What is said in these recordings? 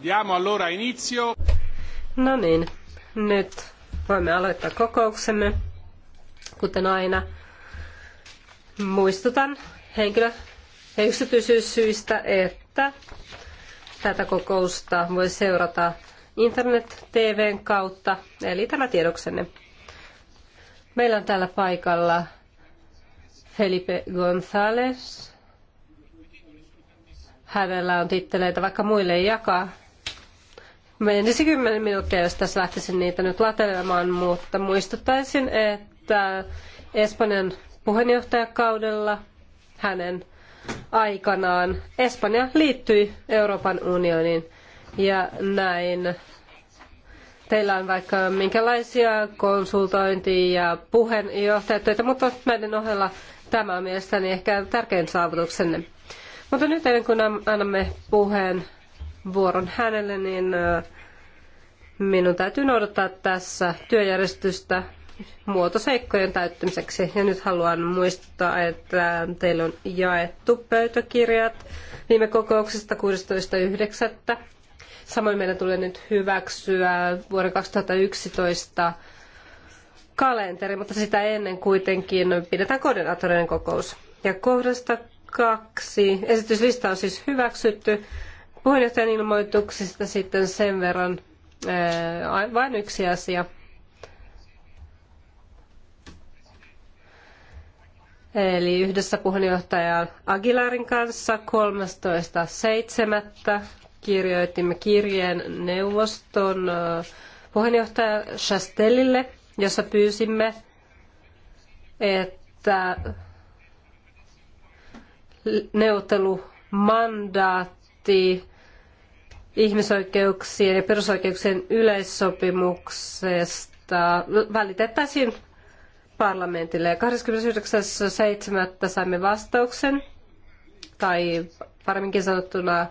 Diamo allora inizio. No niin, nyt voimme aloittaa kokouksemme. Kuten aina, muistutan henkilö- ja yksityisyyssyistä, että tätä kokousta voi seurata internet-tvn kautta, eli tällä tiedoksenne. Meillä on täällä paikalla Felipe González. Hänellä on titteleitä, vaikka muille ei jakaa menisi kymmenen minuuttia, jos tässä lähtisin niitä nyt latelemaan, mutta muistuttaisin, että Espanjan puheenjohtajakaudella hänen aikanaan Espanja liittyi Euroopan unioniin ja näin. Teillä on vaikka minkälaisia konsultointi- ja puheenjohtajatöitä, mutta näiden ohella tämä on mielestäni ehkä tärkein saavutuksenne. Mutta nyt ennen kuin annamme puheen vuoron hänelle, niin Minun täytyy noudattaa tässä työjärjestystä muotoseikkojen täyttämiseksi Ja nyt haluan muistaa, että teillä on jaettu pöytäkirjat viime kokouksesta 16.9. Samoin meidän tulee nyt hyväksyä vuoden 2011 kalenteri, mutta sitä ennen kuitenkin pidetään koordinaattorinen kokous. Ja kohdasta kaksi. Esityslista on siis hyväksytty. Puheenjohtajan ilmoituksista sitten sen verran, vain yksi asia. Eli yhdessä puheenjohtaja Aguilarin kanssa 13.7. kirjoitimme kirjeen neuvoston puheenjohtaja Chastellille, jossa pyysimme, että neuvottelumandaatti ihmisoikeuksien ja perusoikeuksien yleissopimuksesta välitettäisiin parlamentille. 29.7. saimme vastauksen, tai paremminkin sanottuna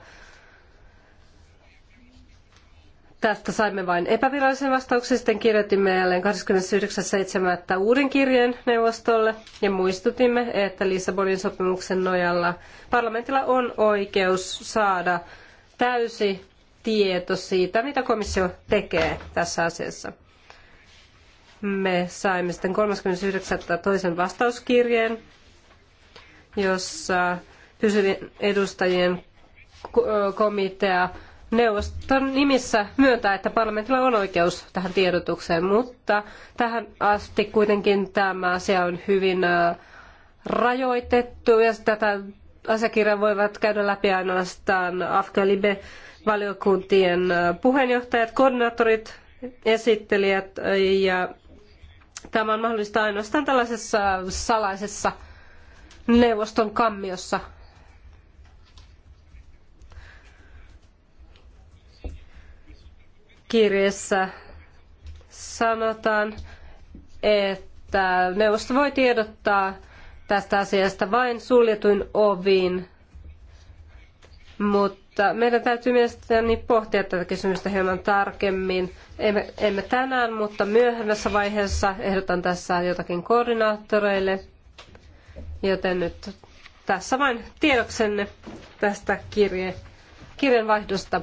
tästä saimme vain epävirallisen vastauksen. Sitten kirjoitimme jälleen 29.7. uuden kirjeen neuvostolle ja muistutimme, että Lissabonin sopimuksen nojalla parlamentilla on oikeus saada täysi tieto siitä, mitä komissio tekee tässä asiassa. Me saimme sitten 39. toisen vastauskirjeen, jossa pysyvien edustajien komitea neuvoston nimissä myöntää, että parlamentilla on oikeus tähän tiedotukseen, mutta tähän asti kuitenkin tämä asia on hyvin äh, rajoitettu ja tätä asiakirjan voivat käydä läpi ainoastaan Afgalibe valiokuntien puheenjohtajat, koordinaattorit, esittelijät ja tämä on mahdollista ainoastaan tällaisessa salaisessa neuvoston kammiossa. Kirjeessä sanotaan, että neuvosto voi tiedottaa tästä asiasta vain suljetuin oviin, mutta meidän täytyy mielestäni pohtia tätä kysymystä hieman tarkemmin. Emme, emme tänään, mutta myöhemmässä vaiheessa ehdotan tässä jotakin koordinaattoreille, joten nyt tässä vain tiedoksenne tästä kirje, kirjanvaihdosta.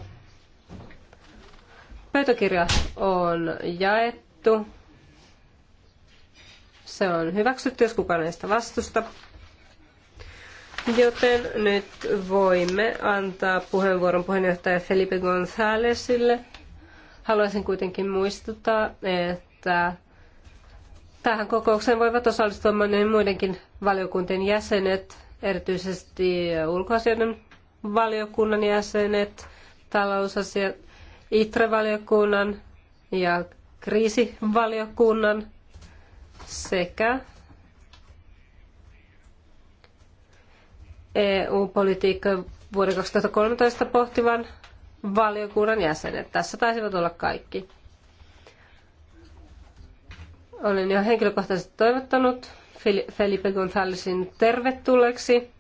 Pöytäkirja on jaettu. Se on hyväksytty, jos kukaan ei sitä vastusta. Joten nyt voimme antaa puheenvuoron puheenjohtaja Felipe Gonzálezille. Haluaisin kuitenkin muistuttaa, että tähän kokoukseen voivat osallistua monien muidenkin valiokuntien jäsenet, erityisesti ulkoasioiden valiokunnan jäsenet, talousasiat, ITRE-valiokunnan ja kriisivaliokunnan sekä EU-politiikka vuoden 2013 pohtivan valiokunnan jäsenet. Tässä taisivat olla kaikki. Olen jo henkilökohtaisesti toivottanut Felipe Gonzalesin tervetulleeksi.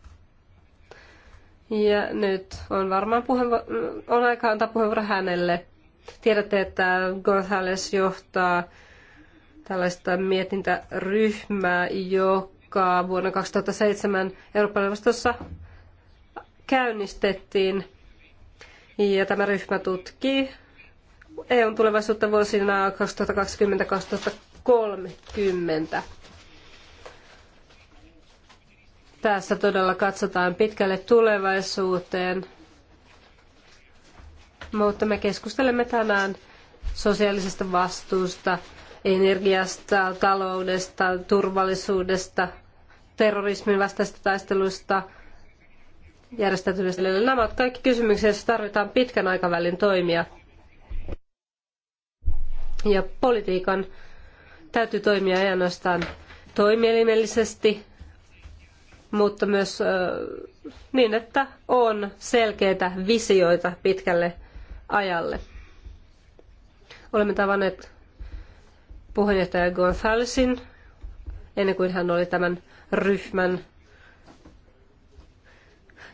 Ja nyt on varmaan puheenvuoro, on aika antaa puheenvuoro hänelle. Tiedätte, että Gonzales johtaa tällaista mietintäryhmää, joka vuonna 2007 Euroopan neuvostossa käynnistettiin. Ja tämä ryhmä tutkii EUn tulevaisuutta vuosina 2020-2030. Tässä todella katsotaan pitkälle tulevaisuuteen, mutta me keskustelemme tänään sosiaalisesta vastuusta, energiasta, taloudesta, turvallisuudesta, terrorismin vastaisesta taistelusta, järjestäytyneestä. Nämä ovat kaikki kysymyksiä, joissa tarvitaan pitkän aikavälin toimia. Ja politiikan täytyy toimia ei ainoastaan toimielimellisesti, mutta myös niin, että on selkeitä visioita pitkälle ajalle. Olemme tavanneet puheenjohtaja Gonzalesin, ennen kuin hän oli tämän ryhmän,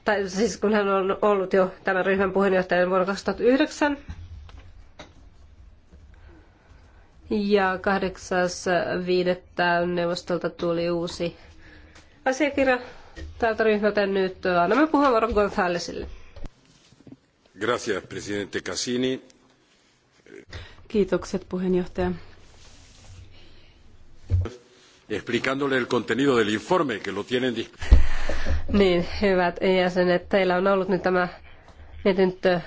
tai siis kun hän on ollut jo tämän ryhmän puheenjohtajana vuonna 2009, ja 8.5. neuvostolta tuli uusi asiakirja tältä ryhmältä. Nyt annamme puheenvuoron Gonzalesille. Gracias, presidente Cassini. Kiitokset puheenjohtaja explicándole el contenido del informe, que lo tienen... Niin, hyvät jäsenet, teillä on ollut nyt tämä mietintö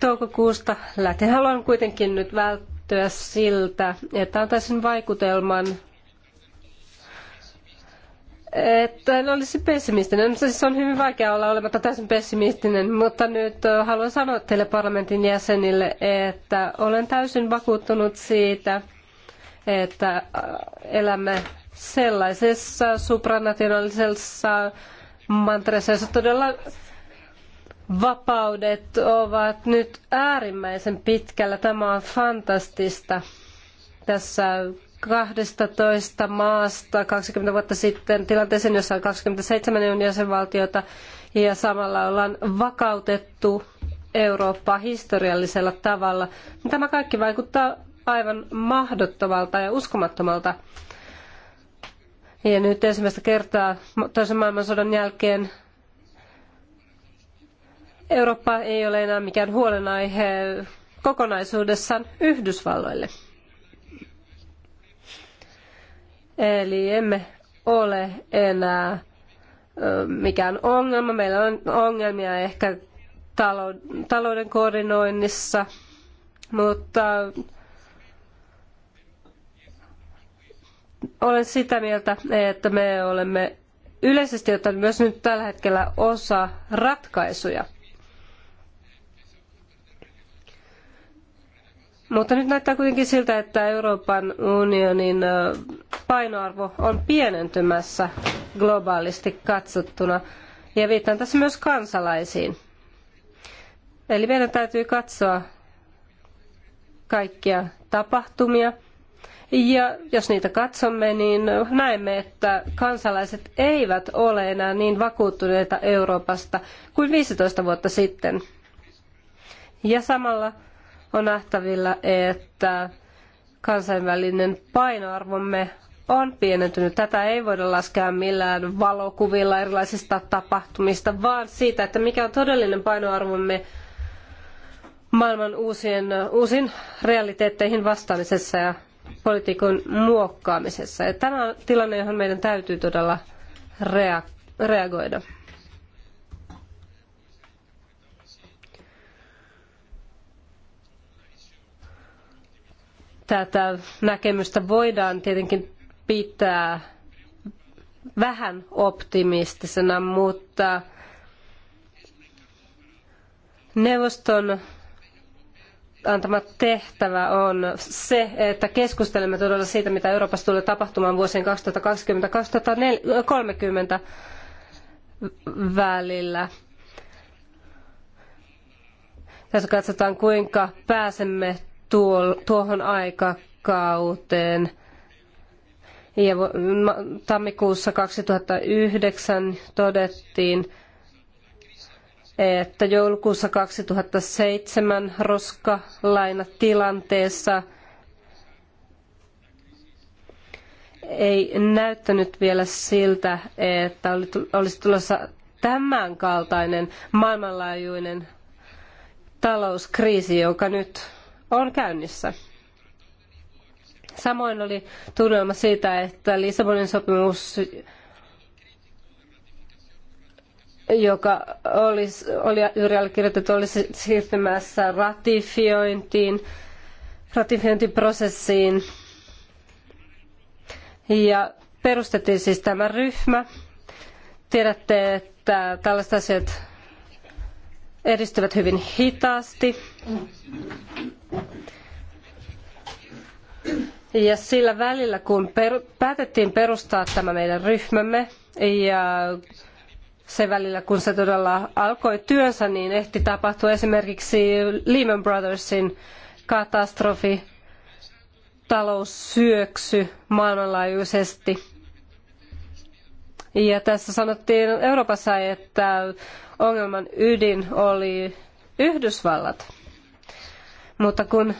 toukokuusta lähtien. Haluan kuitenkin nyt välttyä siltä, että antaisin vaikutelman, että en olisi pessimistinen. se no, siis on hyvin vaikea olla olematta täysin pessimistinen, mutta nyt haluan sanoa teille parlamentin jäsenille, että olen täysin vakuuttunut siitä, että äh, elämme sellaisessa supranationaalisessa mantreessa, jossa todella vapaudet ovat nyt äärimmäisen pitkällä. Tämä on fantastista. Tässä 12 maasta 20 vuotta sitten tilanteeseen, jossa on 27 unionin jäsenvaltiota ja samalla ollaan vakautettu Eurooppaa historiallisella tavalla. Tämä kaikki vaikuttaa aivan mahdottomalta ja uskomattomalta. Ja nyt ensimmäistä kertaa toisen maailmansodan jälkeen Eurooppa ei ole enää mikään huolenaihe kokonaisuudessaan Yhdysvalloille. Eli emme ole enää mikään ongelma. Meillä on ongelmia ehkä talouden koordinoinnissa, mutta Olen sitä mieltä, että me olemme yleisesti ottaen myös nyt tällä hetkellä osa ratkaisuja. Mutta nyt näyttää kuitenkin siltä, että Euroopan unionin painoarvo on pienentymässä globaalisti katsottuna. Ja viittaan tässä myös kansalaisiin. Eli meidän täytyy katsoa kaikkia tapahtumia – ja jos niitä katsomme, niin näemme, että kansalaiset eivät ole enää niin vakuuttuneita Euroopasta kuin 15 vuotta sitten. Ja samalla on nähtävillä, että kansainvälinen painoarvomme on pienentynyt. Tätä ei voida laskea millään valokuvilla erilaisista tapahtumista, vaan siitä, että mikä on todellinen painoarvomme maailman uusien, uusiin realiteetteihin vastaamisessa ja politiikon muokkaamisessa. Ja tämä on tilanne, johon meidän täytyy todella reagoida. Tätä näkemystä voidaan tietenkin pitää vähän optimistisena, mutta neuvoston antama tehtävä on se, että keskustelemme todella siitä, mitä Euroopassa tulee tapahtumaan vuosien 2020-2030 välillä. Tässä katsotaan, kuinka pääsemme tuohon aikakauteen. Ja tammikuussa 2009 todettiin, että joulukuussa 2007 roskalainatilanteessa ei näyttänyt vielä siltä, että olisi tulossa tämänkaltainen maailmanlaajuinen talouskriisi, joka nyt on käynnissä. Samoin oli tunnelma siitä, että Lissabonin sopimus joka olisi, oli juuri allekirjoitettu, olisi siirtymässä ratifiointiin, ratifiointiprosessiin. Ja perustettiin siis tämä ryhmä. Tiedätte, että tällaiset asiat edistyvät hyvin hitaasti. Ja sillä välillä, kun per, päätettiin perustaa tämä meidän ryhmämme ja se välillä, kun se todella alkoi työnsä, niin ehti tapahtua esimerkiksi Lehman Brothersin katastrofi, taloussyöksy maailmanlaajuisesti. Ja tässä sanottiin Euroopassa, että ongelman ydin oli Yhdysvallat. Mutta kun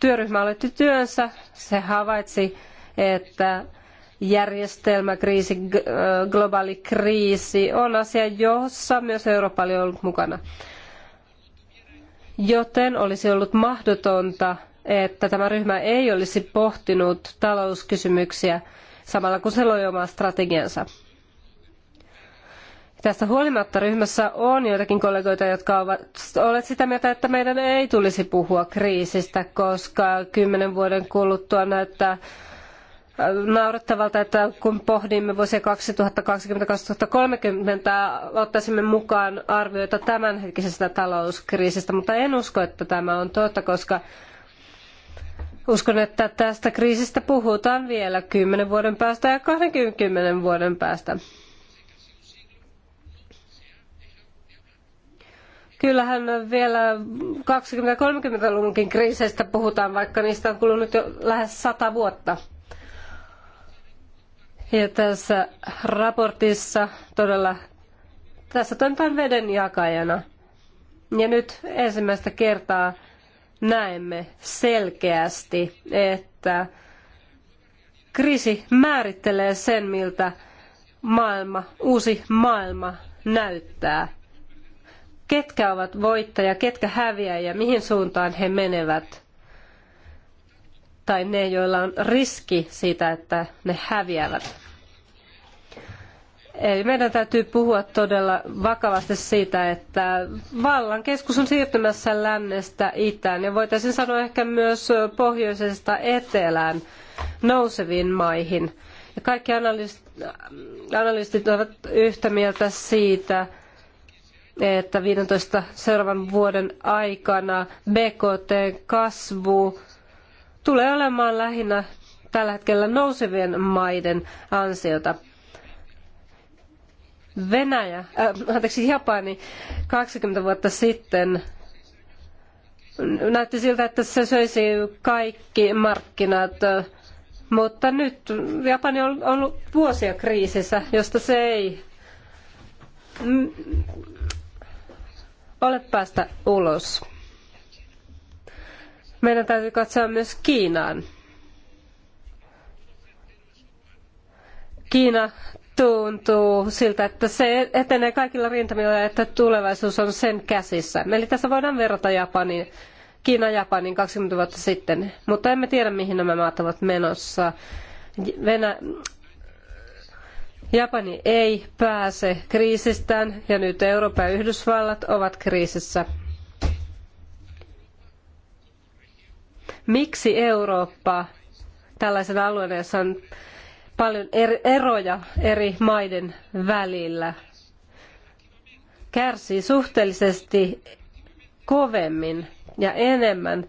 työryhmä aloitti työnsä, se havaitsi, että järjestelmäkriisi, globaali kriisi on asia, jossa myös Eurooppa oli ollut mukana. Joten olisi ollut mahdotonta, että tämä ryhmä ei olisi pohtinut talouskysymyksiä samalla kun se loi omaa strategiansa. Tästä huolimatta ryhmässä on joitakin kollegoita, jotka ovat olet sitä mieltä, että meidän ei tulisi puhua kriisistä, koska kymmenen vuoden kuluttua näyttää naurettavalta, että kun pohdimme vuosia 2020-2030, ottaisimme mukaan arvioita tämänhetkisestä talouskriisistä, mutta en usko, että tämä on totta, koska uskon, että tästä kriisistä puhutaan vielä kymmenen vuoden päästä ja 20 vuoden päästä. Kyllähän vielä 20-30-luvunkin kriiseistä puhutaan, vaikka niistä on kulunut jo lähes sata vuotta. Ja tässä raportissa todella, tässä toimitaan vedenjakajana, Ja nyt ensimmäistä kertaa näemme selkeästi, että kriisi määrittelee sen, miltä maailma, uusi maailma näyttää. Ketkä ovat voittajia, ketkä häviäjiä, mihin suuntaan he menevät tai ne, joilla on riski siitä, että ne häviävät. Eli meidän täytyy puhua todella vakavasti siitä, että vallan keskus on siirtymässä lännestä itään ja voitaisiin sanoa ehkä myös pohjoisesta etelään nouseviin maihin. Ja kaikki analystit ovat yhtä mieltä siitä, että 15 seuraavan vuoden aikana BKT-kasvu tulee olemaan lähinnä tällä hetkellä nousevien maiden ansiota. Venäjä, äh, anteeksi, Japani 20 vuotta sitten näytti siltä, että se söisi kaikki markkinat, mutta nyt Japani on ollut vuosia kriisissä, josta se ei ole päästä ulos. Meidän täytyy katsoa myös Kiinaan. Kiina tuntuu siltä, että se etenee kaikilla rintamilla ja että tulevaisuus on sen käsissä. Eli tässä voidaan verrata Japaniin, Kiina Japaniin 20 vuotta sitten, mutta emme tiedä mihin nämä maat ovat menossa. Venä... Japani ei pääse kriisistään ja nyt Euroopan ja Yhdysvallat ovat kriisissä. miksi Eurooppa tällaisena alueena, jossa on paljon eroja eri maiden välillä, kärsii suhteellisesti kovemmin ja enemmän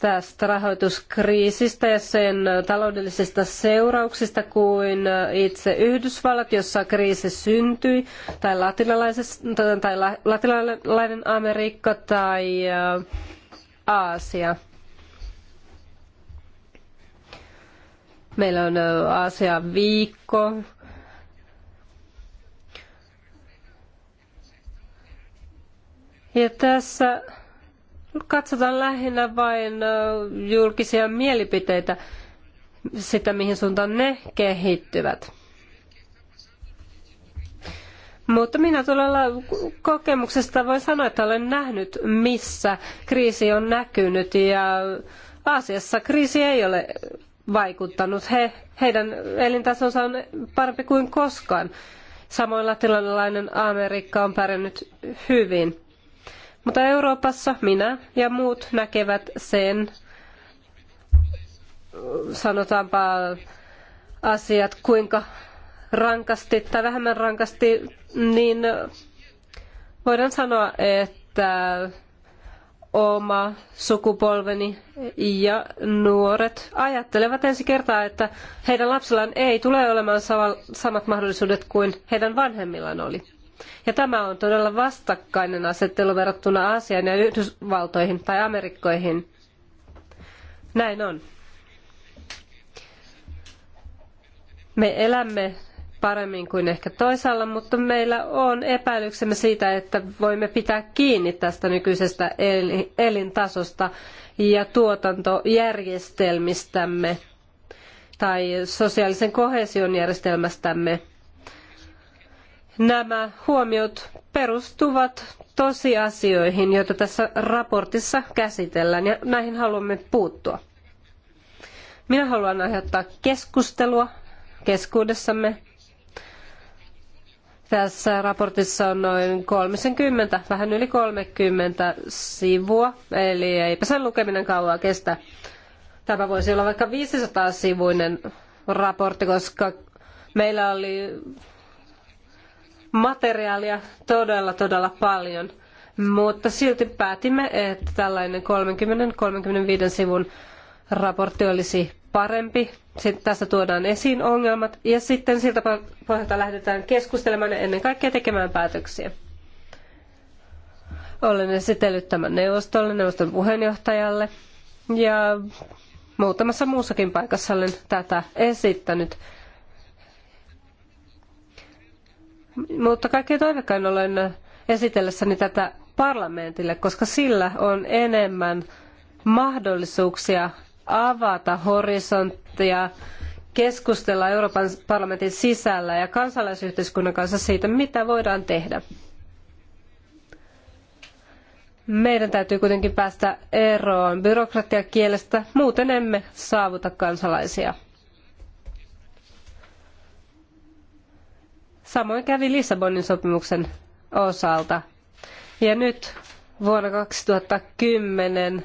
tästä rahoituskriisistä ja sen taloudellisista seurauksista kuin itse Yhdysvallat, jossa kriisi syntyi, tai, tai latinalainen Amerikka tai äh, Aasia. Meillä on Aasia viikko. Ja tässä katsotaan lähinnä vain julkisia mielipiteitä, sitä mihin suuntaan ne kehittyvät. Mutta minä todella kokemuksesta voin sanoa, että olen nähnyt, missä kriisi on näkynyt ja Aasiassa kriisi ei ole vaikuttanut. He, heidän elintasonsa on parempi kuin koskaan. Samoin latinalainen Amerikka on pärjännyt hyvin. Mutta Euroopassa minä ja muut näkevät sen, sanotaanpa asiat kuinka rankasti tai vähemmän rankasti, niin voidaan sanoa, että oma sukupolveni ja nuoret ajattelevat ensi kertaa, että heidän lapsillaan ei tule olemaan samat mahdollisuudet kuin heidän vanhemmillaan oli. Ja tämä on todella vastakkainen asettelu verrattuna Aasiaan ja Yhdysvaltoihin tai Amerikkoihin. Näin on. Me elämme paremmin kuin ehkä toisaalla, mutta meillä on epäilyksemme siitä, että voimme pitää kiinni tästä nykyisestä elintasosta ja tuotantojärjestelmistämme tai sosiaalisen kohesion järjestelmästämme. Nämä huomiot perustuvat tosiasioihin, joita tässä raportissa käsitellään, ja näihin haluamme puuttua. Minä haluan aiheuttaa keskustelua keskuudessamme tässä raportissa on noin 30, vähän yli 30 sivua, eli eipä sen lukeminen kauaa kestä. Tämä voisi olla vaikka 500-sivuinen raportti, koska meillä oli materiaalia todella, todella paljon. Mutta silti päätimme, että tällainen 30-35 sivun raportti olisi parempi. Sitten tässä tuodaan esiin ongelmat ja sitten siltä pohjalta lähdetään keskustelemaan ja ennen kaikkea tekemään päätöksiä. Olen esitellyt tämän neuvostolle, neuvoston puheenjohtajalle ja muutamassa muussakin paikassa olen tätä esittänyt. Mutta kaikkein toivekkain olen esitellessäni tätä parlamentille, koska sillä on enemmän mahdollisuuksia avata horisonttia, keskustella Euroopan parlamentin sisällä ja kansalaisyhteiskunnan kanssa siitä, mitä voidaan tehdä. Meidän täytyy kuitenkin päästä eroon byrokratiakielestä, muuten emme saavuta kansalaisia. Samoin kävi Lissabonin sopimuksen osalta. Ja nyt vuonna 2010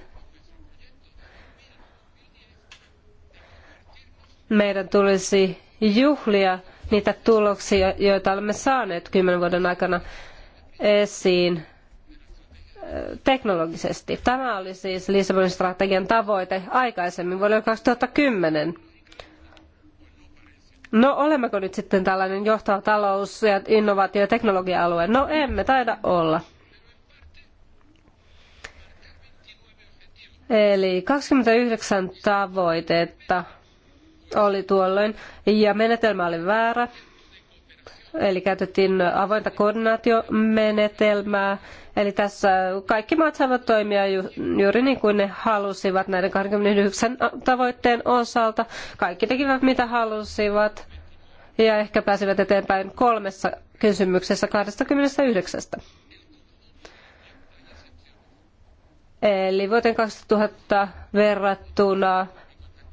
meidän tulisi juhlia niitä tuloksia, joita olemme saaneet kymmenen vuoden aikana esiin eh, teknologisesti. Tämä oli siis Lissabonin strategian tavoite aikaisemmin vuonna 2010. No olemmeko nyt sitten tällainen johtava talous- ja innovaatio- ja teknologia-alue? No emme taida olla. Eli 29 tavoitetta oli tuolloin, ja menetelmä oli väärä. Eli käytettiin avointa koordinaatiomenetelmää. Eli tässä kaikki maat saivat toimia juuri niin kuin ne halusivat näiden 29 tavoitteen osalta. Kaikki tekivät mitä halusivat ja ehkä pääsivät eteenpäin kolmessa kysymyksessä 29. Eli vuoteen 2000 verrattuna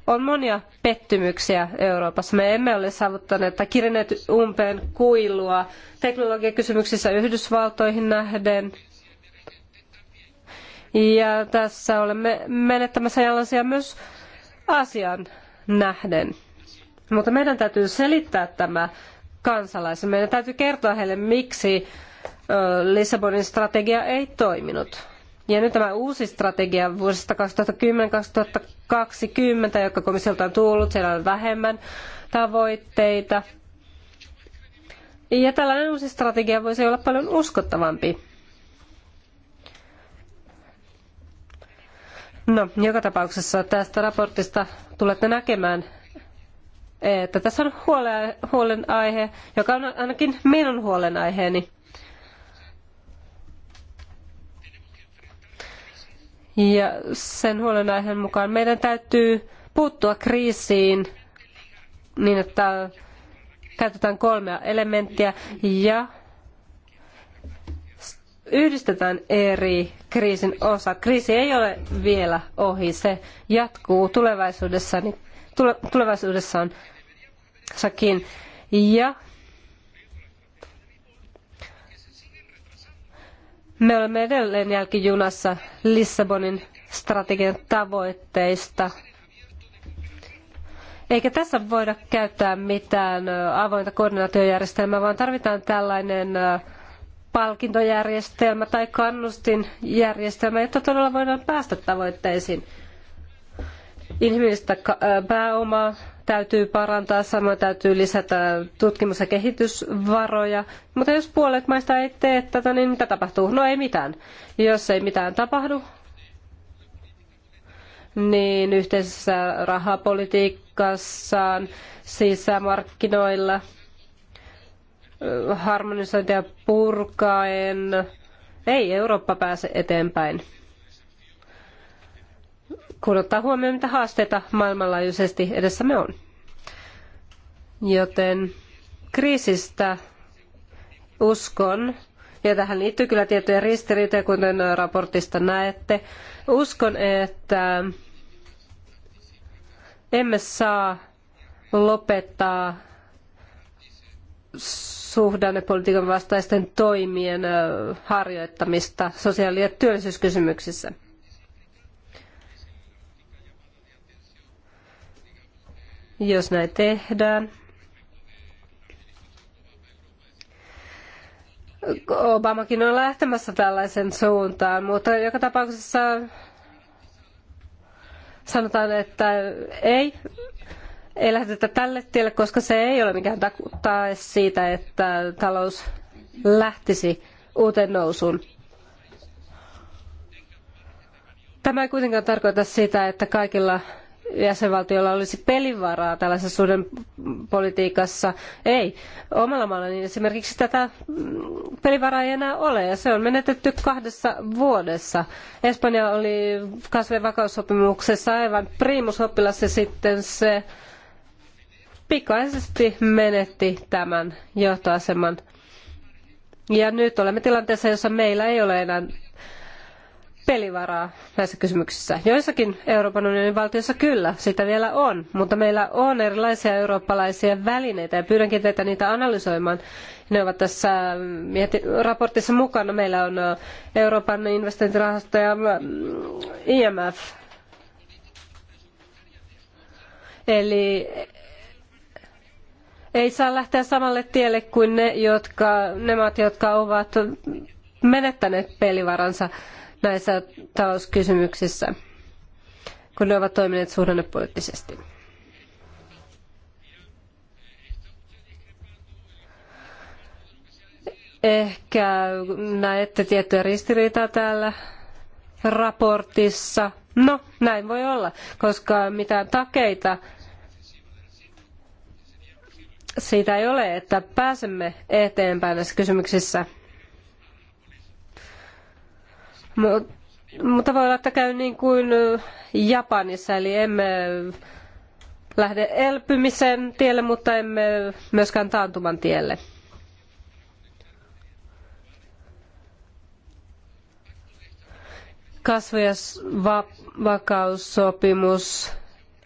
on monia pettymyksiä Euroopassa. Me emme ole saavuttaneet tai kirjanneet umpeen kuilua teknologiakysymyksissä Yhdysvaltoihin nähden. Ja tässä olemme menettämässä jalansia myös asian nähden. Mutta meidän täytyy selittää tämä kansalaisille. Meidän täytyy kertoa heille, miksi Lissabonin strategia ei toiminut. Ja nyt tämä uusi strategia vuosista 2010-2020, joka komissiolta on tullut, siellä on vähemmän tavoitteita. Ja tällainen uusi strategia voisi olla paljon uskottavampi. No, joka tapauksessa tästä raportista tulette näkemään, että tässä on huolenaihe, joka on ainakin minun huolenaiheeni. Ja sen huolenaiheen mukaan meidän täytyy puuttua kriisiin niin, että käytetään kolmea elementtiä ja yhdistetään eri kriisin osat. Kriisi ei ole vielä ohi, se jatkuu tulevaisuudessa, tulevaisuudessakin. Ja Me olemme edelleen jälkijunassa Lissabonin strategian tavoitteista. Eikä tässä voida käyttää mitään avointa koordinaatiojärjestelmää, vaan tarvitaan tällainen palkintojärjestelmä tai kannustinjärjestelmä, jotta todella voidaan päästä tavoitteisiin. Inhimillistä pääomaa täytyy parantaa, samoin täytyy lisätä tutkimus- ja kehitysvaroja. Mutta jos puolet maista ei tee tätä, niin mitä tapahtuu? No ei mitään. Jos ei mitään tapahdu, niin yhteisessä rahapolitiikassaan, sisämarkkinoilla, harmonisointia purkaen, ei Eurooppa pääse eteenpäin kun ottaa huomioon, mitä haasteita maailmanlaajuisesti edessämme on. Joten kriisistä uskon, ja tähän liittyy kyllä tiettyjä ristiriitoja, kuten raportista näette, uskon, että emme saa lopettaa suhdannepolitiikan vastaisten toimien harjoittamista sosiaali- ja työllisyyskysymyksissä. jos näin tehdään. Obamakin on lähtemässä tällaisen suuntaan, mutta joka tapauksessa sanotaan, että ei, ei lähdetä tälle tielle, koska se ei ole mikään tae siitä, että talous lähtisi uuteen nousuun. Tämä ei kuitenkaan tarkoita sitä, että kaikilla jäsenvaltiolla olisi pelivaraa tällaisessa suuren politiikassa. Ei. Omalla maalla niin esimerkiksi tätä mm, pelivaraa ei enää ole ja se on menetetty kahdessa vuodessa. Espanja oli vakaussopimuksessa aivan priimusoppilas ja sitten se pikaisesti menetti tämän johtoaseman. Ja nyt olemme tilanteessa, jossa meillä ei ole enää pelivaraa näissä kysymyksissä. Joissakin Euroopan unionin valtioissa kyllä, sitä vielä on, mutta meillä on erilaisia eurooppalaisia välineitä ja pyydänkin teitä niitä analysoimaan. Ne ovat tässä mm, raportissa mukana. Meillä on Euroopan investointirahasto ja mm, IMF. Eli ei saa lähteä samalle tielle kuin ne, jotka, ne maat, jotka ovat menettäneet pelivaransa näissä talouskysymyksissä, kun ne ovat toimineet suhdannepoliittisesti. Ehkä näette tiettyä ristiriitaa täällä raportissa. No, näin voi olla, koska mitään takeita siitä ei ole, että pääsemme eteenpäin näissä kysymyksissä. Mutta voi olla, että käy niin kuin Japanissa, eli emme lähde elpymisen tielle, mutta emme myöskään taantuman tielle. Kasvu- ja vakaussopimus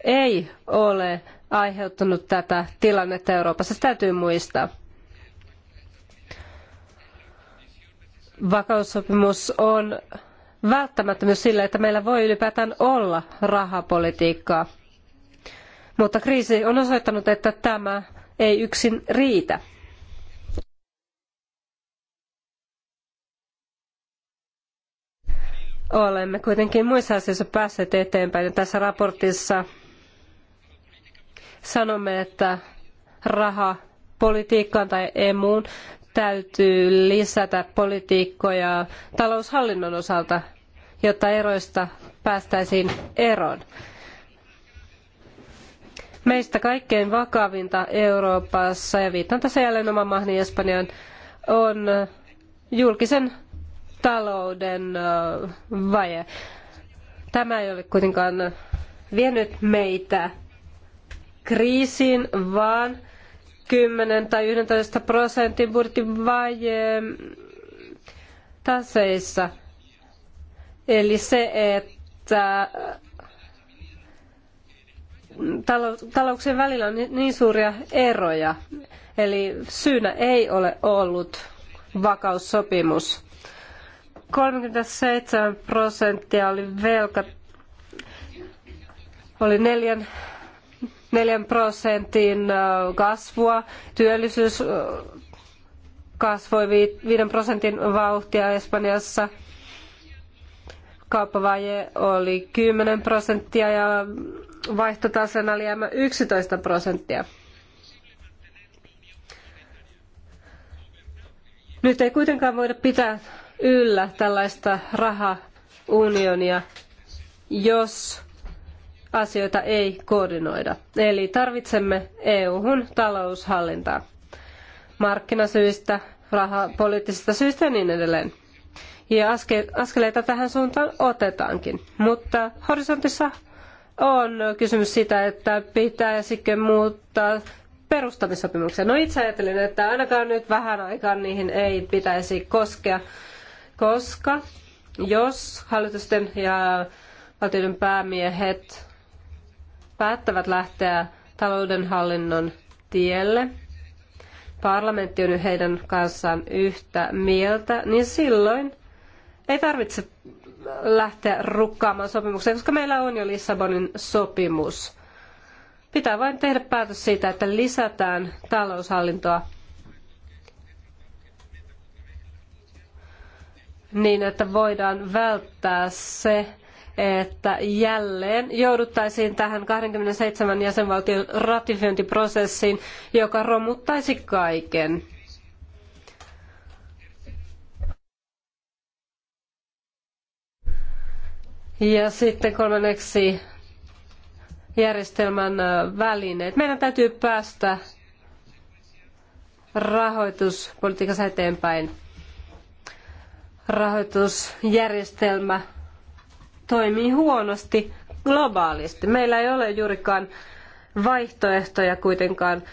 ei ole aiheuttanut tätä tilannetta Euroopassa. Se täytyy muistaa. vakaussopimus on välttämättömyys sille, että meillä voi ylipäätään olla rahapolitiikkaa. Mutta kriisi on osoittanut, että tämä ei yksin riitä. Olemme kuitenkin muissa asioissa päässeet eteenpäin. Tässä raportissa sanomme, että rahapolitiikkaan tai emuun täytyy lisätä politiikkoja taloushallinnon osalta, jotta eroista päästäisiin eroon. Meistä kaikkein vakavinta Euroopassa, ja viittaan tässä jälleen oman mahni Espanjan, on julkisen talouden vaje. Tämä ei ole kuitenkaan vienyt meitä kriisiin, vaan 10 tai 11 prosentin budjetin vaje taseissa. Eli se, että talouksien välillä on niin suuria eroja. Eli syynä ei ole ollut vakaussopimus. 37 prosenttia oli velka, oli neljän 4 prosentin kasvua, työllisyys kasvoi 5 prosentin vauhtia Espanjassa, kauppavaje oli 10 prosenttia ja vaihtotasen alijäämä 11 prosenttia. Nyt ei kuitenkaan voida pitää yllä tällaista rahaunionia, jos asioita ei koordinoida. Eli tarvitsemme EU-hun taloushallintaa markkinasyistä, rahapoliittisista syistä ja niin edelleen. Ja aske, askeleita tähän suuntaan otetaankin. Mutta horisontissa on kysymys sitä, että pitäisikö muuttaa perustamissopimuksia. No itse ajattelin, että ainakaan nyt vähän aikaan niihin ei pitäisi koskea, koska jos hallitusten ja valtioiden päämiehet päättävät lähteä taloudenhallinnon tielle, parlamentti on heidän kanssaan yhtä mieltä, niin silloin ei tarvitse lähteä rukkaamaan sopimuksia, koska meillä on jo Lissabonin sopimus. Pitää vain tehdä päätös siitä, että lisätään taloushallintoa niin, että voidaan välttää se, että jälleen jouduttaisiin tähän 27 jäsenvaltion ratifiointiprosessiin, joka romuttaisi kaiken. Ja sitten kolmanneksi järjestelmän välineet. Meidän täytyy päästä rahoituspolitiikassa eteenpäin. Rahoitusjärjestelmä toimii huonosti globaalisti. Meillä ei ole juurikaan vaihtoehtoja kuitenkaan.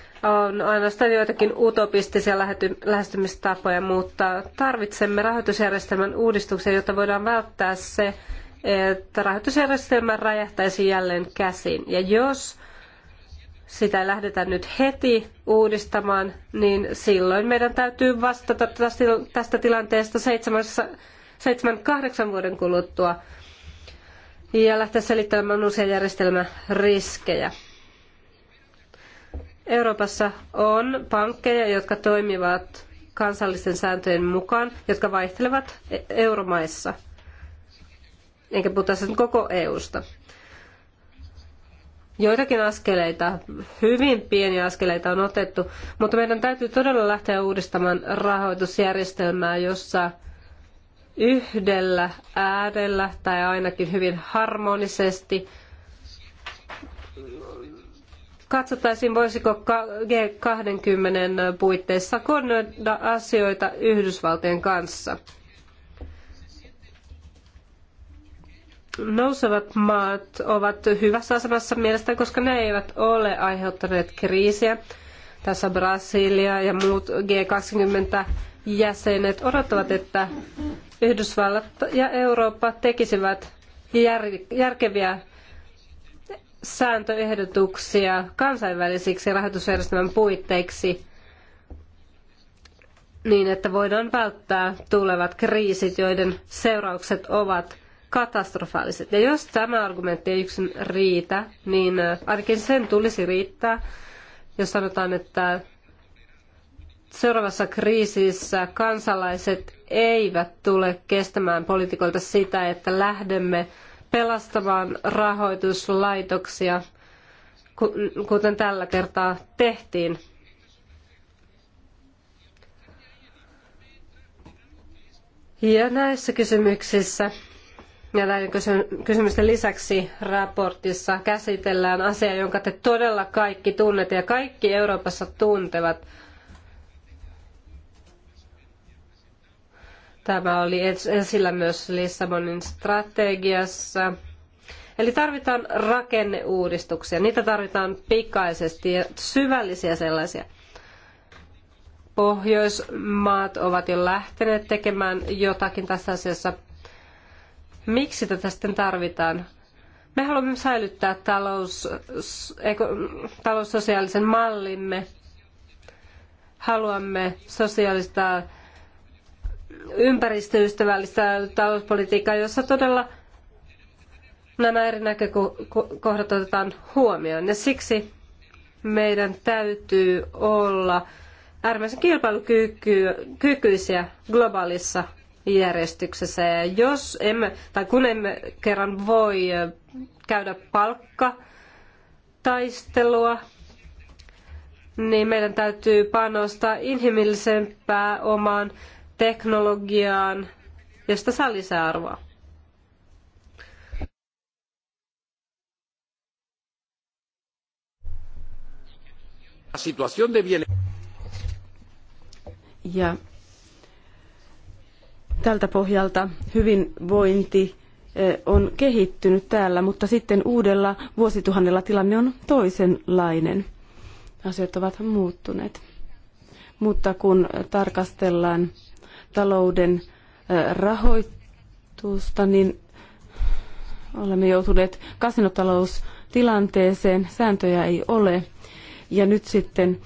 On ainoastaan joitakin utopistisia lähestymistapoja, mutta tarvitsemme rahoitusjärjestelmän uudistuksen, jotta voidaan välttää se, että rahoitusjärjestelmä räjähtäisi jälleen käsiin. Ja jos sitä ei lähdetä nyt heti uudistamaan, niin silloin meidän täytyy vastata tästä tilanteesta seitsemän kahdeksan vuoden kuluttua – ja lähteä selittelemään uusia järjestelmäriskejä. Euroopassa on pankkeja, jotka toimivat kansallisten sääntöjen mukaan, jotka vaihtelevat e- euromaissa. Enkä puhuta sen koko EUsta. Joitakin askeleita, hyvin pieniä askeleita on otettu, mutta meidän täytyy todella lähteä uudistamaan rahoitusjärjestelmää, jossa yhdellä äärellä tai ainakin hyvin harmonisesti katsottaisiin, voisiko G20 puitteissa koordinoida asioita Yhdysvaltojen kanssa. Nousevat maat ovat hyvässä asemassa mielestäni, koska ne eivät ole aiheuttaneet kriisiä. Tässä Brasilia ja muut G20 jäsenet odottavat, että Yhdysvallat ja Eurooppa tekisivät järkeviä sääntöehdotuksia kansainvälisiksi rahoitusjärjestelmän puitteiksi niin, että voidaan välttää tulevat kriisit, joiden seuraukset ovat katastrofaaliset. Ja jos tämä argumentti ei yksin riitä, niin äh, ainakin sen tulisi riittää, jos sanotaan, että seuraavassa kriisissä kansalaiset eivät tule kestämään poliitikoilta sitä, että lähdemme pelastamaan rahoituslaitoksia, kuten tällä kertaa tehtiin. Ja näissä kysymyksissä ja näiden kysymysten lisäksi raportissa käsitellään asiaa, jonka te todella kaikki tunnette ja kaikki Euroopassa tuntevat – Tämä oli esillä myös Lissabonin strategiassa. Eli tarvitaan rakenneuudistuksia. Niitä tarvitaan pikaisesti ja syvällisiä sellaisia. Pohjoismaat ovat jo lähteneet tekemään jotakin tässä asiassa. Miksi tätä sitten tarvitaan? Me haluamme säilyttää talous, eko, taloussosiaalisen mallimme. Haluamme sosiaalista ympäristöystävällistä talouspolitiikkaa, jossa todella nämä eri näkökohdat otetaan huomioon. Ja siksi meidän täytyy olla äärimmäisen kilpailukykyisiä globaalissa järjestyksessä. Ja jos emme, tai kun emme kerran voi käydä palkkataistelua, niin meidän täytyy panostaa inhimillisempään omaan teknologiaan, josta saa lisäarvoa. Ja tältä pohjalta hyvinvointi eh, on kehittynyt täällä, mutta sitten uudella vuosituhannella tilanne on toisenlainen. Asiat ovat muuttuneet. Mutta kun tarkastellaan talouden rahoitusta, niin olemme joutuneet kasinotaloustilanteeseen, sääntöjä ei ole. Ja nyt sitten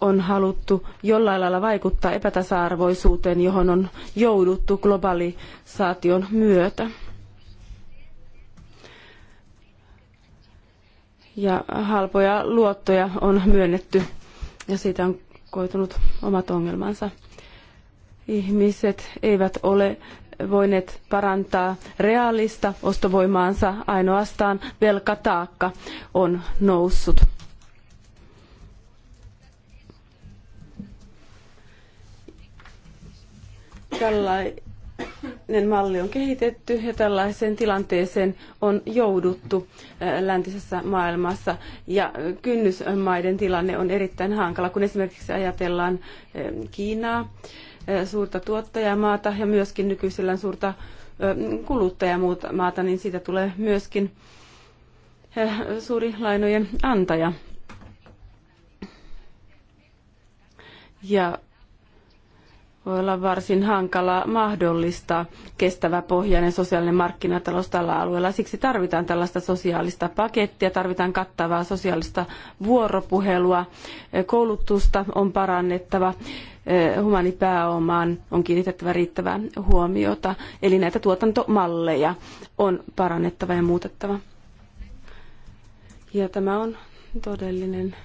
on haluttu jollain lailla vaikuttaa epätasa-arvoisuuteen, johon on jouduttu globalisaation myötä. Ja halpoja luottoja on myönnetty ja siitä on koitunut omat ongelmansa ihmiset eivät ole voineet parantaa reaalista ostovoimaansa, ainoastaan velkataakka on noussut. Tällainen malli on kehitetty ja tällaiseen tilanteeseen on jouduttu äh, läntisessä maailmassa. Ja kynnysmaiden tilanne on erittäin hankala, kun esimerkiksi ajatellaan äh, Kiinaa suurta tuottajamaata ja myöskin nykyisellään suurta kuluttajamaata, niin siitä tulee myöskin suuri lainojen antaja. Ja voi olla varsin hankalaa mahdollistaa kestävä pohjainen sosiaalinen markkinatalous tällä alueella. Siksi tarvitaan tällaista sosiaalista pakettia, tarvitaan kattavaa sosiaalista vuoropuhelua, koulutusta on parannettava humanipääomaan on kiinnitettävä riittävää huomiota. Eli näitä tuotantomalleja on parannettava ja muutettava. Ja tämä on todellinen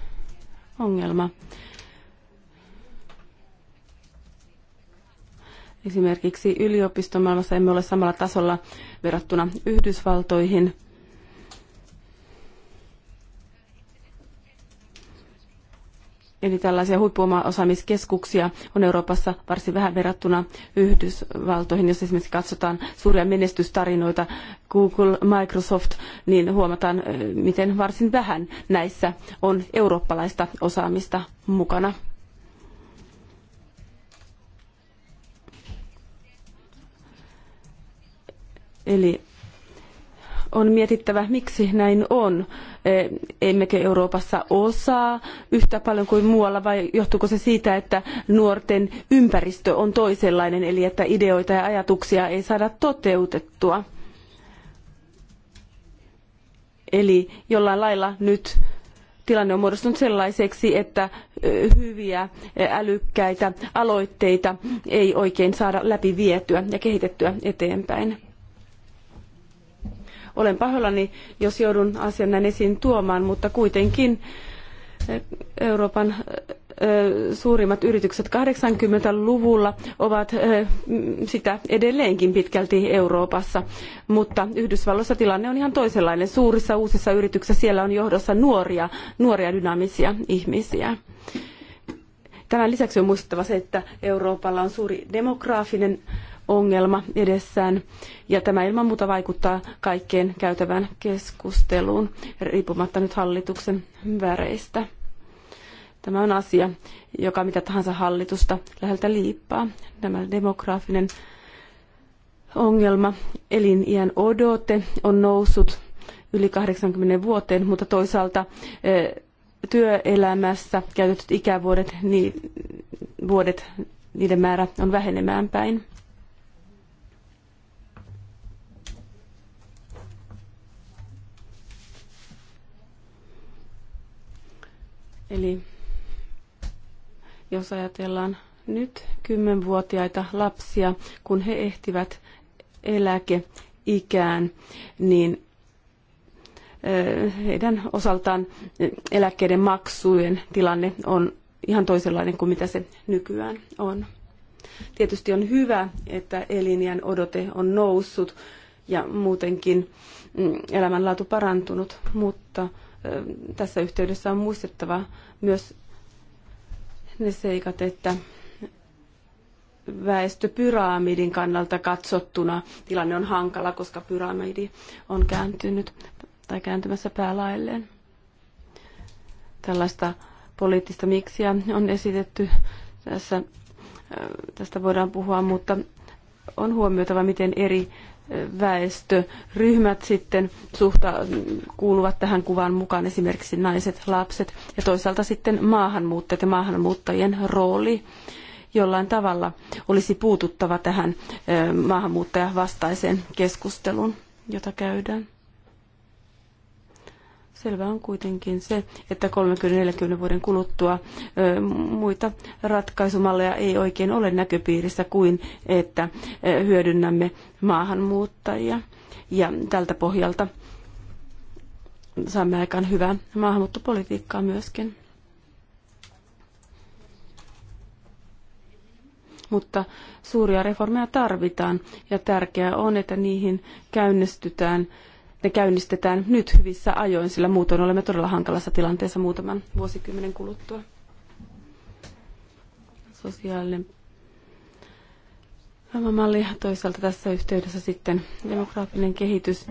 ongelma. Esimerkiksi yliopistomaailmassa emme ole samalla tasolla verrattuna Yhdysvaltoihin – Eli tällaisia huippuosaamiskeskuksia on Euroopassa varsin vähän verrattuna Yhdysvaltoihin. Jos esimerkiksi katsotaan suuria menestystarinoita Google, Microsoft, niin huomataan, miten varsin vähän näissä on eurooppalaista osaamista mukana. Eli on mietittävä, miksi näin on. E, emmekö Euroopassa osaa yhtä paljon kuin muualla vai johtuuko se siitä, että nuorten ympäristö on toisenlainen, eli että ideoita ja ajatuksia ei saada toteutettua? Eli jollain lailla nyt tilanne on muodostunut sellaiseksi, että hyviä, älykkäitä aloitteita ei oikein saada läpi vietyä ja kehitettyä eteenpäin. Olen pahoillani, jos joudun asian näin esiin tuomaan, mutta kuitenkin eh, Euroopan eh, suurimmat yritykset 80-luvulla ovat eh, sitä edelleenkin pitkälti Euroopassa, mutta Yhdysvalloissa tilanne on ihan toisenlainen. Suurissa uusissa yrityksissä siellä on johdossa nuoria, nuoria dynaamisia ihmisiä. Tämän lisäksi on muistettava se, että Euroopalla on suuri demograafinen ongelma edessään. Ja tämä ilman muuta vaikuttaa kaikkeen käytävään keskusteluun, riippumatta nyt hallituksen väreistä. Tämä on asia, joka mitä tahansa hallitusta läheltä liippaa. Tämä demograafinen ongelma, eliniän odote on noussut yli 80 vuoteen, mutta toisaalta e, työelämässä käytetyt ikävuodet, niin, vuodet, niiden määrä on vähenemään päin. Eli jos ajatellaan nyt kymmenvuotiaita lapsia, kun he ehtivät eläkeikään, niin heidän osaltaan eläkkeiden maksujen tilanne on ihan toisenlainen kuin mitä se nykyään on. Tietysti on hyvä, että elinjän odote on noussut ja muutenkin mm, elämänlaatu parantunut, mutta tässä yhteydessä on muistettava myös ne seikat, että väestöpyramidin kannalta katsottuna tilanne on hankala, koska pyramidi on kääntynyt tai kääntymässä päälailleen. Tällaista poliittista miksiä on esitetty tässä. Tästä voidaan puhua, mutta on huomioitava, miten eri väestöryhmät sitten suhta, kuuluvat tähän kuvaan mukaan, esimerkiksi naiset, lapset ja toisaalta sitten maahanmuuttajat ja maahanmuuttajien rooli. Jollain tavalla olisi puututtava tähän maahanmuuttajavastaiseen keskusteluun, jota käydään. Selvä on kuitenkin se, että 30-40 vuoden kuluttua ö, muita ratkaisumalleja ei oikein ole näköpiirissä kuin, että ö, hyödynnämme maahanmuuttajia. Ja tältä pohjalta saamme aikaan hyvää maahanmuuttopolitiikkaa myöskin. Mutta suuria reformeja tarvitaan ja tärkeää on, että niihin käynnistytään – ne käynnistetään nyt hyvissä ajoin, sillä muutoin olemme todella hankalassa tilanteessa muutaman vuosikymmenen kuluttua. Sosiaalinen malli toisaalta tässä yhteydessä sitten demograafinen kehitys.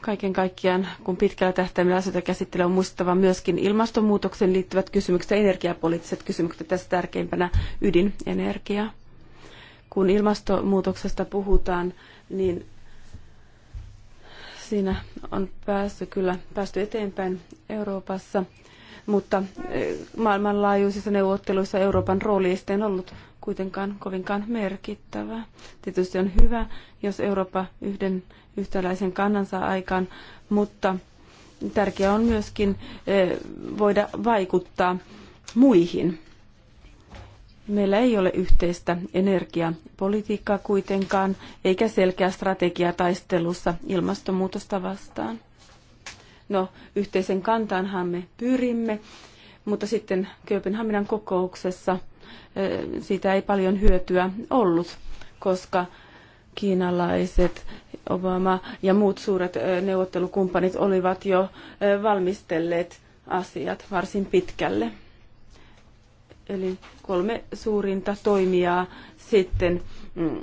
Kaiken kaikkiaan, kun pitkällä tähtäimellä asioita käsittelee, on muistettava myöskin ilmastonmuutoksen liittyvät kysymykset ja energiapoliittiset kysymykset, tässä tärkeimpänä ydinenergia kun ilmastonmuutoksesta puhutaan, niin Siinä on päästy kyllä päästy eteenpäin Euroopassa, mutta e, maailmanlaajuisissa neuvotteluissa Euroopan rooli ei sitten ollut kuitenkaan kovinkaan merkittävä. Tietysti on hyvä, jos Eurooppa yhden yhtäläisen kannan saa aikaan, mutta tärkeää on myöskin e, voida vaikuttaa muihin Meillä ei ole yhteistä energiapolitiikkaa kuitenkaan, eikä selkeää strategiaa taistelussa ilmastonmuutosta vastaan. No, yhteisen kantaanhan me pyrimme, mutta sitten Kööpenhaminan kokouksessa siitä ei paljon hyötyä ollut, koska kiinalaiset, Obama ja muut suuret neuvottelukumppanit olivat jo valmistelleet asiat varsin pitkälle. Eli kolme suurinta toimijaa sitten mm,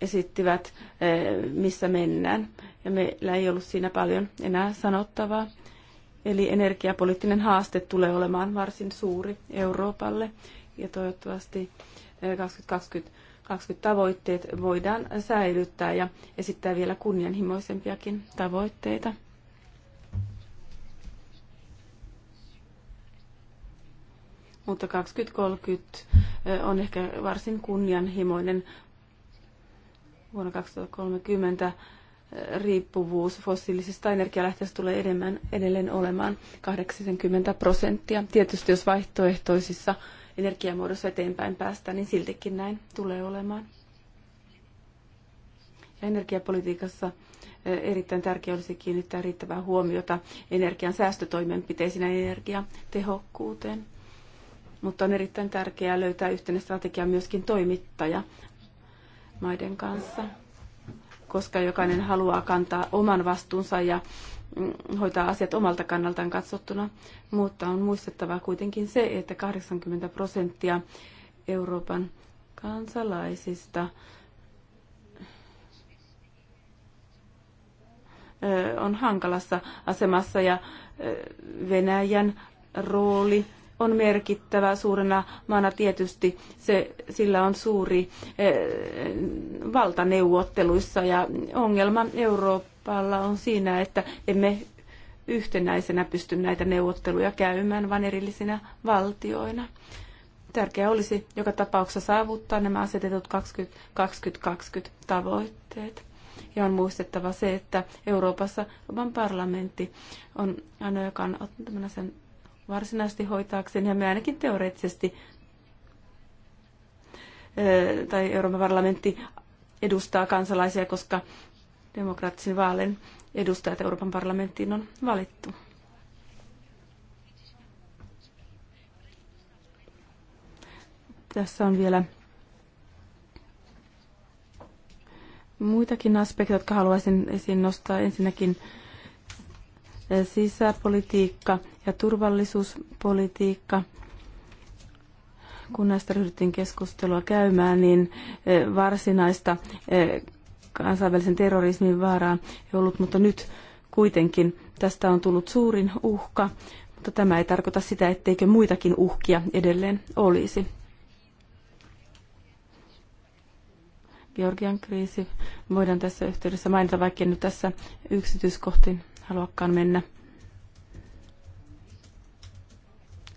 esittivät, eh, missä mennään. Ja meillä ei ollut siinä paljon enää sanottavaa. Eli energiapoliittinen haaste tulee olemaan varsin suuri Euroopalle. Ja toivottavasti 2020 eh, tavoitteet voidaan säilyttää ja esittää vielä kunnianhimoisempiakin tavoitteita. mutta 2030 eh, on ehkä varsin kunnianhimoinen vuonna 2030 eh, riippuvuus fossiilisista energialähteistä tulee enemmän edelleen olemaan 80 prosenttia. Tietysti jos vaihtoehtoisissa energiamuodossa eteenpäin päästään, niin siltikin näin tulee olemaan. Ja energiapolitiikassa eh, erittäin tärkeää olisi kiinnittää riittävää huomiota energian säästötoimenpiteisiin ja energiatehokkuuteen mutta on erittäin tärkeää löytää yhteinen strategia myöskin toimittaja maiden kanssa, koska jokainen haluaa kantaa oman vastuunsa ja mm, hoitaa asiat omalta kannaltaan katsottuna, mutta on muistettava kuitenkin se, että 80 prosenttia Euroopan kansalaisista on hankalassa asemassa ja Venäjän rooli on merkittävä suurena maana tietysti. Se, sillä on suuri eh, valta neuvotteluissa ja ongelma Euroopalla on siinä, että emme yhtenäisenä pysty näitä neuvotteluja käymään, vaan erillisinä valtioina. Tärkeää olisi joka tapauksessa saavuttaa nämä asetetut 2020-2020 tavoitteet. Ja on muistettava se, että Euroopassa Euroopan parlamentti on aina, joka on ottanut sen varsinaisesti hoitaakseen, ja me ainakin teoreettisesti tai Euroopan parlamentti edustaa kansalaisia, koska demokraattisen vaalen edustajat Euroopan parlamenttiin on valittu. Tässä on vielä muitakin aspekteja, jotka haluaisin esiin nostaa. Ensinnäkin sisäpolitiikka ja turvallisuuspolitiikka. Kun näistä ryhdyttiin keskustelua käymään, niin eh, varsinaista eh, kansainvälisen terrorismin vaaraa ei ollut, mutta nyt kuitenkin tästä on tullut suurin uhka, mutta tämä ei tarkoita sitä, etteikö muitakin uhkia edelleen olisi. Georgian kriisi voidaan tässä yhteydessä mainita, vaikka nyt tässä yksityiskohtiin haluakaan mennä.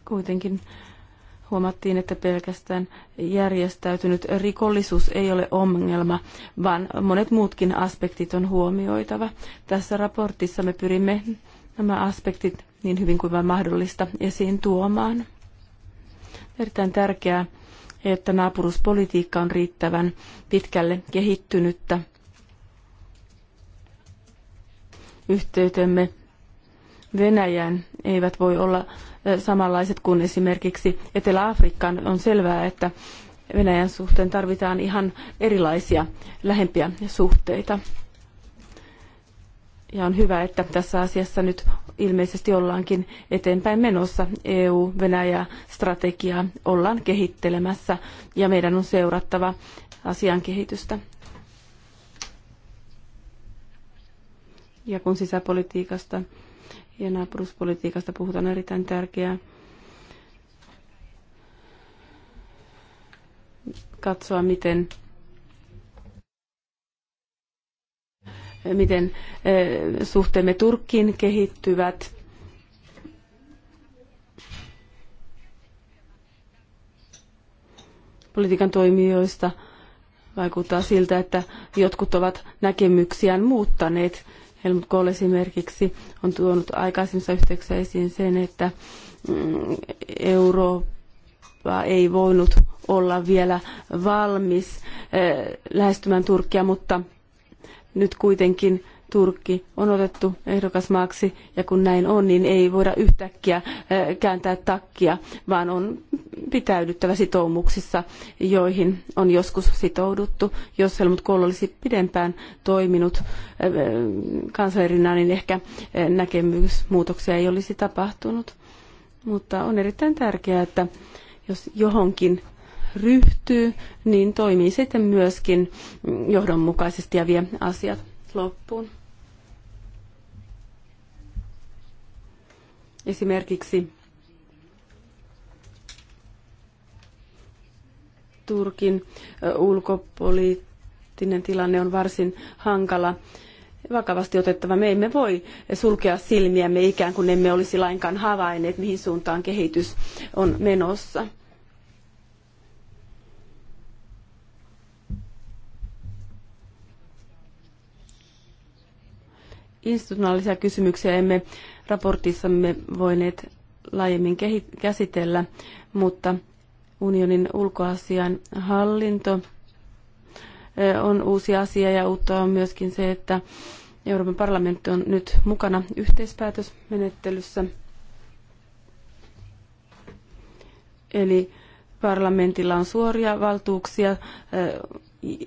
Kuitenkin huomattiin, että pelkästään järjestäytynyt rikollisuus ei ole ongelma, vaan monet muutkin aspektit on huomioitava. Tässä raportissa me pyrimme nämä aspektit niin hyvin kuin vain mahdollista esiin tuomaan. Erittäin tärkeää, että naapuruspolitiikka on riittävän pitkälle kehittynyttä yhteytemme Venäjään eivät voi olla samanlaiset kuin esimerkiksi Etelä-Afrikkaan. On selvää, että Venäjän suhteen tarvitaan ihan erilaisia lähempiä suhteita. Ja on hyvä, että tässä asiassa nyt ilmeisesti ollaankin eteenpäin menossa. EU-Venäjä-strategiaa ollaan kehittelemässä ja meidän on seurattava asian kehitystä Ja kun sisäpolitiikasta ja naapuruspolitiikasta puhutaan, erittäin tärkeää katsoa, miten miten eh, suhteemme Turkkiin kehittyvät. Politiikan toimijoista vaikuttaa siltä, että jotkut ovat näkemyksiään muuttaneet Helmut Kohl esimerkiksi on tuonut aikaisemmissa yhteyksissä esiin sen, että mm, Eurooppa ei voinut olla vielä valmis eh, lähestymään Turkkia, mutta nyt kuitenkin Turkki on otettu ehdokasmaaksi ja kun näin on, niin ei voida yhtäkkiä kääntää takkia, vaan on pitäydyttävä sitoumuksissa, joihin on joskus sitouduttu. Jos Helmut Kohl olisi pidempään toiminut kanslerina, niin ehkä näkemysmuutoksia ei olisi tapahtunut. Mutta on erittäin tärkeää, että jos johonkin ryhtyy, niin toimii sitten myöskin mm, johdonmukaisesti ja vie asiat loppuun. Esimerkiksi Turkin ulkopoliittinen tilanne on varsin hankala vakavasti otettava. Me emme voi sulkea silmiämme ikään kuin emme olisi lainkaan havainneet, mihin suuntaan kehitys on menossa. institutionaalisia kysymyksiä emme raportissamme voineet laajemmin käsitellä, mutta unionin ulkoasian hallinto on uusi asia ja uutta on myöskin se, että Euroopan parlamentti on nyt mukana yhteispäätösmenettelyssä. Eli parlamentilla on suoria valtuuksia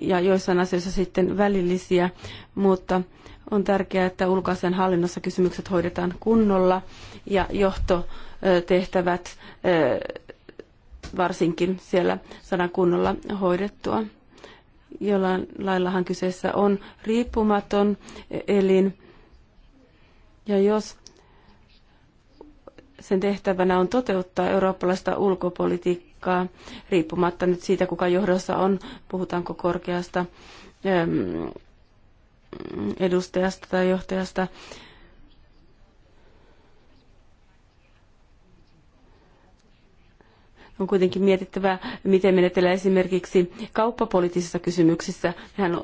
ja joissain asioissa sitten välillisiä, mutta on tärkeää, että ulkoisen hallinnossa kysymykset hoidetaan kunnolla ja johtotehtävät varsinkin siellä saadaan kunnolla hoidettua. Jollain laillahan kyseessä on riippumaton elin. Ja jos sen tehtävänä on toteuttaa eurooppalaista ulkopolitiikkaa, riippumatta nyt siitä, kuka johdossa on, puhutaanko korkeasta edustajasta tai johtajasta. On kuitenkin mietittävä, miten menetellään esimerkiksi kauppapoliittisissa kysymyksissä. Nehän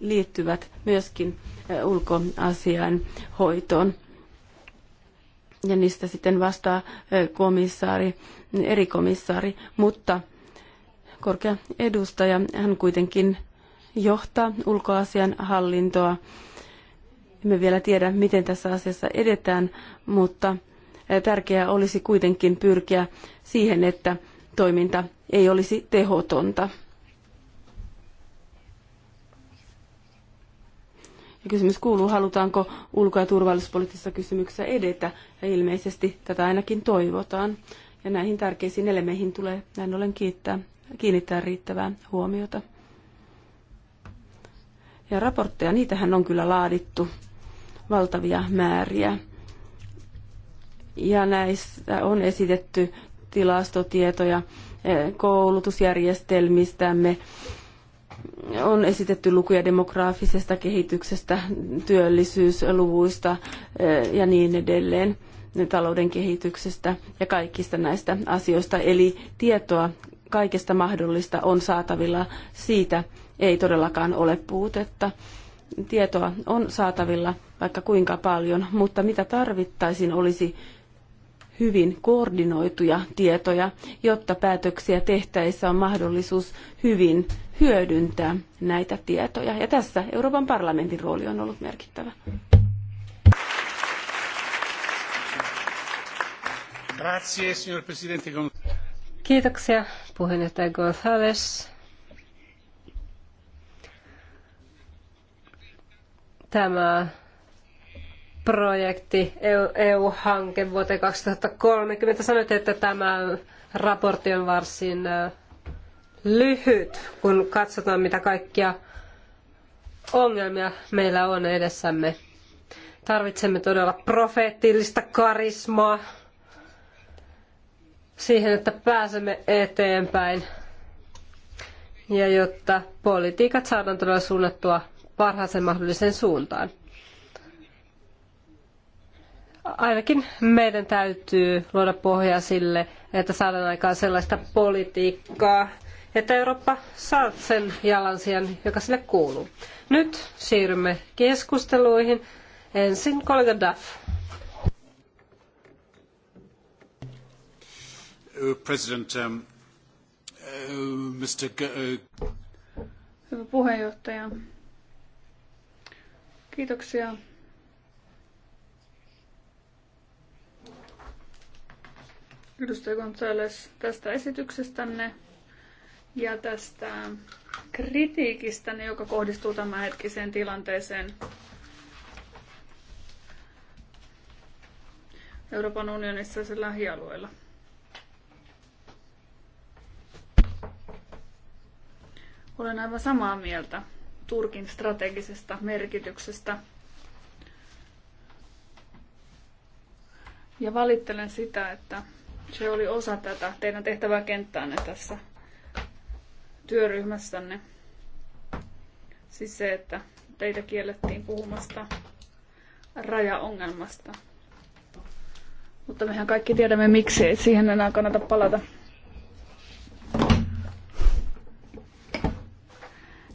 liittyvät myöskin ulkoasian hoitoon. Ja niistä sitten vastaa komissaari, eri mutta korkea edustaja, hän kuitenkin johtaa ulkoasian hallintoa. Emme vielä tiedä, miten tässä asiassa edetään, mutta tärkeää olisi kuitenkin pyrkiä siihen, että toiminta ei olisi tehotonta. Ja kysymys kuuluu, halutaanko ulko- ja turvallisuuspoliittisissa kysymyksissä edetä, ja ilmeisesti tätä ainakin toivotaan. Ja näihin tärkeisiin elemeihin tulee näin ollen kiittää, kiinnittää riittävää huomiota. Ja raportteja, niitähän on kyllä laadittu valtavia määriä. Ja näissä on esitetty tilastotietoja eh, koulutusjärjestelmistämme, on esitetty lukuja demograafisesta kehityksestä, työllisyysluvuista eh, ja niin edelleen, talouden kehityksestä ja kaikista näistä asioista. Eli tietoa kaikesta mahdollista on saatavilla siitä, ei todellakaan ole puutetta. Tietoa on saatavilla vaikka kuinka paljon, mutta mitä tarvittaisiin olisi hyvin koordinoituja tietoja, jotta päätöksiä tehtäessä on mahdollisuus hyvin hyödyntää näitä tietoja. Ja tässä Euroopan parlamentin rooli on ollut merkittävä. Kiitoksia puheenjohtaja González. tämä projekti, EU-hanke e vuoteen 2030. Sanoit, että tämä raportti on varsin lyhyt, kun katsotaan, mitä kaikkia ongelmia meillä on edessämme. Tarvitsemme todella profeettillista karismaa siihen, että pääsemme eteenpäin. Ja jotta politiikat saadaan todella suunnattua parhaaseen mahdolliseen suuntaan. Ainakin meidän täytyy luoda pohjaa sille, että saadaan aikaan sellaista politiikkaa, että Eurooppa saa sen jalansijan, joka sille kuuluu. Nyt siirrymme keskusteluihin. Ensin kollega Duff. Uh, President, um, uh, Mr. G- uh, Hyvä puheenjohtaja, Kiitoksia. Edustaja Gonzales tästä esityksestänne ja tästä kritiikistänne, joka kohdistuu tämänhetkiseen tilanteeseen. Euroopan unionissa ja sen lähialueilla. Olen aivan samaa mieltä Turkin strategisesta merkityksestä. Ja valittelen sitä, että se oli osa tätä teidän tehtäväkenttäänne tässä työryhmässänne. Siis se, että teitä kiellettiin puhumasta rajaongelmasta. Mutta mehän kaikki tiedämme, miksi ei siihen enää kannata palata.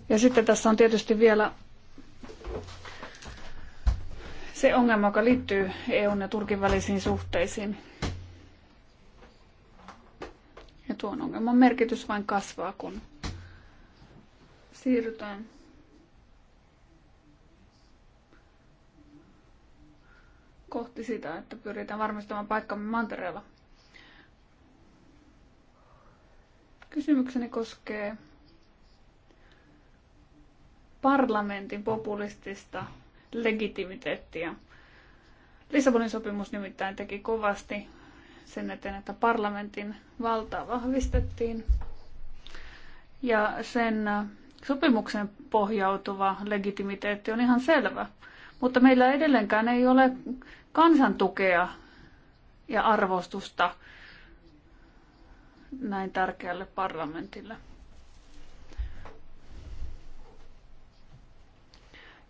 Ja sitten tässä on tietysti vielä se ongelma, joka liittyy EUn ja Turkin välisiin suhteisiin. Ja tuon ongelman merkitys vain kasvaa, kun siirrytään kohti sitä, että pyritään varmistamaan paikkamme mantereella. Kysymykseni koskee parlamentin populistista legitimiteettiä. Lissabonin sopimus nimittäin teki kovasti sen eteen, että parlamentin valtaa vahvistettiin. Ja sen äh, sopimuksen pohjautuva legitimiteetti on ihan selvä. Mutta meillä edelleenkään ei ole kansantukea ja arvostusta näin tärkeälle parlamentille.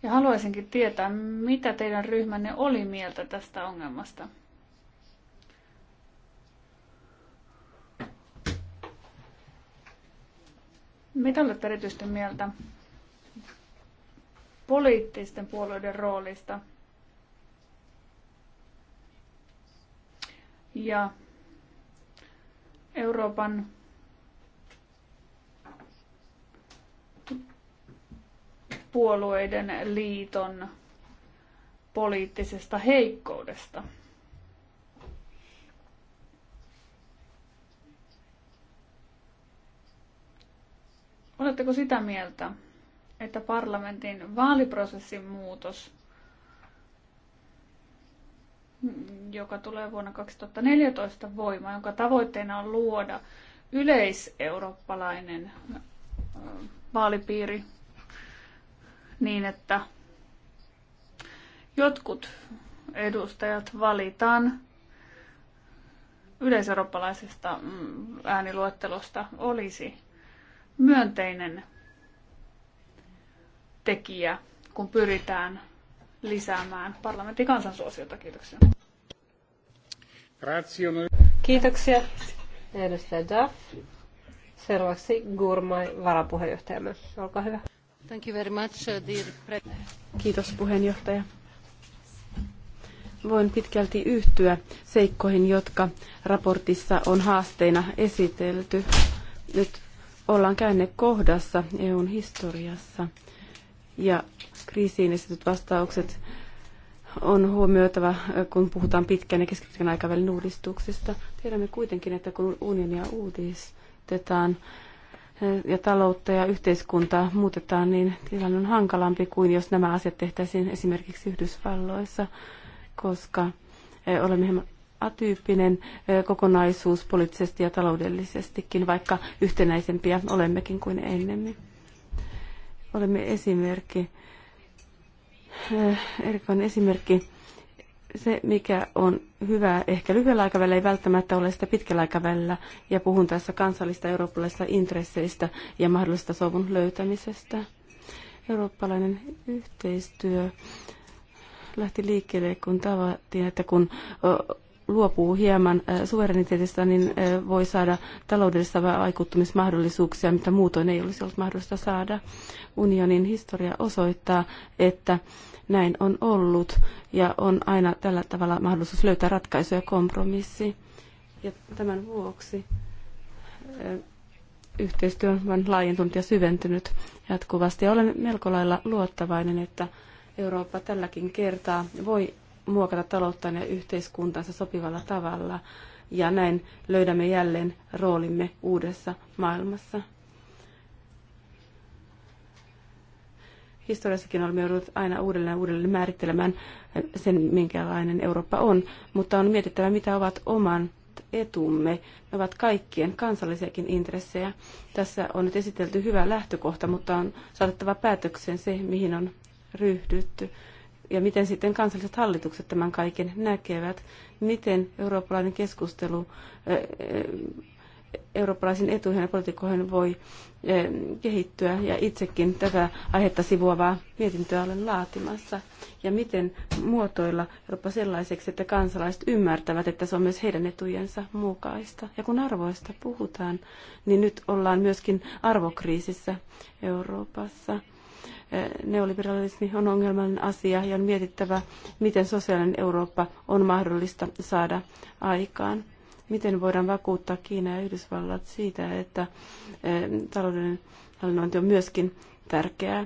Ja haluaisinkin tietää, mitä teidän ryhmänne oli mieltä tästä ongelmasta. Mitä olette erityisesti mieltä poliittisten puolueiden roolista ja Euroopan puolueiden liiton poliittisesta heikkoudesta. Oletteko sitä mieltä, että parlamentin vaaliprosessin muutos, joka tulee vuonna 2014 voimaan, jonka tavoitteena on luoda yleiseurooppalainen vaalipiiri niin, että jotkut edustajat valitaan yleiseurooppalaisesta mm, ääniluettelosta olisi myönteinen tekijä, kun pyritään lisäämään parlamentin kansansuosiota. Kiitoksia. Kiitoksia. Edustaja Duff. Seuraavaksi Gurmai varapuheenjohtajamme. Olkaa hyvä. Thank you very much, uh, dear Kiitos puheenjohtaja. Voin pitkälti yhtyä seikkoihin, jotka raportissa on haasteina esitelty. Nyt ollaan käännekohdassa EUn historiassa ja kriisiin esitetyt vastaukset on huomioitava, äh, kun puhutaan pitkän ja keskipitkän aikavälin uudistuksista. Tiedämme kuitenkin, että kun unionia uudistetaan, ja taloutta ja yhteiskuntaa muutetaan, niin tilanne on hankalampi kuin jos nämä asiat tehtäisiin esimerkiksi Yhdysvalloissa, koska e, olemme hieman atyyppinen e, kokonaisuus poliittisesti ja taloudellisestikin, vaikka yhtenäisempiä olemmekin kuin ennemmin. Olemme esimerkki, e, erikoinen esimerkki se, mikä on hyvä ehkä lyhyellä aikavälillä, ei välttämättä ole sitä pitkällä aikavälillä. Ja puhun tässä kansallista eurooppalaisista intresseistä ja mahdollisesta sovun löytämisestä. Eurooppalainen yhteistyö lähti liikkeelle, kun tavattiin, että kun luopuu hieman äh, suvereniteetista, niin äh, voi saada taloudellista vaikuttamismahdollisuuksia, mitä muutoin ei olisi ollut mahdollista saada. Unionin historia osoittaa, että näin on ollut ja on aina tällä tavalla mahdollisuus löytää ratkaisu ja kompromissi. Ja tämän vuoksi äh, yhteistyö on laajentunut ja syventynyt jatkuvasti. Ja olen melko lailla luottavainen, että Eurooppa tälläkin kertaa voi muokata talouttaan ja yhteiskuntansa sopivalla tavalla ja näin löydämme jälleen roolimme uudessa maailmassa. Historiassakin olemme joudut aina uudelleen uudelleen määrittelemään sen, minkälainen Eurooppa on, mutta on mietittävä, mitä ovat oman etumme. Ne ovat kaikkien kansallisiakin intressejä. Tässä on nyt esitelty hyvä lähtökohta, mutta on saatettava päätökseen se, mihin on ryhdytty ja miten sitten kansalliset hallitukset tämän kaiken näkevät, miten eurooppalainen keskustelu eurooppalaisen etuihin ja politiikkoihin voi kehittyä ja itsekin tätä aihetta sivuavaa mietintöä olen laatimassa. Ja miten muotoilla Eurooppa sellaiseksi, että kansalaiset ymmärtävät, että se on myös heidän etujensa mukaista. Ja kun arvoista puhutaan, niin nyt ollaan myöskin arvokriisissä Euroopassa neoliberalismi on ongelmallinen asia ja on mietittävä, miten sosiaalinen Eurooppa on mahdollista saada aikaan. Miten voidaan vakuuttaa Kiina ja Yhdysvallat siitä, että eh, talouden hallinnointi on myöskin tärkeää?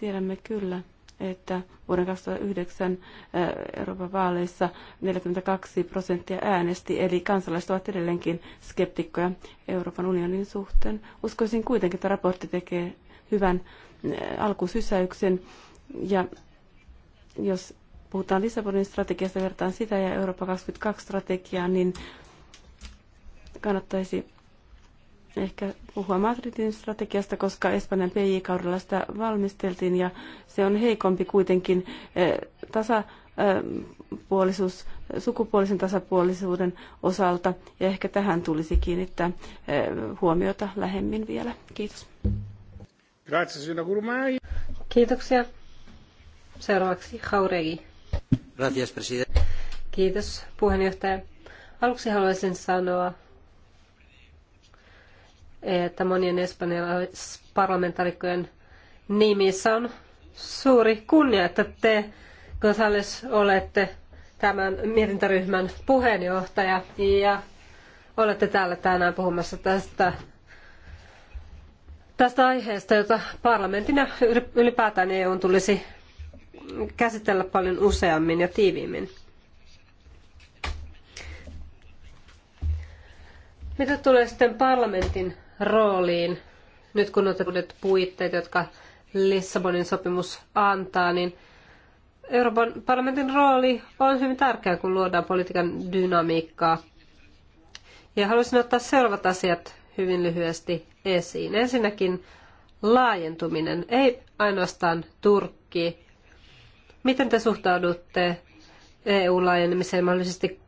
Tiedämme kyllä, että vuoden 2009 eh, Euroopan vaaleissa 42 prosenttia äänesti, eli kansalaiset ovat edelleenkin skeptikkoja Euroopan unionin suhteen. Uskoisin kuitenkin, että raportti tekee hyvän Äh, alkusysäyksen. Ja jos puhutaan Lissabonin strategiasta, vertaan sitä ja Eurooppa 22-strategiaa, niin kannattaisi ehkä puhua Madridin strategiasta, koska Espanjan PJ-kaudella sitä valmisteltiin ja se on heikompi kuitenkin äh, tasapuolisuus, äh, sukupuolisen tasapuolisuuden osalta ja ehkä tähän tulisi kiinnittää huomiota lähemmin vielä. Kiitos. Kiitoksia. Seuraavaksi Hauregi. Gracias, presidente. Kiitos, puheenjohtaja. Aluksi haluaisin sanoa, että monien espanjalaisparlamentaarikkojen nimissä on suuri kunnia, että te, Gonzales, olette tämän mietintäryhmän puheenjohtaja ja olette täällä tänään puhumassa tästä tästä aiheesta, jota parlamentina ylipäätään EU tulisi käsitellä paljon useammin ja tiiviimmin. Mitä tulee sitten parlamentin rooliin, nyt kun on uudet puitteet, jotka Lissabonin sopimus antaa, niin Euroopan parlamentin rooli on hyvin tärkeä, kun luodaan politiikan dynamiikkaa. Ja haluaisin ottaa seuraavat asiat hyvin lyhyesti esiin. Ensinnäkin laajentuminen, ei ainoastaan Turkki. Miten te suhtaudutte EU-laajenemiseen mahdollisesti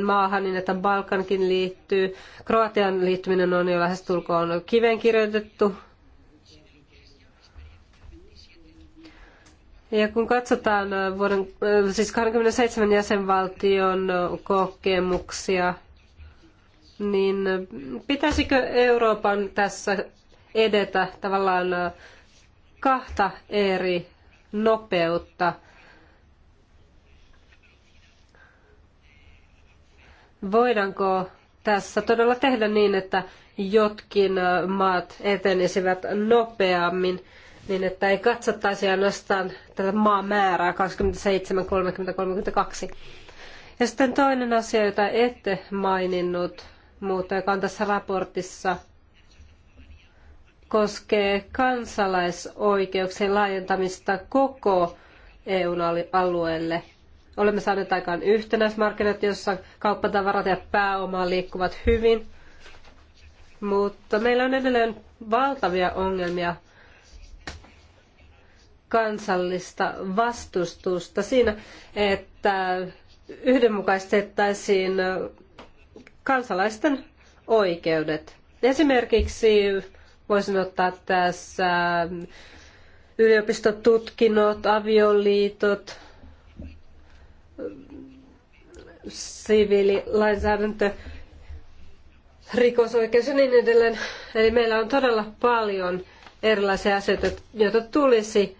30-32 maahan, niin että Balkankin liittyy. Kroatian liittyminen on jo lähes tulkoon kiveen kirjoitettu. Ja kun katsotaan vuoden, äh, siis 27 jäsenvaltion kokemuksia, niin pitäisikö Euroopan tässä edetä tavallaan kahta eri nopeutta? Voidaanko tässä todella tehdä niin, että jotkin maat etenisivät nopeammin, niin että ei katsottaisi ainoastaan tätä maamäärää 27, 30, 32. Ja sitten toinen asia, jota ette maininnut, mutta joka on tässä raportissa, koskee kansalaisoikeuksien laajentamista koko EUn alueelle. Olemme saaneet aikaan yhtenäismarkkinat, jossa kauppatavarat ja pääoma liikkuvat hyvin, mutta meillä on edelleen valtavia ongelmia kansallista vastustusta siinä, että yhdenmukaistettaisiin kansalaisten oikeudet. Esimerkiksi voisin ottaa tässä yliopistotutkinnot, avioliitot, siviililainsäädäntö, rikosoikeus ja niin edelleen. Eli meillä on todella paljon erilaisia asioita, joita tulisi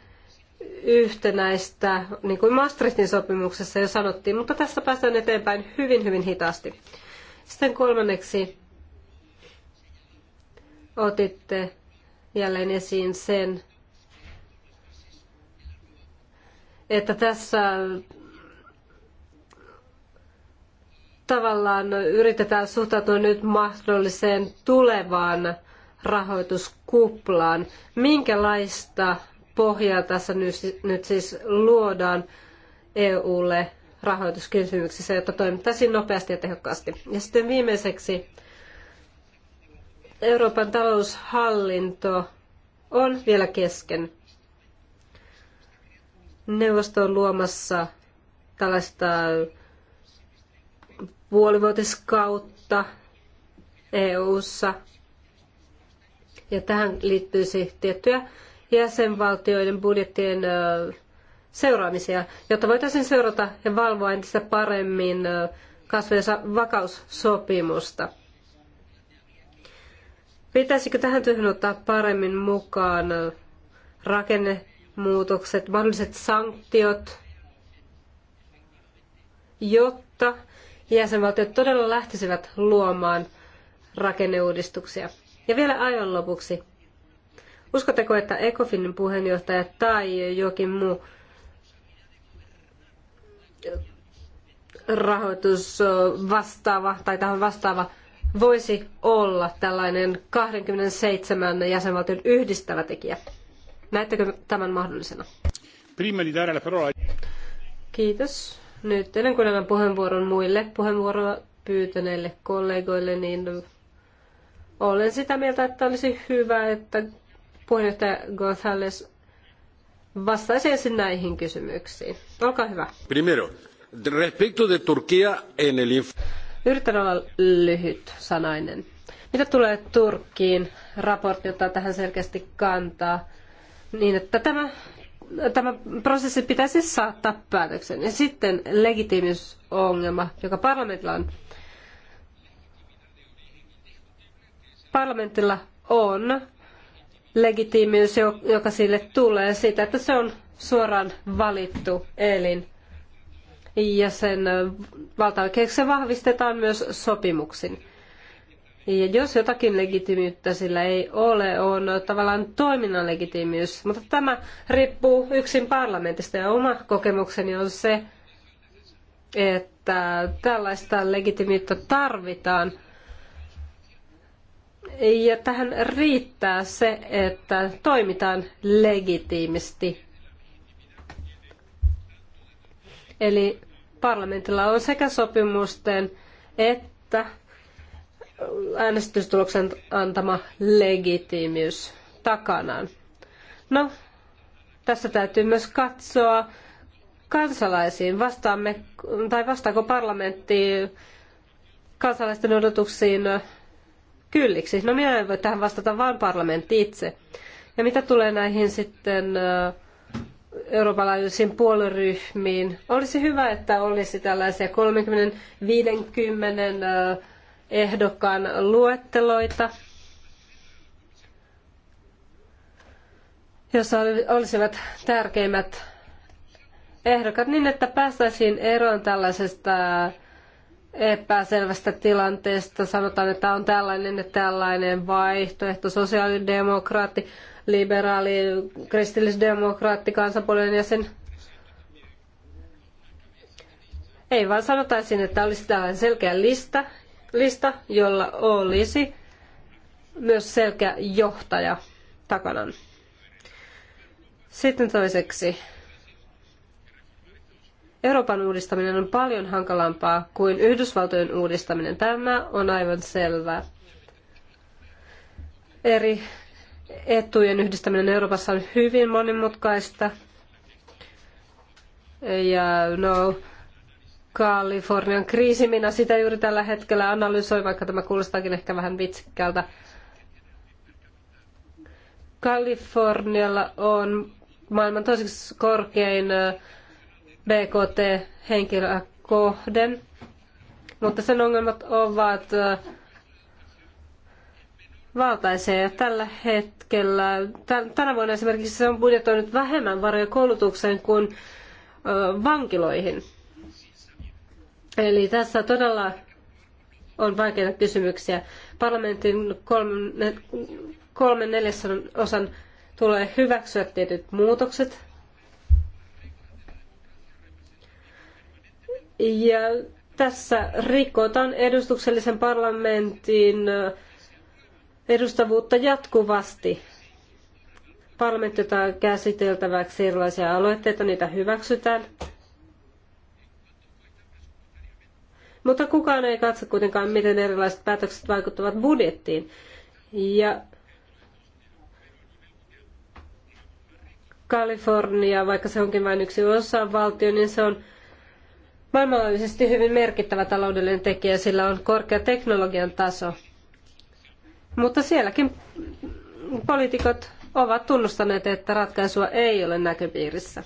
yhtenäistä, niin kuin Maastrichtin sopimuksessa jo sanottiin, mutta tässä päästään eteenpäin hyvin, hyvin hitaasti. Sitten kolmanneksi otitte jälleen esiin sen, että tässä tavallaan yritetään suhtautua nyt mahdolliseen tulevaan rahoituskuplaan. Minkälaista pohjaa tässä nyt siis luodaan EUlle rahoituskysymyksissä, jotta toimittaisiin nopeasti ja tehokkaasti. Ja sitten viimeiseksi Euroopan taloushallinto on vielä kesken. Neuvosto on luomassa tällaista puolivuotiskautta EU-ssa. Ja tähän liittyisi tiettyjä jäsenvaltioiden budjettien seuraamisia, jotta voitaisiin seurata ja valvoa entistä paremmin kasvojen vakaussopimusta. Pitäisikö tähän työhön ottaa paremmin mukaan rakennemuutokset, mahdolliset sanktiot, jotta jäsenvaltiot todella lähtisivät luomaan rakenneuudistuksia? Ja vielä aivan lopuksi. Uskotteko, että ECOFINin puheenjohtaja tai jokin muu rahoitus vastaava tai tähän vastaava voisi olla tällainen 27 jäsenvaltion yhdistävä tekijä. Näettekö tämän mahdollisena? Kiitos. Nyt ennen kuin annan puheenvuoron muille puheenvuoroa pyytäneille kollegoille, niin olen sitä mieltä, että olisi hyvä, että puheenjohtaja Gonzales vastaisi ensin näihin kysymyksiin. Olkaa hyvä. Primero, respecto de Turquía en el Yritän olla lyhyt sanainen. Mitä tulee Turkkiin, raportti ottaa tähän selkeästi kantaa, niin että tämä, tämä prosessi pitäisi saattaa päätökseen. Ja sitten legitiimiysongelma, joka parlamentilla on. Parlamentilla on legitiimiys, joka sille tulee, siitä, että se on suoraan valittu elin. Ja sen valtaoikeuksia vahvistetaan myös sopimuksin. Ja jos jotakin legitiimiyttä sillä ei ole, on tavallaan toiminnan legitiimiys. Mutta tämä riippuu yksin parlamentista ja oma kokemukseni on se, että tällaista legitiimiyttä tarvitaan – ja tähän riittää se, että toimitaan legitiimisti. Eli parlamentilla on sekä sopimusten että äänestystuloksen antama legitiimiys takanaan. No, tässä täytyy myös katsoa kansalaisiin. Vastaamme, tai vastaako parlamentti kansalaisten odotuksiin kylliksi? No minä en voi tähän vastata, vaan parlamentti itse. Ja mitä tulee näihin sitten Euroopan laajuisiin puolueryhmiin, olisi hyvä, että olisi tällaisia 30-50 ehdokkaan luetteloita, jossa olisivat tärkeimmät ehdokkaat niin, että päästäisiin eroon tällaisesta epäselvästä tilanteesta. Sanotaan, että on tällainen ja tällainen vaihtoehto. Sosiaalidemokraatti, liberaali, kristillisdemokraatti, kansanpuolinen jäsen. Ei vaan sanotaisin, että olisi tällainen selkeä lista, lista jolla olisi myös selkeä johtaja takana. Sitten toiseksi Euroopan uudistaminen on paljon hankalampaa kuin Yhdysvaltojen uudistaminen. Tämä on aivan selvää. Eri etujen yhdistäminen Euroopassa on hyvin monimutkaista. Ja no, Kalifornian kriisi, minä sitä juuri tällä hetkellä analysoin, vaikka tämä kuulostaakin ehkä vähän vitsikkäältä. Kalifornialla on maailman toiseksi korkein BKT henkilöä kohden, mutta sen ongelmat ovat valtaisia. Ja tällä hetkellä, tänä vuonna esimerkiksi se on budjetoinut vähemmän varoja koulutukseen kuin vankiloihin. Eli tässä todella on vaikeita kysymyksiä. Parlamentin kolmen, kolmen neljäsosan tulee hyväksyä tietyt muutokset Ja tässä rikotaan edustuksellisen parlamentin edustavuutta jatkuvasti. Parlamentti otetaan käsiteltäväksi erilaisia aloitteita, niitä hyväksytään. Mutta kukaan ei katso kuitenkaan, miten erilaiset päätökset vaikuttavat budjettiin. Ja Kalifornia, vaikka se onkin vain yksi osa valtio, niin se on maailmanlaajuisesti hyvin merkittävä taloudellinen tekijä, sillä on korkea teknologian taso. Mutta sielläkin poliitikot ovat tunnustaneet, että ratkaisua ei ole näköpiirissä.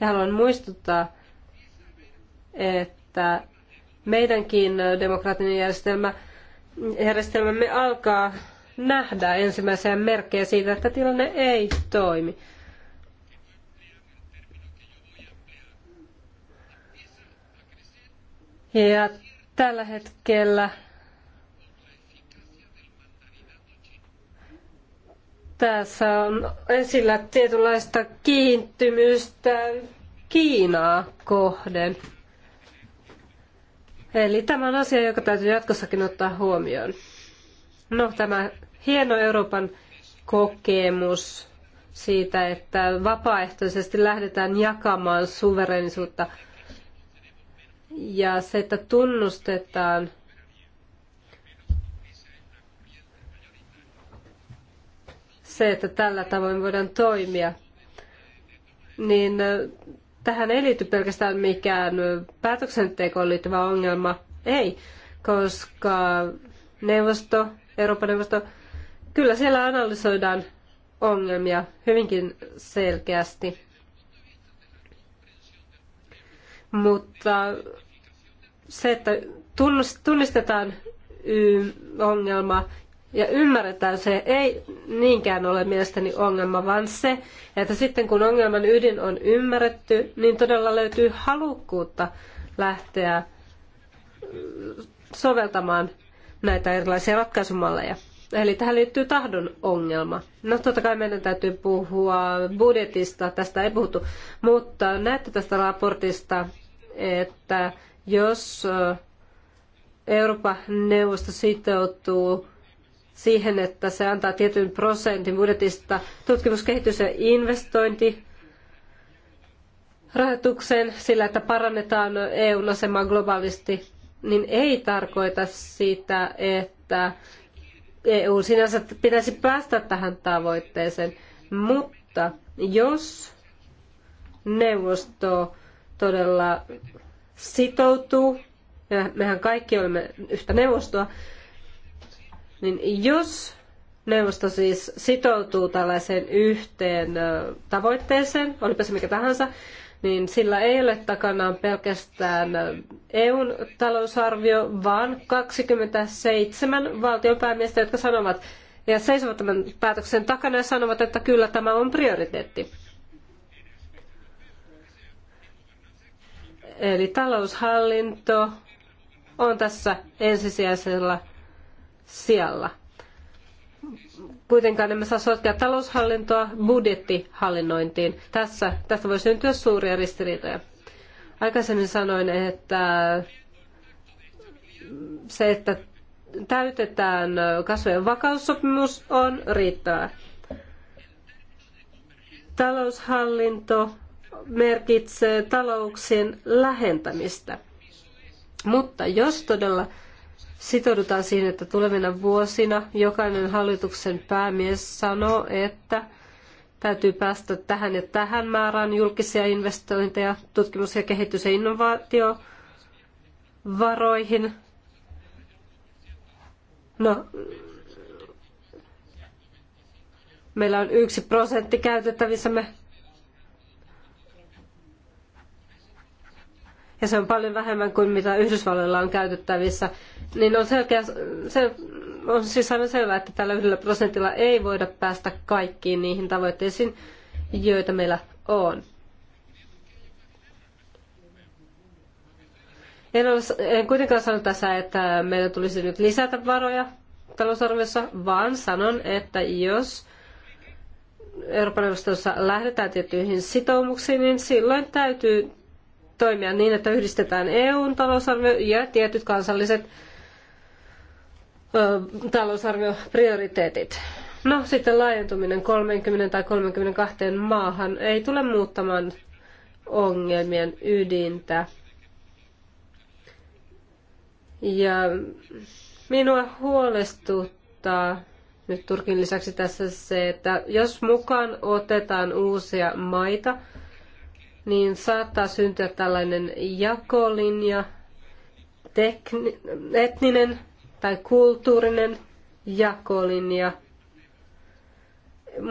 Ja haluan muistuttaa, että meidänkin demokraattinen järjestelmä, järjestelmämme alkaa nähdä ensimmäisiä merkkejä siitä, että tilanne ei toimi. Ja tällä hetkellä tässä on esillä tietynlaista kiintymystä Kiinaa kohden. Eli tämä on asia, joka täytyy jatkossakin ottaa huomioon. No, tämä hieno Euroopan kokemus siitä, että vapaaehtoisesti lähdetään jakamaan suverenisuutta – ja se, että tunnustetaan se, että tällä tavoin voidaan toimia, niin tähän ei liity pelkästään mikään päätöksentekoon liittyvä ongelma. Ei, koska neuvosto, Euroopan neuvosto, kyllä siellä analysoidaan ongelmia hyvinkin selkeästi. Mutta se, että tunnistetaan ongelma ja ymmärretään se, ei niinkään ole mielestäni ongelma, vaan se, että sitten kun ongelman ydin on ymmärretty, niin todella löytyy halukkuutta lähteä soveltamaan näitä erilaisia ratkaisumalleja. Eli tähän liittyy tahdon ongelma. No totta kai meidän täytyy puhua budjetista, tästä ei puhuttu, mutta näette tästä raportista, että jos Euroopan neuvosto sitoutuu siihen, että se antaa tietyn prosentin budjetista tutkimus-, kehitys- ja investointi sillä, että parannetaan EUn asemaa globaalisti, niin ei tarkoita sitä, että EU sinänsä pitäisi päästä tähän tavoitteeseen. Mutta jos neuvosto todella sitoutuu, ja mehän kaikki olemme yhtä neuvostoa, niin jos neuvosto siis sitoutuu tällaiseen yhteen tavoitteeseen, olipa se mikä tahansa, niin sillä ei ole takanaan pelkästään EUn talousarvio, vaan 27 valtionpäämiestä, jotka sanovat ja seisovat tämän päätöksen takana ja sanovat, että kyllä tämä on prioriteetti. Eli taloushallinto on tässä ensisijaisella sijalla. Kuitenkaan emme saa sotkea taloushallintoa budjettihallinnointiin. Tässä, tästä voi syntyä suuria ristiriitoja. Aikaisemmin sanoin, että se, että täytetään kasvojen vakaussopimus on riittävä Taloushallinto merkitsee talouksien lähentämistä. Mutta jos todella sitoudutaan siihen, että tulevina vuosina jokainen hallituksen päämies sanoo, että täytyy päästä tähän ja tähän määrään julkisia investointeja, tutkimus- ja kehitys- ja innovaatiovaroihin. No, meillä on yksi prosentti käytettävissämme ja se on paljon vähemmän kuin mitä Yhdysvalloilla on käytettävissä, niin on, selkeä, se, on siis aivan selvää, että tällä yhdellä prosentilla ei voida päästä kaikkiin niihin tavoitteisiin, joita meillä on. En, ole, en kuitenkaan sano tässä, että meidän tulisi nyt lisätä varoja talousarviossa, vaan sanon, että jos Euroopan neuvostossa lähdetään tiettyihin sitoumuksiin, niin silloin täytyy toimia niin, että yhdistetään EUn talousarvio ja tietyt kansalliset ö, talousarvioprioriteetit. No sitten laajentuminen 30 tai 32 maahan ei tule muuttamaan ongelmien ydintä. Ja minua huolestuttaa nyt Turkin lisäksi tässä se, että jos mukaan otetaan uusia maita – niin saattaa syntyä tällainen jakolinja, tekni, etninen tai kulttuurinen jakolinja.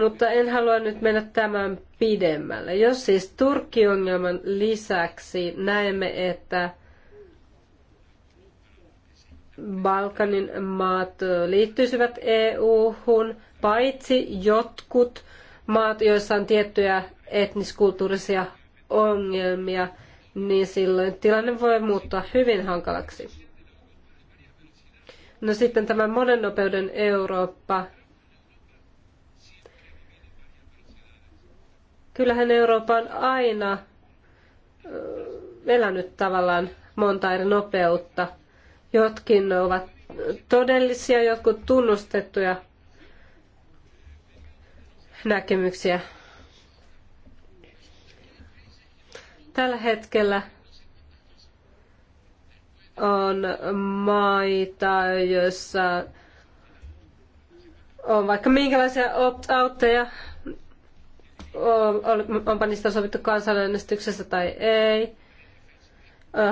Mutta en halua nyt mennä tämän pidemmälle. Jos siis Turkki-ongelman lisäksi näemme, että Balkanin maat liittyisivät EU-hun, paitsi jotkut maat, joissa on tiettyjä etniskulttuurisia ongelmia, niin silloin tilanne voi muuttua hyvin hankalaksi. No sitten tämä monen nopeuden Eurooppa. Kyllähän Eurooppa on aina elänyt tavallaan monta eri nopeutta. Jotkin ovat todellisia, jotkut tunnustettuja näkemyksiä Tällä hetkellä on maita, joissa on vaikka minkälaisia opt-outteja, onpa niistä sovittu kansanäänestyksessä tai ei.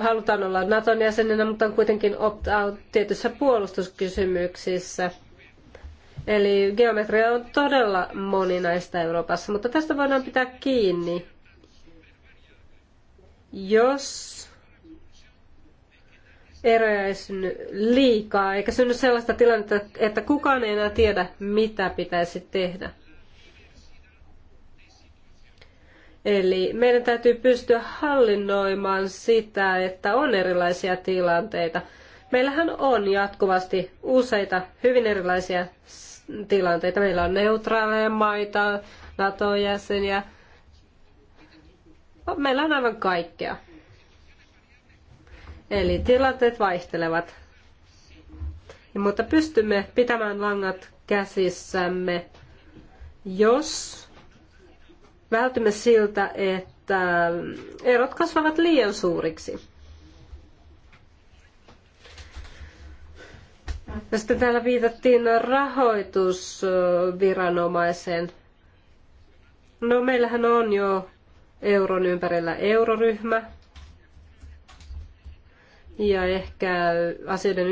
Halutaan olla Naton jäsenenä, mutta on kuitenkin opt-out tietyissä puolustuskysymyksissä. Eli geometria on todella moninaista Euroopassa, mutta tästä voidaan pitää kiinni. Jos eroja ei synny liikaa, eikä synny sellaista tilannetta, että kukaan ei enää tiedä, mitä pitäisi tehdä. Eli meidän täytyy pystyä hallinnoimaan sitä, että on erilaisia tilanteita. Meillähän on jatkuvasti useita hyvin erilaisia tilanteita. Meillä on neutraaleja maita, NATO-jäseniä, Meillä on aivan kaikkea. Eli tilanteet vaihtelevat. Mutta pystymme pitämään langat käsissämme, jos vältymme siltä, että erot kasvavat liian suuriksi. Ja sitten täällä viitattiin rahoitusviranomaiseen. No meillähän on jo euron ympärillä euroryhmä. Ja ehkä asioiden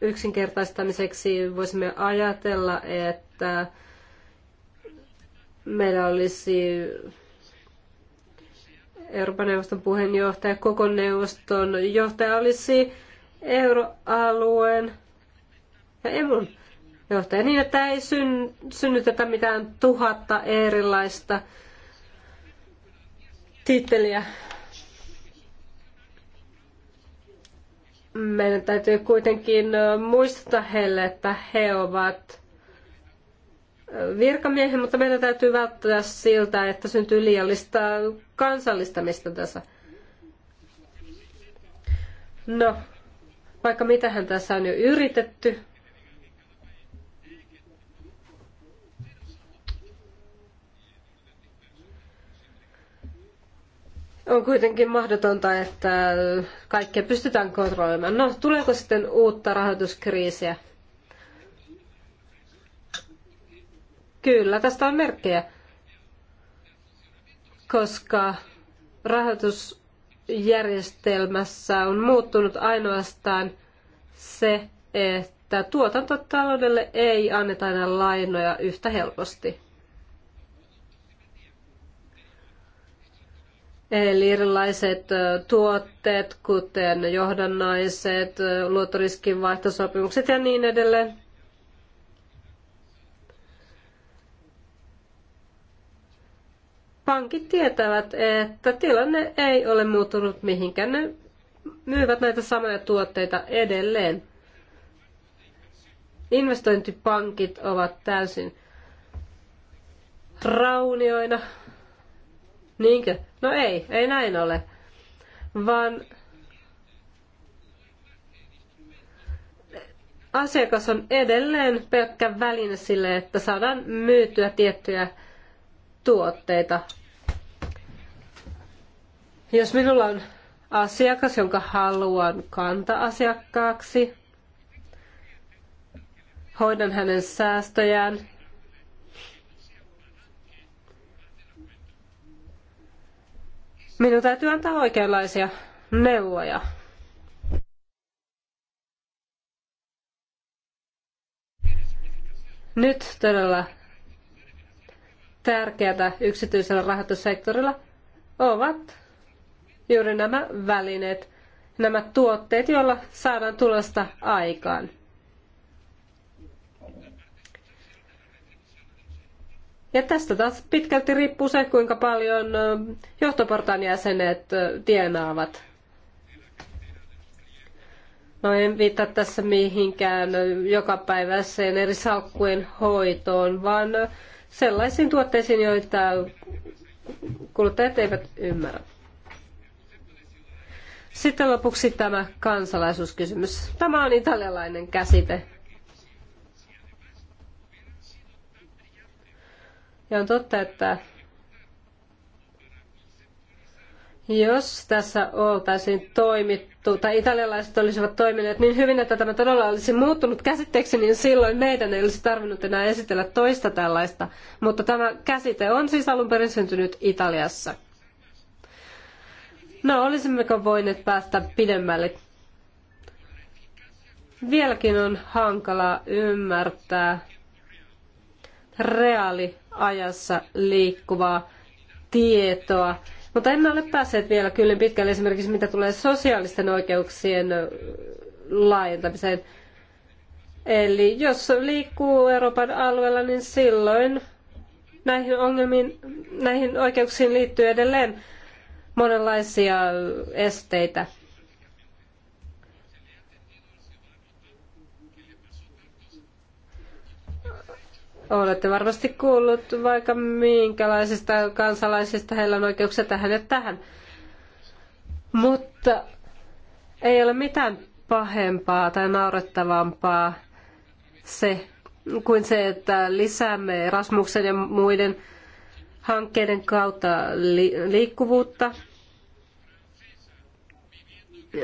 yksinkertaistamiseksi voisimme ajatella, että meillä olisi Euroopan neuvoston puheenjohtaja, koko neuvoston johtaja olisi euroalueen ja emun johtaja niin, että ei synnytetä mitään tuhatta erilaista titteliä. Meidän täytyy kuitenkin muistuttaa heille, että he ovat virkamiehiä, mutta meidän täytyy välttää siltä, että syntyy liiallista kansallistamista tässä. No, vaikka mitähän tässä on jo yritetty, on kuitenkin mahdotonta, että kaikkea pystytään kontrolloimaan. No, tuleeko sitten uutta rahoituskriisiä? Kyllä, tästä on merkkejä, koska rahoitusjärjestelmässä on muuttunut ainoastaan se, että tuotantotaloudelle ei anneta enää lainoja yhtä helposti. Eli erilaiset tuotteet, kuten johdannaiset, luottoriskin vaihtosopimukset ja niin edelleen. Pankit tietävät, että tilanne ei ole muuttunut mihinkään. Ne myyvät näitä samoja tuotteita edelleen. Investointipankit ovat täysin raunioina Niinkö? No ei, ei näin ole. Vaan asiakas on edelleen pelkkä väline sille, että saadaan myytyä tiettyjä tuotteita. Jos minulla on asiakas, jonka haluan kanta-asiakkaaksi, hoidan hänen säästöjään Minun täytyy antaa oikeanlaisia neuvoja. Nyt todella tärkeätä yksityisellä rahoitussektorilla ovat juuri nämä välineet, nämä tuotteet, joilla saadaan tulosta aikaan. Ja tästä taas pitkälti riippuu se, kuinka paljon johtoportaan jäsenet tienaavat. No en viittaa tässä mihinkään jokapäiväiseen eri salkkujen hoitoon, vaan sellaisiin tuotteisiin, joita kuluttajat eivät ymmärrä. Sitten lopuksi tämä kansalaisuuskysymys. Tämä on italialainen käsite. Ja on totta, että jos tässä oltaisiin toimittu, tai italialaiset olisivat toimineet niin hyvin, että tämä todella olisi muuttunut käsitteeksi, niin silloin meidän ei olisi tarvinnut enää esitellä toista tällaista. Mutta tämä käsite on siis alun perin syntynyt Italiassa. No, olisimmeko voineet päästä pidemmälle? Vieläkin on hankala ymmärtää reaali ajassa liikkuvaa tietoa. Mutta emme ole päässeet vielä kyllä pitkälle esimerkiksi mitä tulee sosiaalisten oikeuksien laajentamiseen. Eli jos liikkuu Euroopan alueella, niin silloin näihin ongelmiin, näihin oikeuksiin liittyy edelleen monenlaisia esteitä. Olette varmasti kuullut vaikka minkälaisista kansalaisista heillä on oikeuksia tähän ja tähän. Mutta ei ole mitään pahempaa tai naurettavampaa se, kuin se, että lisäämme Erasmuksen ja muiden hankkeiden kautta liikkuvuutta –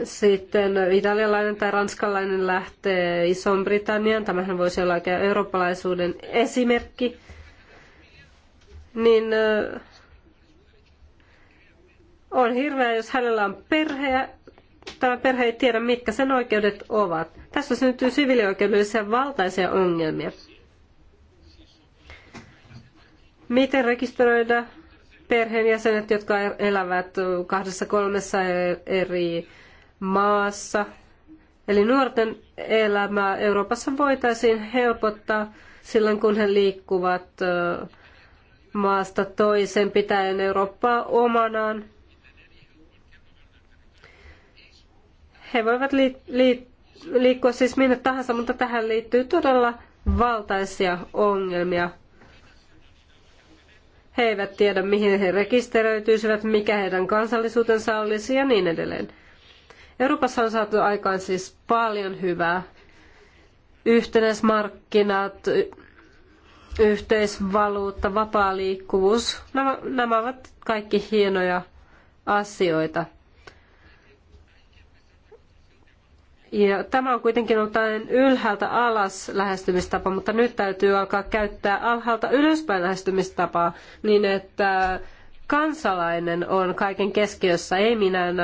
sitten italialainen tai ranskalainen lähtee Iso-Britanniaan. Tämähän voisi olla oikein eurooppalaisuuden esimerkki. Niin on hirveä, jos hänellä on perhe ja tämä perhe ei tiedä, mitkä sen oikeudet ovat. Tässä syntyy siviilioikeudellisia valtaisia ongelmia. Miten rekisteröidä perheenjäsenet, jotka elävät kahdessa kolmessa eri maassa. Eli nuorten elämää Euroopassa voitaisiin helpottaa silloin, kun he liikkuvat maasta toisen pitäen Eurooppaa omanaan. He voivat liikkua siis minne tahansa, mutta tähän liittyy todella valtaisia ongelmia. He eivät tiedä, mihin he rekisteröityisivät, mikä heidän kansallisuutensa olisi ja niin edelleen. Euroopassa on saatu aikaan siis paljon hyvää. Yhtenäismarkkinat, yhteisvaluutta, vapaa liikkuvuus, nämä, nämä ovat kaikki hienoja asioita. Ja tämä on kuitenkin ollut tällainen ylhäältä alas lähestymistapa, mutta nyt täytyy alkaa käyttää alhaalta ylöspäin lähestymistapaa niin, että kansalainen on kaiken keskiössä, ei minään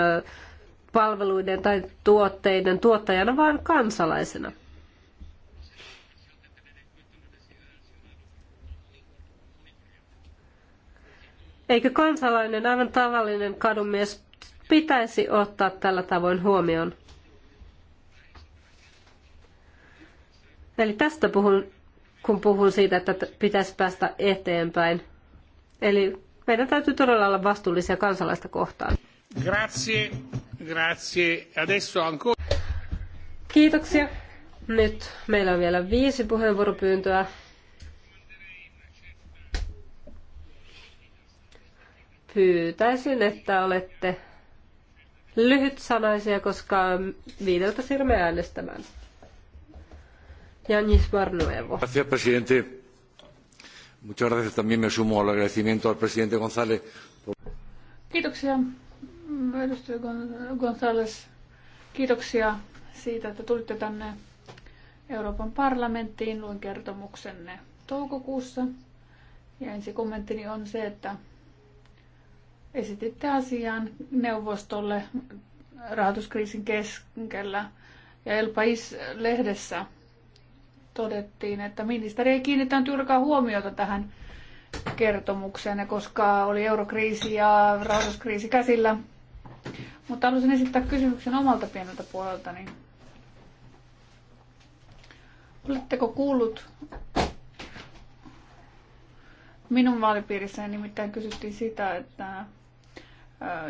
palveluiden tai tuotteiden tuottajana, vaan kansalaisena. Eikö kansalainen, aivan tavallinen kadumies, pitäisi ottaa tällä tavoin huomioon? Eli tästä puhun, kun puhun siitä, että pitäisi päästä eteenpäin. Eli meidän täytyy todella olla vastuullisia kansalaista kohtaan. Grazie, grazie. Adesso ancora. Kiitoksia. Nyt meillä on vielä viisi puheenvuoropyyntöä. Pyytäisin, että olette lyhytsanaisia, koska viideltä siirrymme äänestämään. Janis Barnuevo. Gracias, presidente. Muchas gracias. También me sumo al agradecimiento al presidente González. Kiitoksia Mm, edustaja Gonzales, kiitoksia siitä, että tulitte tänne Euroopan parlamenttiin. Luin kertomuksenne toukokuussa. Ja ensi kommenttini on se, että esititte asian neuvostolle rahoituskriisin keskellä. Ja El Pais-lehdessä todettiin, että ministeri ei kiinnittänyt juurikaan huomiota tähän kertomukseen, koska oli eurokriisi ja rahoituskriisi käsillä, mutta haluaisin esittää kysymyksen omalta pieneltä puoleltani. Oletteko kuullut minun vaalipiirissäni nimittäin kysyttiin sitä, että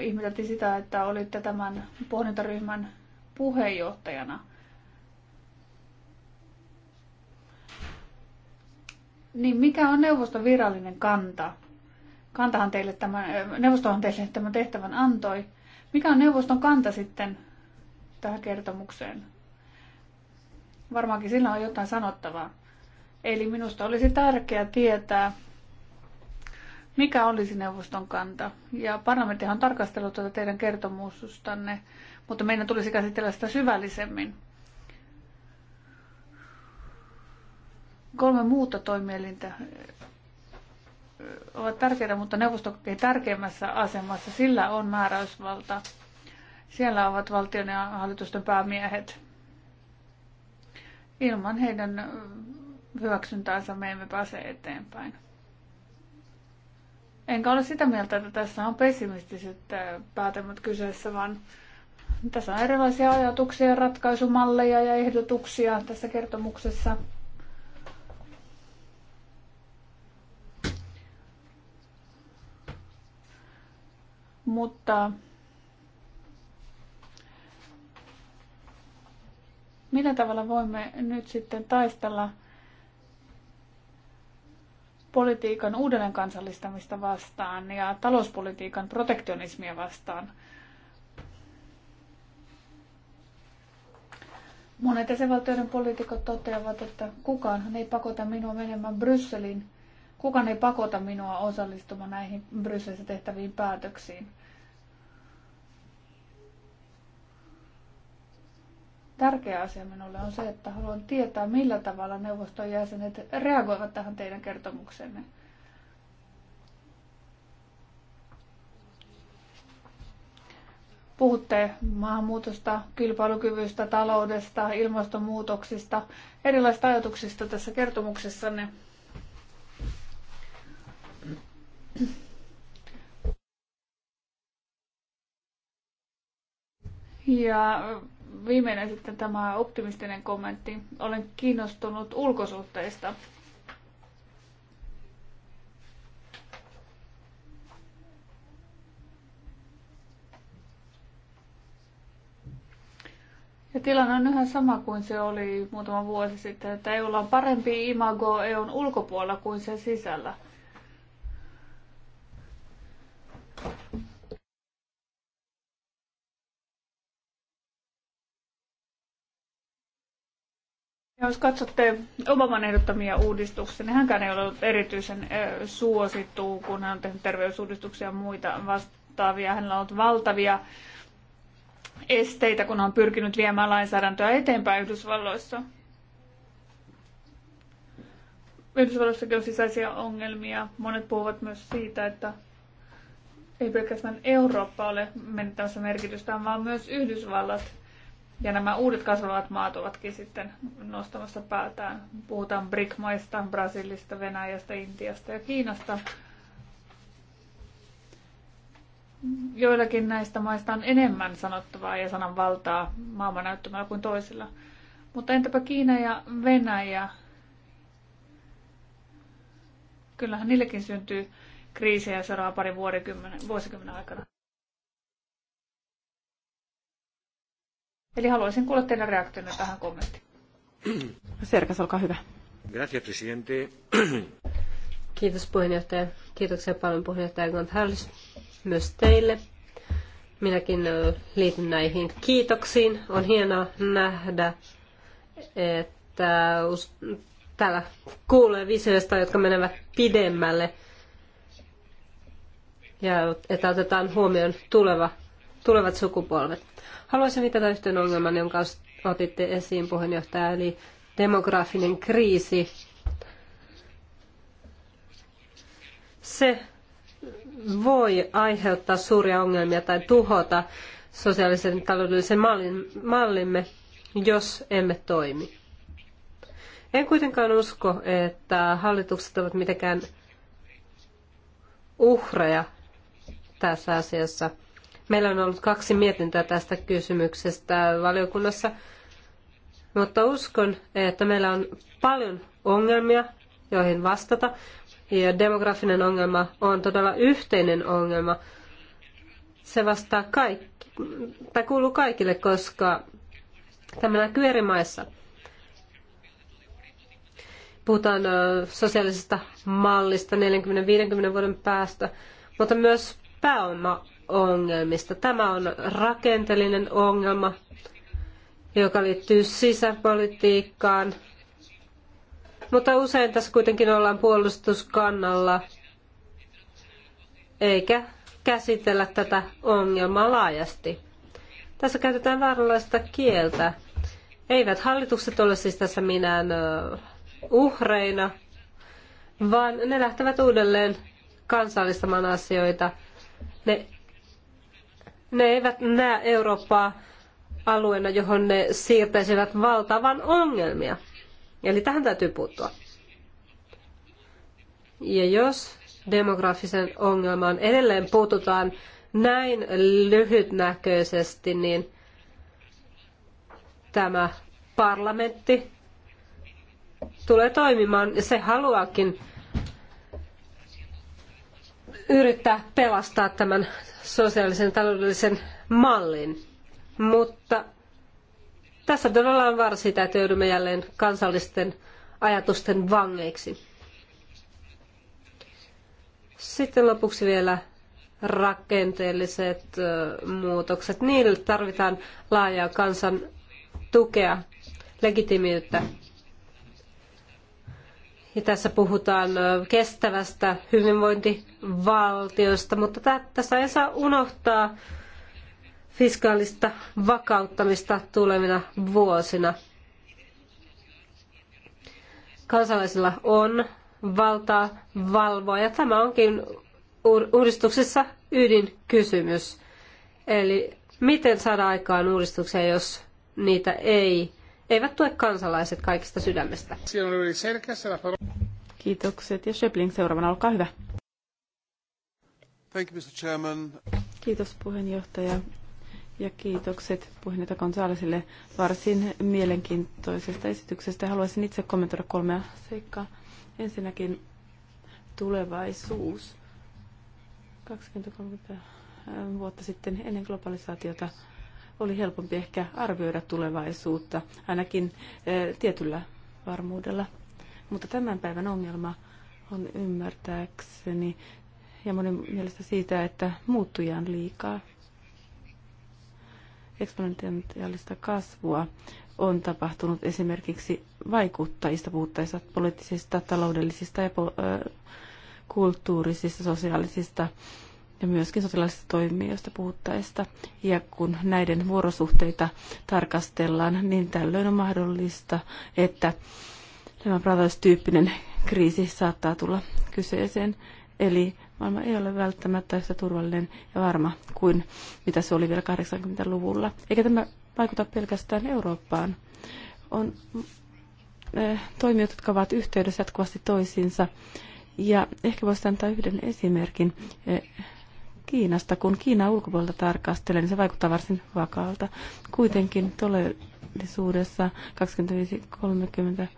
ihmeteltiin sitä, että olitte tämän pohdintaryhmän puheenjohtajana. Niin mikä on neuvoston virallinen kanta? Kantahan teille tämän, neuvostohan teille tämän tehtävän antoi. Mikä on neuvoston kanta sitten tähän kertomukseen? Varmaankin sillä on jotain sanottavaa. Eli minusta olisi tärkeää tietää, mikä olisi neuvoston kanta. Ja parlamenttihan on tarkastellut tätä teidän kertomustanne, mutta meidän tulisi käsitellä sitä syvällisemmin. Kolme muuta toimielintä ovat tärkeitä, mutta neuvosto kokee tärkeimmässä asemassa. Sillä on määräysvalta. Siellä ovat valtion ja hallitusten päämiehet. Ilman heidän hyväksyntäänsä me emme pääse eteenpäin. Enkä ole sitä mieltä, että tässä on pessimistiset päätelmät kyseessä, vaan tässä on erilaisia ajatuksia, ratkaisumalleja ja ehdotuksia tässä kertomuksessa. Mutta millä tavalla voimme nyt sitten taistella politiikan uudelleen kansallistamista vastaan ja talouspolitiikan protektionismia vastaan. Monet jäsenvaltioiden poliitikot toteavat, että kukaan ei pakota minua menemään Brysselin Kukaan ei pakota minua osallistumaan näihin Brysselissä tehtäviin päätöksiin. Tärkeä asia minulle on se, että haluan tietää, millä tavalla neuvoston jäsenet reagoivat tähän teidän kertomuksenne. puhutte maahanmuutosta, kilpailukyvystä, taloudesta, ilmastonmuutoksista, erilaisista ajatuksista tässä kertomuksessanne. Ja viimeinen sitten tämä optimistinen kommentti. Olen kiinnostunut ulkosuhteista. Ja tilanne on yhä sama kuin se oli muutama vuosi sitten, että EUlla on parempi imago EUn ulkopuolella kuin sen sisällä. jos katsotte Obaman ehdottamia uudistuksia, niin hänkään ei ole ollut erityisen suosittu, kun hän on tehnyt terveysuudistuksia ja muita vastaavia. Hänellä on ollut valtavia esteitä, kun hän on pyrkinyt viemään lainsäädäntöä eteenpäin Yhdysvalloissa. Yhdysvalloissakin on sisäisiä ongelmia. Monet puhuvat myös siitä, että ei pelkästään Eurooppa ole menettämässä merkitystä, vaan myös Yhdysvallat ja nämä uudet kasvavat maat ovatkin sitten nostamassa päätään. Puhutaan BRIC-maista, Brasilista, Venäjästä, Intiasta ja Kiinasta. Joillakin näistä maista on enemmän sanottavaa ja valtaa maailmannäyttämällä kuin toisilla. Mutta entäpä Kiina ja Venäjä? Kyllähän niillekin syntyy kriisejä seuraavan parin vuosikymmenen aikana. Eli haluaisin kuulla teidän reaktionne tähän kommenttiin. Serkas, olkaa hyvä. Gracias, Kiitos puheenjohtaja. Kiitoksia paljon puheenjohtaja Gonzales myös teille. Minäkin äh, liityn näihin kiitoksiin. On hienoa nähdä, että täällä kuulee visioista, jotka menevät pidemmälle ja että otetaan huomioon tuleva, tulevat sukupolvet. Haluaisin viitata yhteen ongelman, jonka otitte esiin puheenjohtaja, eli demografinen kriisi. Se voi aiheuttaa suuria ongelmia tai tuhota sosiaalisen taloudellisen mallin, mallimme, jos emme toimi. En kuitenkaan usko, että hallitukset ovat mitenkään uhreja tässä asiassa. Meillä on ollut kaksi mietintää tästä kysymyksestä valiokunnassa, mutta uskon, että meillä on paljon ongelmia, joihin vastata. Ja demografinen ongelma on todella yhteinen ongelma. Se vastaa kaikki, tai kuuluu kaikille, koska tämä näkyy eri maissa puhutaan sosiaalisesta mallista 40-50 vuoden päästä, mutta myös pääomaongelmista. Tämä on rakenteellinen ongelma, joka liittyy sisäpolitiikkaan, mutta usein tässä kuitenkin ollaan puolustuskannalla, eikä käsitellä tätä ongelmaa laajasti. Tässä käytetään vääränlaista kieltä. Eivät hallitukset ole siis tässä minään uhreina, vaan ne lähtevät uudelleen kansallistamaan asioita – ne, ne eivät näe Eurooppaa alueena, johon ne siirtäisivät valtavan ongelmia. Eli tähän täytyy puuttua. Ja jos demografisen ongelmaan edelleen puututaan näin lyhytnäköisesti, niin tämä parlamentti tulee toimimaan ja se haluaakin yrittää pelastaa tämän sosiaalisen taloudellisen mallin. Mutta tässä todella on vaara siitä, että joudumme jälleen kansallisten ajatusten vangeiksi. Sitten lopuksi vielä rakenteelliset muutokset. Niille tarvitaan laajaa kansan tukea, legitimiyttä ja tässä puhutaan kestävästä hyvinvointivaltiosta, mutta tässä ei saa unohtaa fiskaalista vakauttamista tulevina vuosina. Kansalaisilla on valtaa valvoa ja tämä onkin uudistuksessa ydinkysymys. Eli miten saada aikaan uudistuksia, jos niitä ei eivät tue kansalaiset kaikista sydämestä. Kiitokset. Ja Schöpling seuraavana, olkaa hyvä. Thank you, Mr. Chairman. Kiitos puheenjohtaja ja kiitokset puheenjohtaja Gonzalesille varsin mielenkiintoisesta esityksestä. Haluaisin itse kommentoida kolmea seikkaa. Ensinnäkin tulevaisuus. 20-30 vuotta sitten ennen globalisaatiota oli helpompi ehkä arvioida tulevaisuutta, ainakin eh, tietyllä varmuudella. Mutta tämän päivän ongelma on ymmärtääkseni ja monen mielestä siitä, että muuttuja on liikaa. Eksponentiaalista kasvua on tapahtunut esimerkiksi vaikuttajista puhuttaessa poliittisista, taloudellisista ja eh, kulttuurisista, sosiaalisista ja myöskin sotilaallisista toimijoista puhuttaessa. Ja kun näiden vuorosuhteita tarkastellaan, niin tällöin on mahdollista, että tämä Brothers-tyyppinen kriisi saattaa tulla kyseeseen. Eli maailma ei ole välttämättä yhtä turvallinen ja varma kuin mitä se oli vielä 80-luvulla. Eikä tämä vaikuta pelkästään Eurooppaan. On eh, toimijat, jotka ovat yhteydessä jatkuvasti toisiinsa. Ja ehkä voisi antaa yhden esimerkin eh, Kiinasta. Kun Kiinaa ulkopuolelta tarkastelee, niin se vaikuttaa varsin vakaalta. Kuitenkin todellisuudessa 25-30 eh,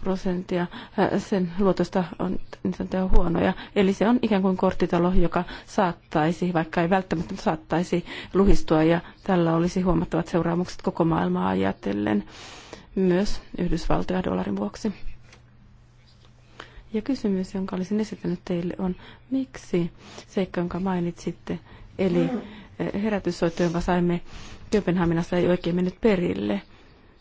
prosenttia eh, sen luotosta on niin sanottuja huonoja. Eli se on ikään kuin korttitalo, joka saattaisi, vaikka ei välttämättä saattaisi luhistua, ja tällä olisi huomattavat seuraamukset koko maailmaa ajatellen, myös Yhdysvaltoja dollarin vuoksi. Ja kysymys, jonka olisin esittänyt teille, on miksi seikka, jonka mainitsitte, eli eh, herätyssoitto, jonka saimme Kööpenhaminassa, ei oikein mennyt perille.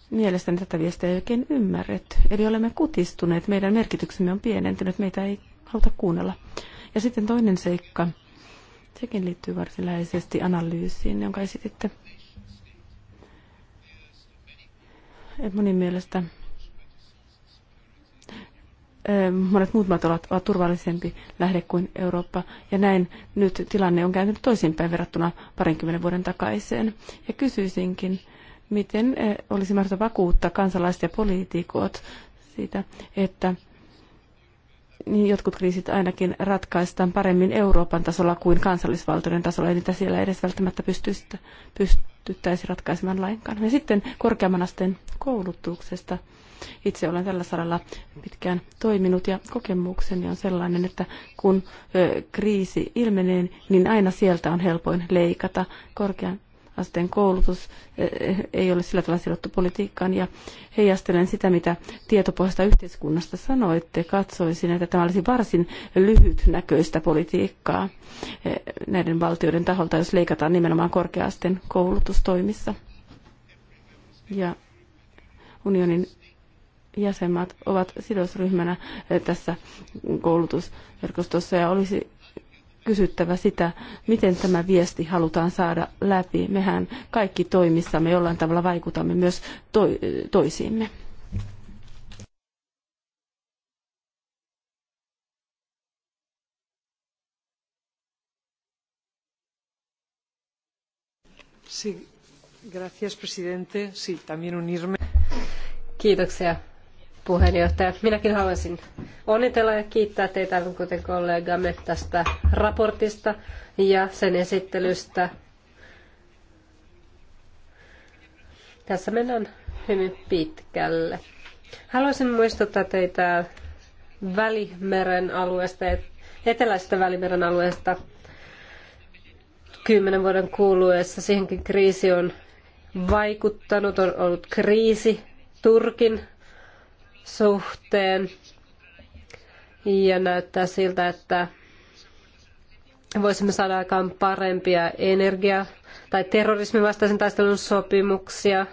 Mielestäni tätä viestiä ei oikein ymmärret. Eli olemme kutistuneet, meidän merkityksemme on pienentynyt, meitä ei haluta kuunnella. Ja sitten toinen seikka, sekin liittyy varsin läheisesti analyysiin, jonka esititte. Et monin mielestä monet muut maat ovat, ovat turvallisempi lähde kuin Eurooppa. Ja näin nyt tilanne on kääntynyt toisinpäin verrattuna parinkymmenen vuoden takaiseen. Ja kysyisinkin, miten olisi mahdollista vakuuttaa kansalaiset ja poliitikot siitä, että jotkut kriisit ainakin ratkaistaan paremmin Euroopan tasolla kuin kansallisvaltioiden tasolla, ja niitä siellä edes välttämättä pystyttäisi ratkaisemaan lainkaan. Ja sitten korkeamman asteen koulutuksesta itse olen tällä saralla pitkään toiminut ja kokemukseni on sellainen, että kun kriisi ilmenee, niin aina sieltä on helpoin leikata korkean asteen koulutus ei ole sillä tavalla sidottu politiikkaan. Ja heijastelen sitä, mitä tietopohjasta yhteiskunnasta sanoitte. Katsoisin, että tämä olisi varsin lyhytnäköistä politiikkaa näiden valtioiden taholta, jos leikataan nimenomaan asteen koulutustoimissa. Ja unionin jäsenmaat ovat sidosryhmänä eh, tässä koulutusverkostossa ja olisi kysyttävä sitä, miten tämä viesti halutaan saada läpi. Mehän kaikki toimissamme jollain tavalla vaikutamme myös toisiimme. Sí, gracias, presidente. Sí, también unirme. Kiitoksia puheenjohtaja. Minäkin haluaisin onnitella ja kiittää teitä, kuten kollegamme, tästä raportista ja sen esittelystä. Tässä mennään hyvin pitkälle. Haluaisin muistuttaa teitä Välimeren alueesta, eteläisestä Välimeren alueesta kymmenen vuoden kuluessa. Siihenkin kriisi on vaikuttanut, on ollut kriisi Turkin suhteen. Ja näyttää siltä, että voisimme saada aikaan parempia energia- tai terrorismin vastaisen taistelun sopimuksia.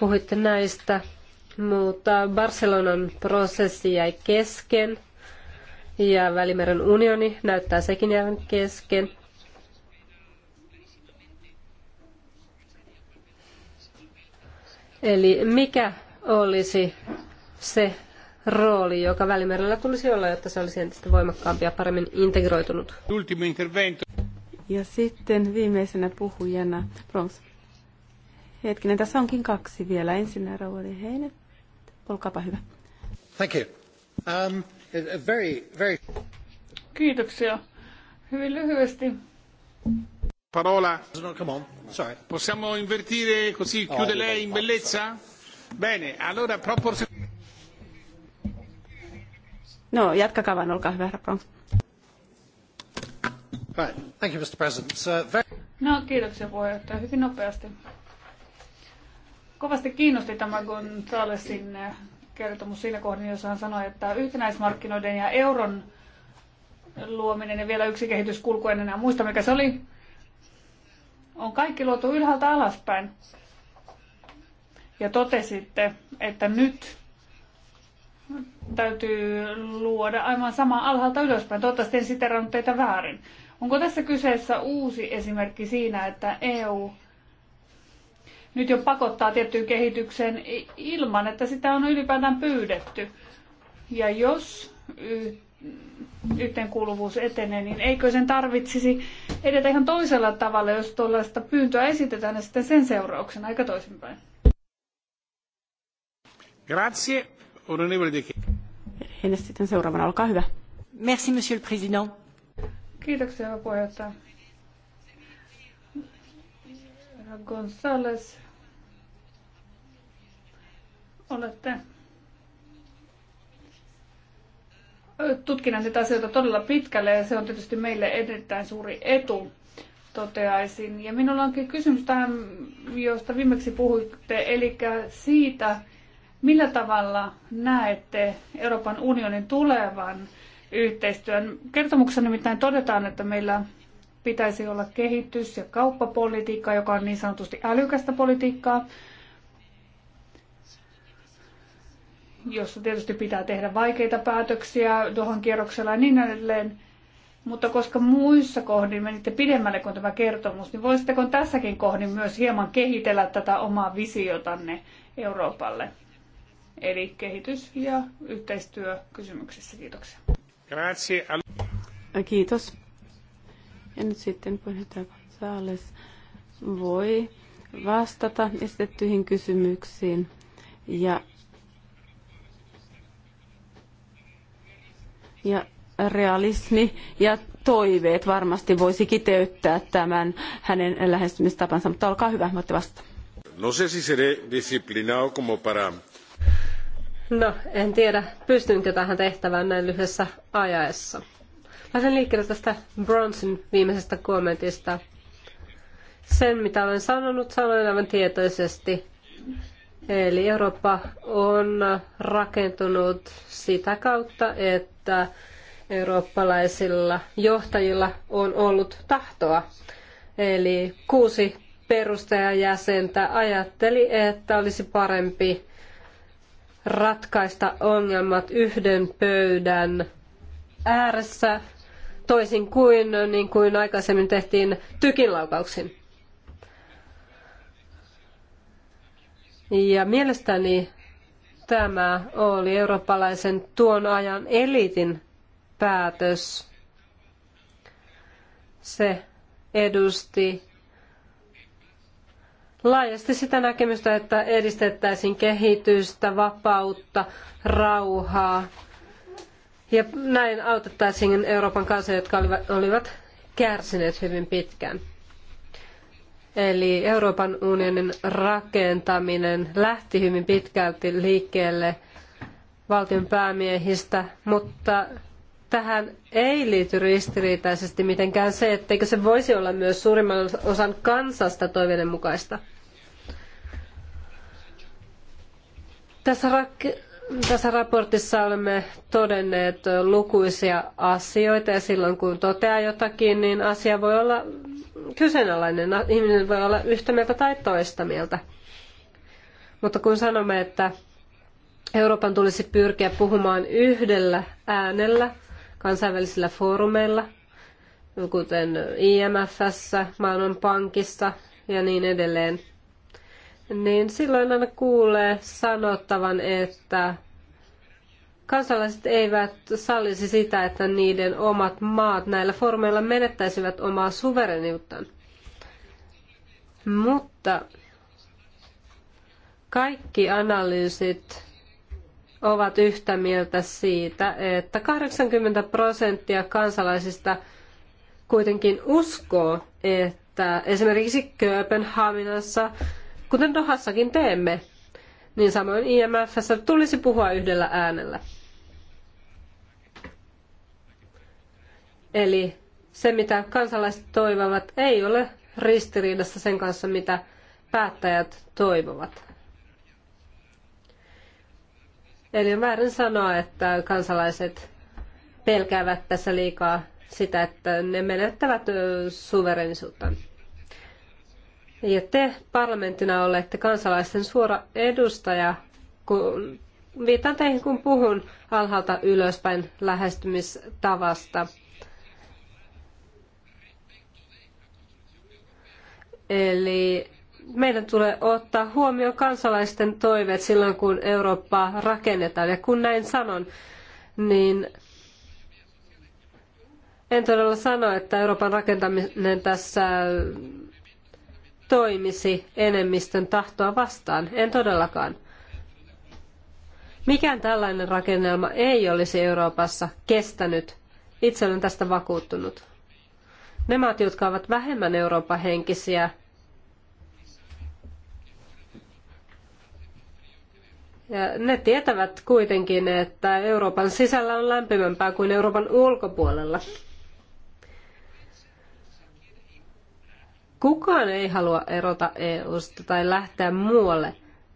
Puhuitte näistä, mutta Barcelonan prosessi jäi kesken ja Välimeren unioni näyttää sekin jäävän kesken. Eli mikä olisi se rooli, joka Välimerellä tulisi olla, jotta se olisi entistä voimakkaampi ja paremmin integroitunut. Ja sitten viimeisenä puhujana Bronx. Hetkinen, tässä onkin kaksi vielä. Ensin Rauli Heine. Olkaapa hyvä. Thank you. Um, very, very... Kiitoksia. Hyvin lyhyesti. Parola. No, come on. Sorry. Possiamo invertire così, chiude oh, lei in bellezza? Bene, allora proporzio... No, jatkakaa vaan, olkaa hyvä, herra Thank you, Mr. President. Uh, very... No, kiitoksia puheenjohtaja. Hyvin nopeasti. Kovasti kiinnosti tämä Gonzalesin kertomus siinä kohdin, jossa hän sanoi, että yhtenäismarkkinoiden ja euron luominen ja vielä yksi kehityskulku, en enää muista mikä se oli, on kaikki luotu ylhäältä alaspäin ja totesitte, että nyt täytyy luoda aivan sama alhaalta ylöspäin. Toivottavasti en siterannut teitä väärin. Onko tässä kyseessä uusi esimerkki siinä, että EU nyt jo pakottaa tiettyyn kehitykseen ilman, että sitä on ylipäätään pyydetty? Ja jos yhteenkuuluvuus etenee, niin eikö sen tarvitsisi edetä ihan toisella tavalla, jos tuollaista pyyntöä esitetään ja sitten sen seurauksena, eikä toisinpäin? Grazie, onorevole De Keyser. González, olette tutkinut näitä asioita todella pitkälle ja se on tietysti meille erittäin suuri etu, toteaisin. Ja minulla onkin kysymys tähän, josta viimeksi puhuitte, eli siitä, Millä tavalla näette Euroopan unionin tulevan yhteistyön? Kertomuksessa nimittäin todetaan, että meillä pitäisi olla kehitys- ja kauppapolitiikka, joka on niin sanotusti älykästä politiikkaa, jossa tietysti pitää tehdä vaikeita päätöksiä tuohon kierroksella ja niin edelleen. Mutta koska muissa kohdin menitte pidemmälle kuin tämä kertomus, niin voisitteko tässäkin kohdin myös hieman kehitellä tätä omaa visiotanne Euroopalle? eli kehitys- ja yhteistyökysymyksissä. Kiitoksia. Äh, kiitos. Ja nyt sitten puheenjohtaja Gonzales voi vastata esitettyihin kysymyksiin. Ja, ja realismi ja toiveet varmasti voisi kiteyttää tämän hänen lähestymistapansa, mutta olkaa hyvä, voitte vastata. No sé si seré disciplinado como para No, en tiedä, pystynkö tähän tehtävään näin lyhyessä ajassa. Lähden liikkeelle tästä Bronson viimeisestä kommentista. Sen, mitä olen sanonut, sanoin aivan tietoisesti. Eli Eurooppa on rakentunut sitä kautta, että eurooppalaisilla johtajilla on ollut tahtoa. Eli kuusi perustajajäsentä ajatteli, että olisi parempi ratkaista ongelmat yhden pöydän ääressä, toisin kuin, niin kuin aikaisemmin tehtiin tykinlaukauksin. Ja mielestäni tämä oli eurooppalaisen tuon ajan eliitin päätös. Se edusti laajasti sitä näkemystä, että edistettäisiin kehitystä, vapautta, rauhaa. Ja näin autettaisiin Euroopan kansoja, jotka olivat kärsineet hyvin pitkään. Eli Euroopan unionin rakentaminen lähti hyvin pitkälti liikkeelle valtion päämiehistä, mutta Tähän ei liity ristiriitaisesti mitenkään se, etteikö se voisi olla myös suurimman osan kansasta toiveiden mukaista. Tässä, rak- tässä raportissa olemme todenneet lukuisia asioita ja silloin kun toteaa jotakin, niin asia voi olla kyseenalainen. Ihminen voi olla yhtä mieltä tai toista mieltä. Mutta kun sanomme, että Euroopan tulisi pyrkiä puhumaan yhdellä äänellä, kansainvälisillä foorumeilla, kuten IMFssä, Maailmanpankissa ja niin edelleen, niin silloin aina kuulee sanottavan, että kansalaiset eivät sallisi sitä, että niiden omat maat näillä foorumeilla menettäisivät omaa suvereniuttaan. Mutta kaikki analyysit ovat yhtä mieltä siitä, että 80 prosenttia kansalaisista kuitenkin uskoo, että esimerkiksi Kööpenhaminassa, kuten Dohassakin teemme, niin samoin IMFssä tulisi puhua yhdellä äänellä. Eli se, mitä kansalaiset toivovat, ei ole ristiriidassa sen kanssa, mitä päättäjät toivovat. Eli on väärin sanoa, että kansalaiset pelkäävät tässä liikaa sitä, että ne menettävät suverenisuutta. Ja te parlamenttina olette kansalaisten suora edustaja, kun viitan teihin, kun puhun alhaalta ylöspäin lähestymistavasta. Eli meidän tulee ottaa huomioon kansalaisten toiveet silloin, kun Eurooppaa rakennetaan. Ja kun näin sanon, niin en todella sano, että Euroopan rakentaminen tässä toimisi enemmistön tahtoa vastaan. En todellakaan. Mikään tällainen rakennelma ei olisi Euroopassa kestänyt. Itse olen tästä vakuuttunut. Ne maat, jotka ovat vähemmän Euroopan henkisiä, Ja ne tietävät kuitenkin, että Euroopan sisällä on lämpimämpää kuin Euroopan ulkopuolella. Kukaan ei halua erota EU-sta tai lähteä muualle.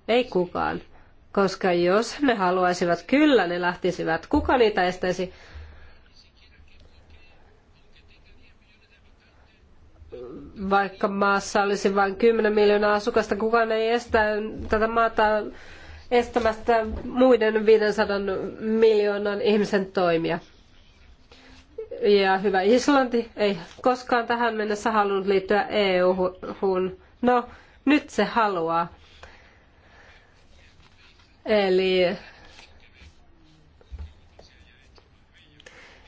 Ei kukaan. Koska jos ne haluaisivat, kyllä ne lähtisivät. Kuka niitä estäisi? Vaikka maassa olisi vain 10 miljoonaa asukasta, kukaan ei estä tätä maata estämästä muiden 500 miljoonan ihmisen toimia. Ja hyvä Islanti ei koskaan tähän mennessä halunnut liittyä EU-hun. No, nyt se haluaa. Eli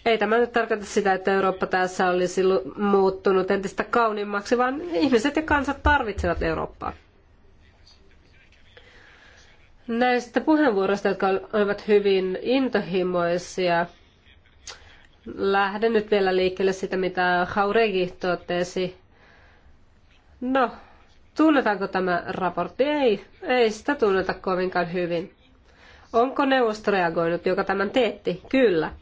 ei tämä nyt tarkoita sitä, että Eurooppa tässä olisi muuttunut entistä kauniimmaksi, vaan ihmiset ja kansat tarvitsevat Eurooppaa näistä puheenvuoroista, jotka olivat hyvin intohimoisia. Lähden nyt vielä liikkeelle sitä, mitä Hauregi totesi. No, tunnetaanko tämä raportti? Ei, ei sitä tunneta kovinkaan hyvin. Onko neuvosto reagoinut, joka tämän teetti? Kyllä.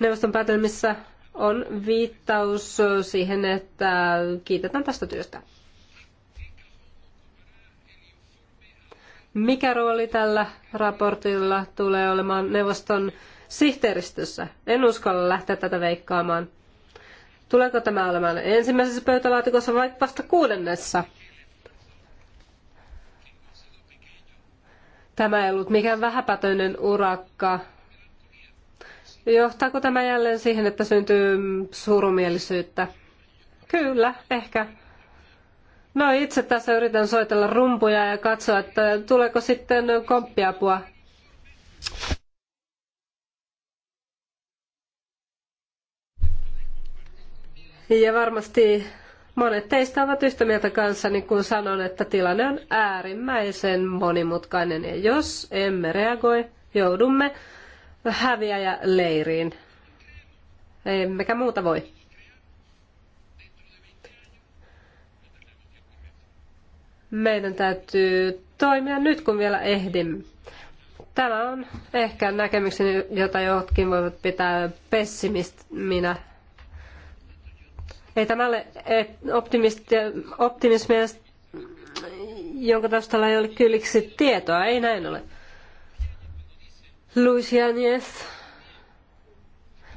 Neuvoston päätelmissä on viittaus siihen, että kiitetään tästä työstä. Mikä rooli tällä raportilla tulee olemaan neuvoston sihteeristössä? En uskalla lähteä tätä veikkaamaan. Tuleeko tämä olemaan ensimmäisessä pöytälaatikossa vai vasta kuudennessa? Tämä ei ollut mikään vähäpätöinen urakka. Johtaako tämä jälleen siihen, että syntyy surumielisyyttä? Kyllä, ehkä. No itse tässä yritän soitella rumpuja ja katsoa, että tuleeko sitten komppiapua. Ja varmasti monet teistä ovat yhtä mieltä kanssani, kun sanon, että tilanne on äärimmäisen monimutkainen. Ja jos emme reagoi, joudumme häviäjä leiriin. Emmekä muuta voi. meidän täytyy toimia nyt, kun vielä ehdimme. Tämä on ehkä näkemykseni, jota jotkin voivat pitää pessimistinä. Ei tämä ole optimismia, jonka taustalla ei ole kylliksi tietoa. Ei näin ole. Luis Janjes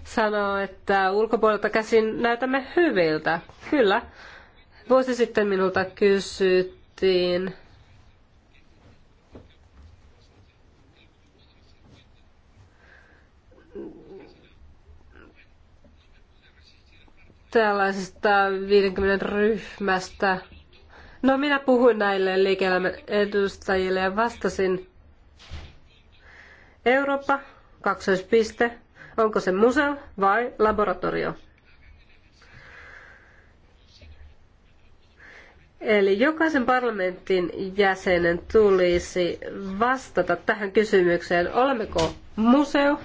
sanoo, että ulkopuolelta käsin näytämme hyviltä. Kyllä. Vuosi sitten minulta kysyttiin puhuttiin tällaisesta 50 ryhmästä. No minä puhuin näille liike edustajille ja vastasin Eurooppa, kaksoispiste, onko se museo vai laboratorio? Eli jokaisen parlamentin jäsenen tulisi vastata tähän kysymykseen, olemmeko museo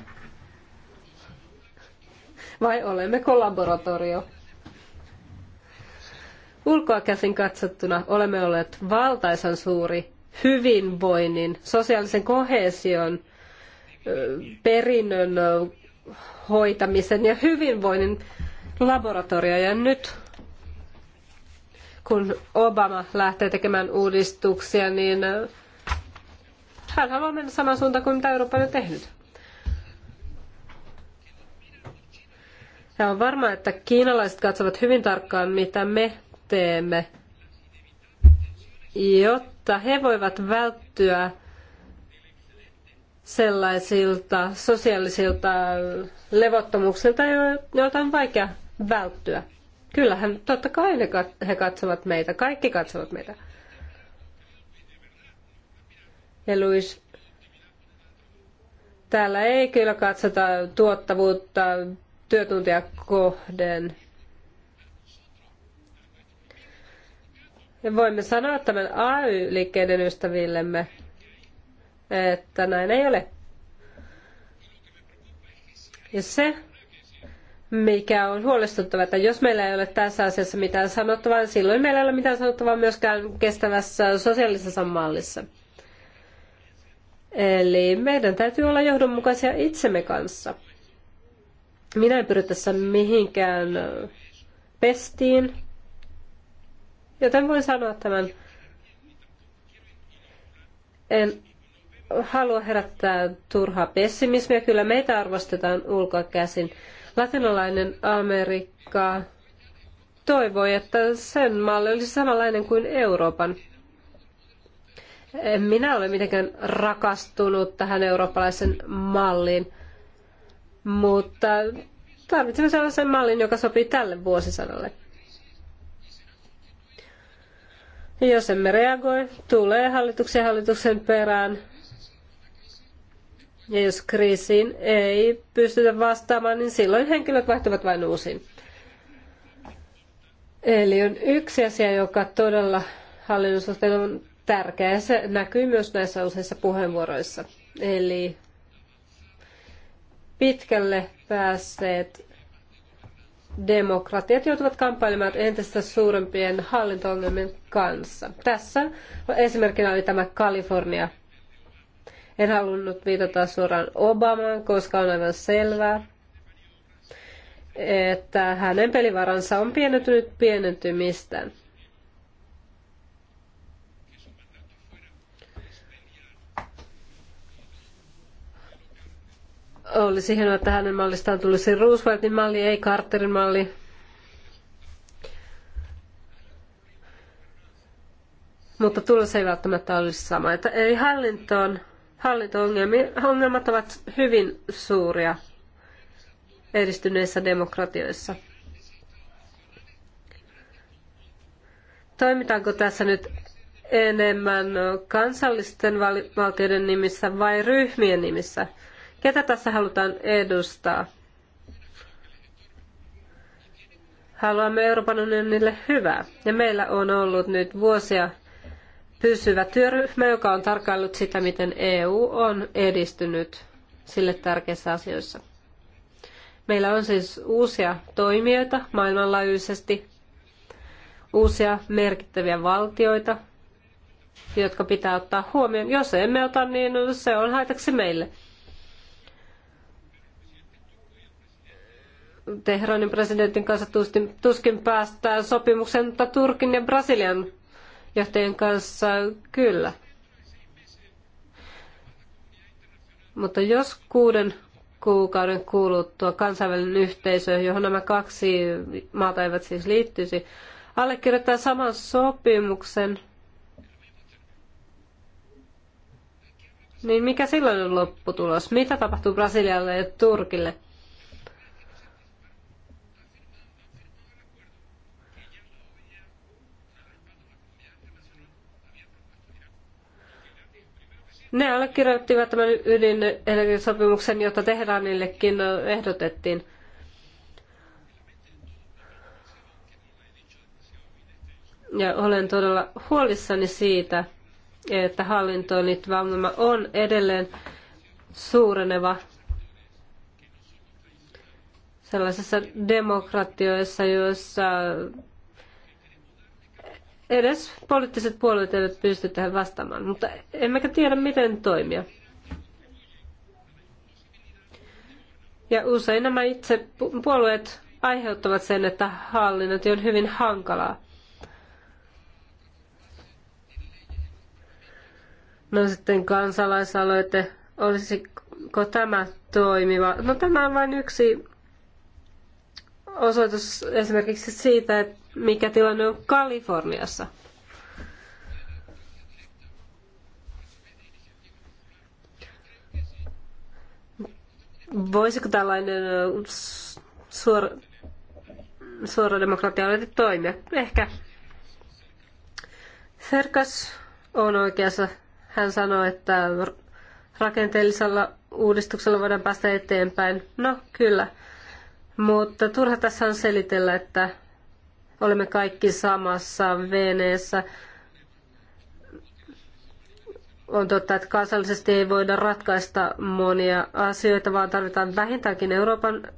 vai olemmeko laboratorio. Ulkoa käsin katsottuna olemme olleet valtaisan suuri hyvinvoinnin, sosiaalisen kohesion, perinnön hoitamisen ja hyvinvoinnin laboratorio. Ja nyt kun Obama lähtee tekemään uudistuksia, niin hän haluaa mennä samaan suuntaan kuin mitä Eurooppa on jo tehnyt. Ja on varmaa, että kiinalaiset katsovat hyvin tarkkaan, mitä me teemme, jotta he voivat välttyä sellaisilta sosiaalisilta levottomuuksilta, joilta on vaikea välttyä. Kyllähän totta kai ne he katsovat meitä, kaikki katsovat meitä. Ja Luis, täällä ei kyllä katsota tuottavuutta työtuntia kohden. Ja voimme sanoa tämän AY-liikkeiden ystävillemme, että näin ei ole. Ja se, mikä on huolestuttavaa, että jos meillä ei ole tässä asiassa mitään sanottavaa, niin silloin meillä ei ole mitään sanottavaa myöskään kestävässä sosiaalisessa mallissa. Eli meidän täytyy olla johdonmukaisia itsemme kanssa. Minä en pyri tässä mihinkään pestiin, joten voin sanoa tämän. En halua herättää turhaa pessimismiä. Kyllä meitä arvostetaan ulkoa käsin. Latinalainen Amerikka toivoi, että sen malli olisi samanlainen kuin Euroopan. En minä ole mitenkään rakastunut tähän eurooppalaisen malliin, mutta tarvitsemme sellaisen mallin, joka sopii tälle vuosisadalle. Jos emme reagoi, tulee hallituksen hallituksen perään ja jos kriisiin ei pystytä vastaamaan, niin silloin henkilöt vaihtuvat vain uusiin. Eli on yksi asia, joka todella hallinnon suhteen on tärkeä ja se näkyy myös näissä useissa puheenvuoroissa. Eli pitkälle päässeet demokratiat joutuvat kamppailemaan entistä suurempien hallinto kanssa. Tässä esimerkkinä oli tämä Kalifornia en halunnut viitata suoraan Obamaan, koska on aivan selvää, että hänen pelivaransa on pienentynyt pienentymistä. olisi hienoa, että hänen mallistaan tulisi Rooseveltin malli, ei Carterin malli. Mutta tulos ei välttämättä olisi sama. Että eli hallintoon Hallinto-ongelmat ovat hyvin suuria edistyneissä demokratioissa. Toimitaanko tässä nyt enemmän kansallisten valtioiden nimissä vai ryhmien nimissä? Ketä tässä halutaan edustaa? Haluamme Euroopan unionille hyvää. Ja meillä on ollut nyt vuosia pysyvä työryhmä, joka on tarkkaillut sitä, miten EU on edistynyt sille tärkeissä asioissa. Meillä on siis uusia toimijoita maailmanlaajuisesti, uusia merkittäviä valtioita, jotka pitää ottaa huomioon. Jos emme ota, niin se on haitaksi meille. Tehranin presidentin kanssa tuskin päästään sopimukseen, mutta Turkin ja Brasilian johtajien kanssa kyllä. Mutta jos kuuden kuukauden kuluttua kansainvälinen yhteisö, johon nämä kaksi maata eivät siis liittyisi, allekirjoittaa saman sopimuksen, niin mikä silloin on lopputulos? Mitä tapahtuu Brasilialle ja Turkille? Ne allekirjoittivat tämän ydinenergiasopimuksen, jota Teheranillekin ehdotettiin. Ja olen todella huolissani siitä, että hallintoon liittyvä ongelma on edelleen suureneva sellaisessa demokratioissa, joissa Edes poliittiset puolueet eivät pysty tähän vastaamaan, mutta emmekä tiedä miten toimia. Ja usein nämä itse puolueet aiheuttavat sen, että hallinnointi on hyvin hankalaa. No sitten kansalaisaloite, olisiko tämä toimiva? No tämä on vain yksi osoitus esimerkiksi siitä, että mikä tilanne on Kaliforniassa. Voisiko tällainen suora, suora demokratia toimia? Ehkä. Serkas on oikeassa. Hän sanoi, että rakenteellisella uudistuksella voidaan päästä eteenpäin. No, kyllä. Mutta turha tässä on selitellä, että olemme kaikki samassa veneessä. On totta, että kansallisesti ei voida ratkaista monia asioita, vaan tarvitaan vähintäänkin Euroopan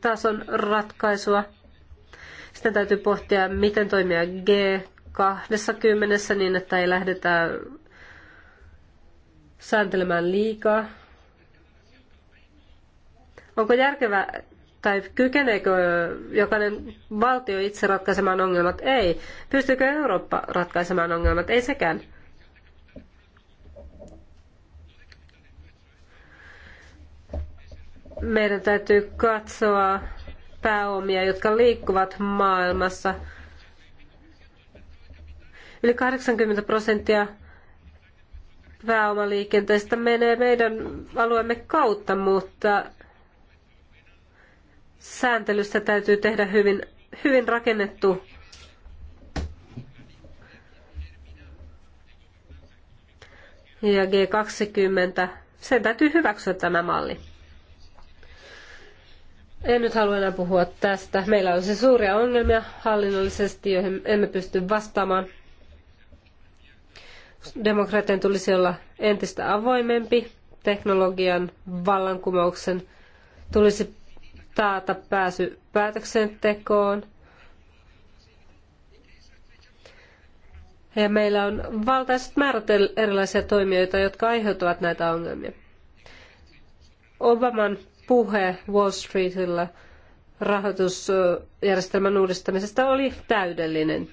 tason ratkaisua. Sitten täytyy pohtia, miten toimia G20 niin, että ei lähdetä sääntelemään liikaa. Onko järkevää tai kykeneekö jokainen valtio itse ratkaisemaan ongelmat? Ei. Pystyykö Eurooppa ratkaisemaan ongelmat? Ei sekään. Meidän täytyy katsoa pääomia, jotka liikkuvat maailmassa. Yli 80 prosenttia pääomaliikenteestä menee meidän alueemme kautta, mutta sääntelystä täytyy tehdä hyvin, hyvin rakennettu ja G20. Sen täytyy hyväksyä tämä malli. En nyt halua enää puhua tästä. Meillä on se suuria ongelmia hallinnollisesti, joihin emme pysty vastaamaan. Demokratian tulisi olla entistä avoimempi. Teknologian vallankumouksen tulisi taata pääsy päätöksentekoon. Ja meillä on valtaiset määrät erilaisia toimijoita, jotka aiheuttavat näitä ongelmia. Obaman puhe Wall Streetillä rahoitusjärjestelmän uudistamisesta oli täydellinen.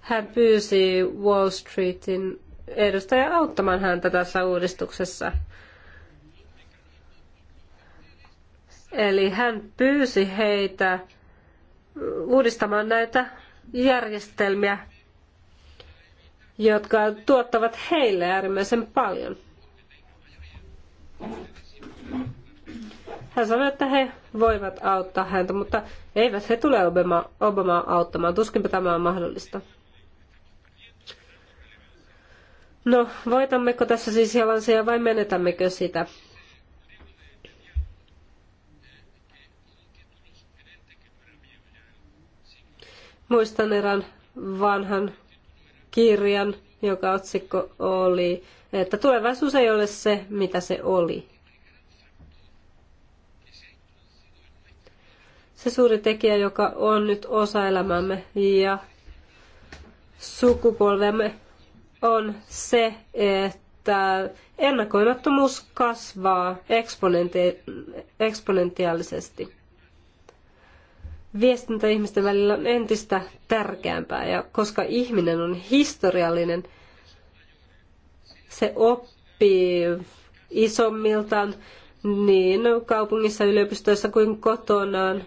Hän pyysi Wall Streetin edustaja auttamaan häntä tässä uudistuksessa. Eli hän pyysi heitä uudistamaan näitä järjestelmiä, jotka tuottavat heille äärimmäisen paljon. Hän sanoi, että he voivat auttaa häntä, mutta eivät he tule Obamaa Obama auttamaan. Tuskinpä tämä on mahdollista. No, voitammeko tässä siis jalansijaa vai menetämmekö sitä? Muistan erään vanhan kirjan, joka otsikko oli, että tulevaisuus ei ole se, mitä se oli. Se suuri tekijä, joka on nyt osa elämämme ja sukupolvemme, on se, että ennakoimattomuus kasvaa eksponentiaalisesti. Viestintä ihmisten välillä on entistä tärkeämpää ja koska ihminen on historiallinen, se oppii isommiltaan niin kaupungissa, yliopistoissa kuin kotonaan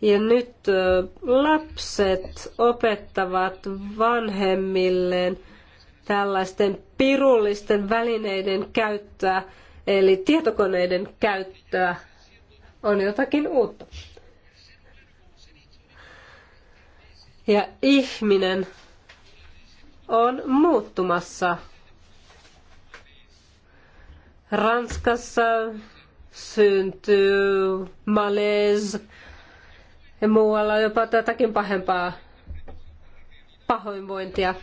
ja nyt lapset opettavat vanhemmilleen tällaisten pirullisten välineiden käyttöä, eli tietokoneiden käyttöä, on jotakin uutta. Ja ihminen on muuttumassa. Ranskassa syntyy malaise, ja muualla on jopa tätäkin pahempaa pahoinvointia.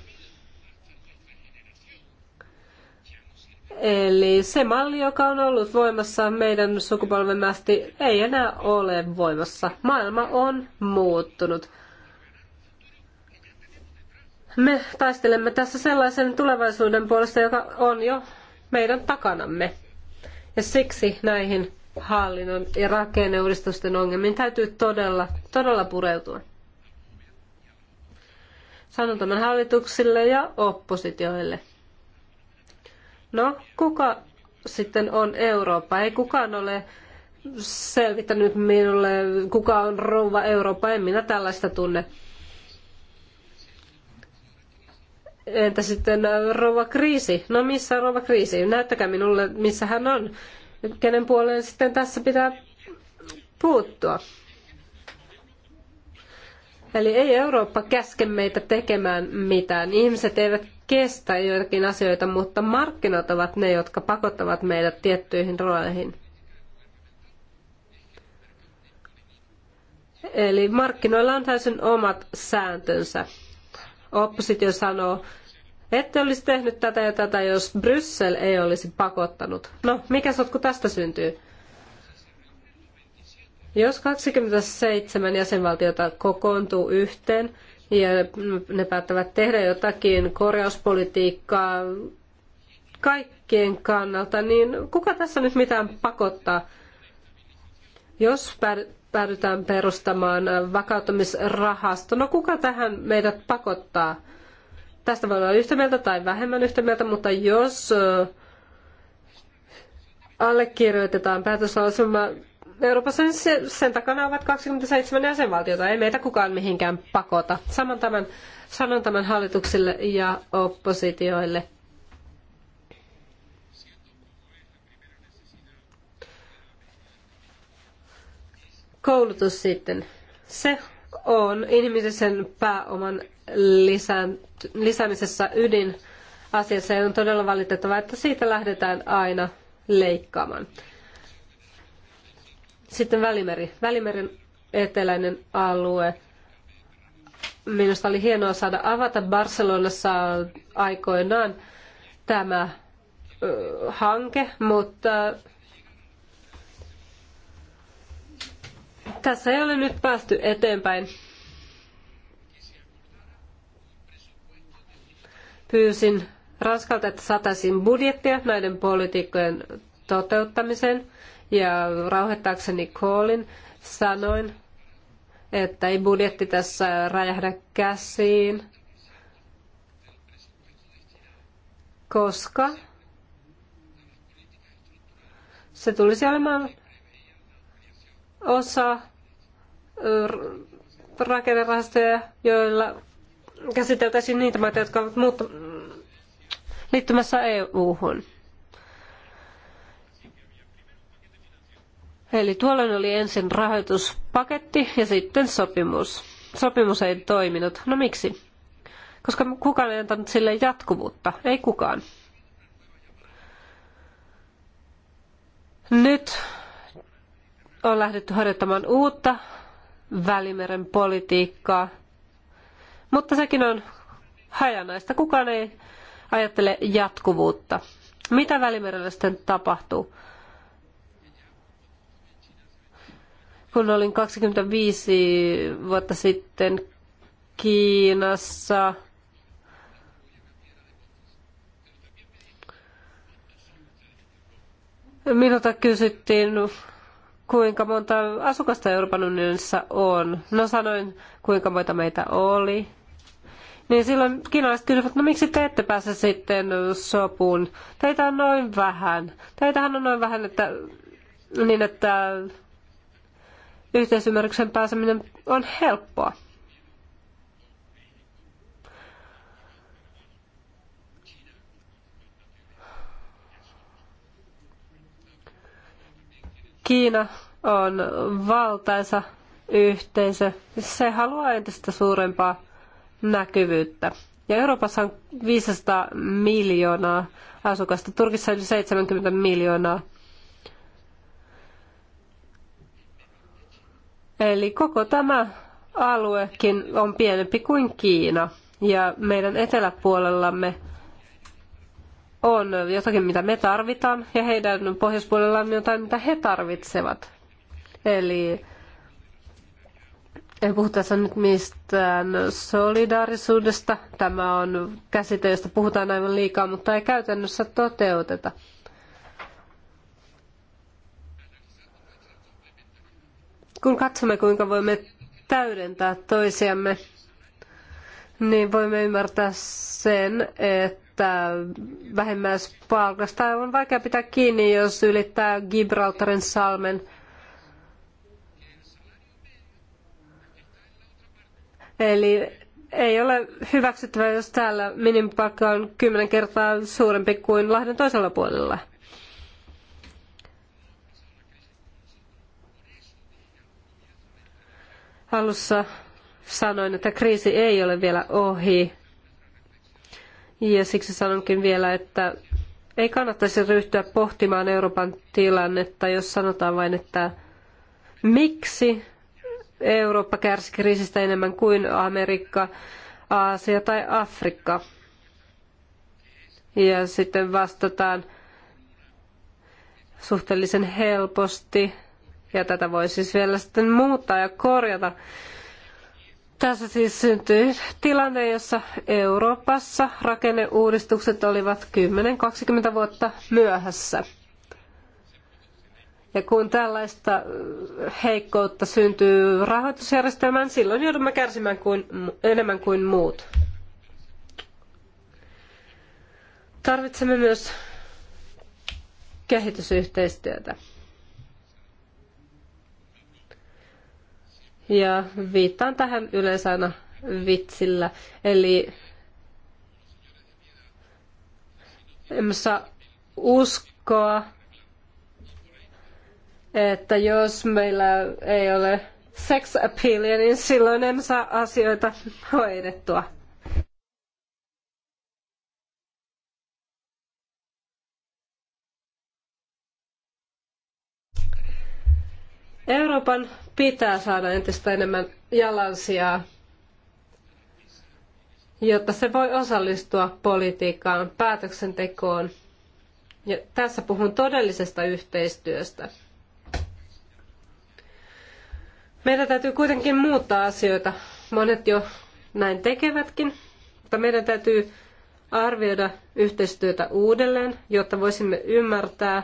Eli se malli, joka on ollut voimassa meidän sukupolvemme asti, ei enää ole voimassa. Maailma on muuttunut. Me taistelemme tässä sellaisen tulevaisuuden puolesta, joka on jo meidän takanamme. Ja siksi näihin hallinnon ja rakenneuudistusten ongelmiin täytyy todella, todella pureutua. Sanon tämän hallituksille ja oppositioille. No, kuka sitten on Eurooppa? Ei kukaan ole selvittänyt minulle, kuka on rouva Eurooppa. En minä tällaista tunne. Entä sitten rouva kriisi? No missä on rouva kriisi? Näyttäkää minulle, missä hän on kenen puoleen sitten tässä pitää puuttua. Eli ei Eurooppa käske meitä tekemään mitään. Ihmiset eivät kestä joitakin asioita, mutta markkinat ovat ne, jotka pakottavat meidät tiettyihin rooleihin. Eli markkinoilla on täysin omat sääntönsä. Oppositio sanoo, ette olisi tehnyt tätä ja tätä, jos Bryssel ei olisi pakottanut. No, mikä sotku tästä syntyy? Jos 27 jäsenvaltiota kokoontuu yhteen ja ne päättävät tehdä jotakin korjauspolitiikkaa kaikkien kannalta, niin kuka tässä nyt mitään pakottaa? Jos päädytään perustamaan vakauttamisrahasto, no kuka tähän meidät pakottaa? Tästä voi olla yhtä mieltä tai vähemmän yhtä mieltä, mutta jos allekirjoitetaan päätöslauselma Euroopassa, niin sen, sen takana ovat 27 jäsenvaltiota. Ei meitä kukaan mihinkään pakota. Saman tämän, sanon tämän hallituksille ja oppositioille. Koulutus sitten. Se on inhimillisen pääoman lisään, lisäämisessä asiassa ja on todella valitettavaa, että siitä lähdetään aina leikkaamaan. Sitten Välimeri. Välimeren eteläinen alue. Minusta oli hienoa saada avata Barcelonassa aikoinaan tämä hanke, mutta Tässä ei ole nyt päästy eteenpäin. Pyysin Ranskalta, että sataisiin budjettia näiden poliitikkojen toteuttamiseen. Ja rauhoittaakseni Koolin sanoin, että ei budjetti tässä räjähdä käsiin, koska se tulisi olemaan osa rakennerahastoja, joilla käsiteltäisiin niitä maita, jotka ovat muut, liittymässä EU-hun. Eli tuolloin oli ensin rahoituspaketti ja sitten sopimus. Sopimus ei toiminut. No miksi? Koska kukaan ei antanut sille jatkuvuutta. Ei kukaan. Nyt on lähdetty harjoittamaan uutta Välimeren politiikkaa, mutta sekin on hajanaista. Kukaan ei ajattele jatkuvuutta. Mitä Välimerellä sitten tapahtuu? Kun olin 25 vuotta sitten Kiinassa, minulta kysyttiin kuinka monta asukasta Euroopan unionissa on. No sanoin, kuinka monta meitä oli. Niin silloin kiinalaiset kysyvät, no miksi te ette pääse sitten sopuun? Teitä on noin vähän. Teitähän on noin vähän, että, niin että yhteisymmärryksen pääseminen on helppoa. Kiina on valtaisa yhteisö. Se haluaa entistä suurempaa näkyvyyttä. Ja Euroopassa on 500 miljoonaa asukasta, Turkissa yli 70 miljoonaa. Eli koko tämä aluekin on pienempi kuin Kiina. Ja meidän eteläpuolellamme on jotakin, mitä me tarvitaan, ja heidän pohjoispuolellaan on jotain, mitä he tarvitsevat. Eli en puhu tässä nyt mistään solidaarisuudesta. Tämä on käsite, josta puhutaan aivan liikaa, mutta ei käytännössä toteuteta. Kun katsomme, kuinka voimme täydentää toisiamme, niin voimme ymmärtää sen, että vähimmäispalkasta on vaikea pitää kiinni, jos ylittää Gibraltarin salmen. Eli ei ole hyväksyttävää, jos täällä minimipalkka on kymmenen kertaa suurempi kuin Lahden toisella puolella. Alussa sanoin, että kriisi ei ole vielä ohi. Ja siksi sanonkin vielä, että ei kannattaisi ryhtyä pohtimaan Euroopan tilannetta, jos sanotaan vain, että miksi Eurooppa kärsi kriisistä enemmän kuin Amerikka, Aasia tai Afrikka. Ja sitten vastataan suhteellisen helposti, ja tätä voi siis vielä sitten muuttaa ja korjata tässä siis syntyi tilanne, jossa Euroopassa rakenneuudistukset olivat 10-20 vuotta myöhässä. Ja kun tällaista heikkoutta syntyy rahoitusjärjestelmään, silloin joudumme kärsimään kuin, enemmän kuin muut. Tarvitsemme myös kehitysyhteistyötä. Ja viittaan tähän yleensä aina vitsillä. Eli en saa uskoa, että jos meillä ei ole sex appealia, niin silloin en saa asioita hoidettua. Euroopan pitää saada entistä enemmän jalansijaa, jotta se voi osallistua politiikkaan, päätöksentekoon. Ja tässä puhun todellisesta yhteistyöstä. Meidän täytyy kuitenkin muuttaa asioita. Monet jo näin tekevätkin, mutta meidän täytyy arvioida yhteistyötä uudelleen, jotta voisimme ymmärtää,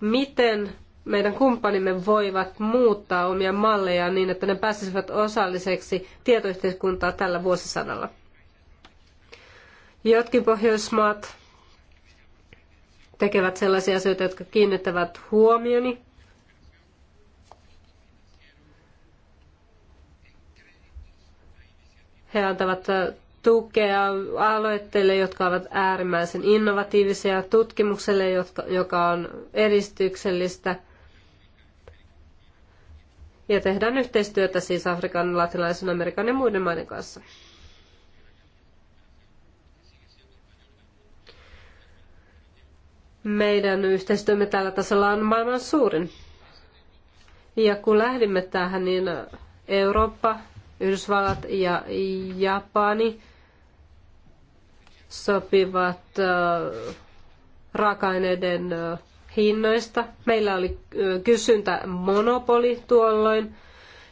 miten meidän kumppanimme voivat muuttaa omia mallejaan niin, että ne pääsisivät osalliseksi tietoyhteiskuntaa tällä vuosisadalla. Jotkin Pohjoismaat tekevät sellaisia asioita, jotka kiinnittävät huomioni. He antavat tukea aloitteille, jotka ovat äärimmäisen innovatiivisia, tutkimukselle, jotka, joka on edistyksellistä – ja tehdään yhteistyötä siis Afrikan, Latinalaisen Amerikan ja muiden maiden kanssa. Meidän yhteistyömme tällä tasolla on maailman suurin. Ja kun lähdimme tähän, niin Eurooppa, Yhdysvallat ja Japani sopivat äh, raaka-aineiden äh, hinnoista. Meillä oli kysyntämonopoli tuolloin.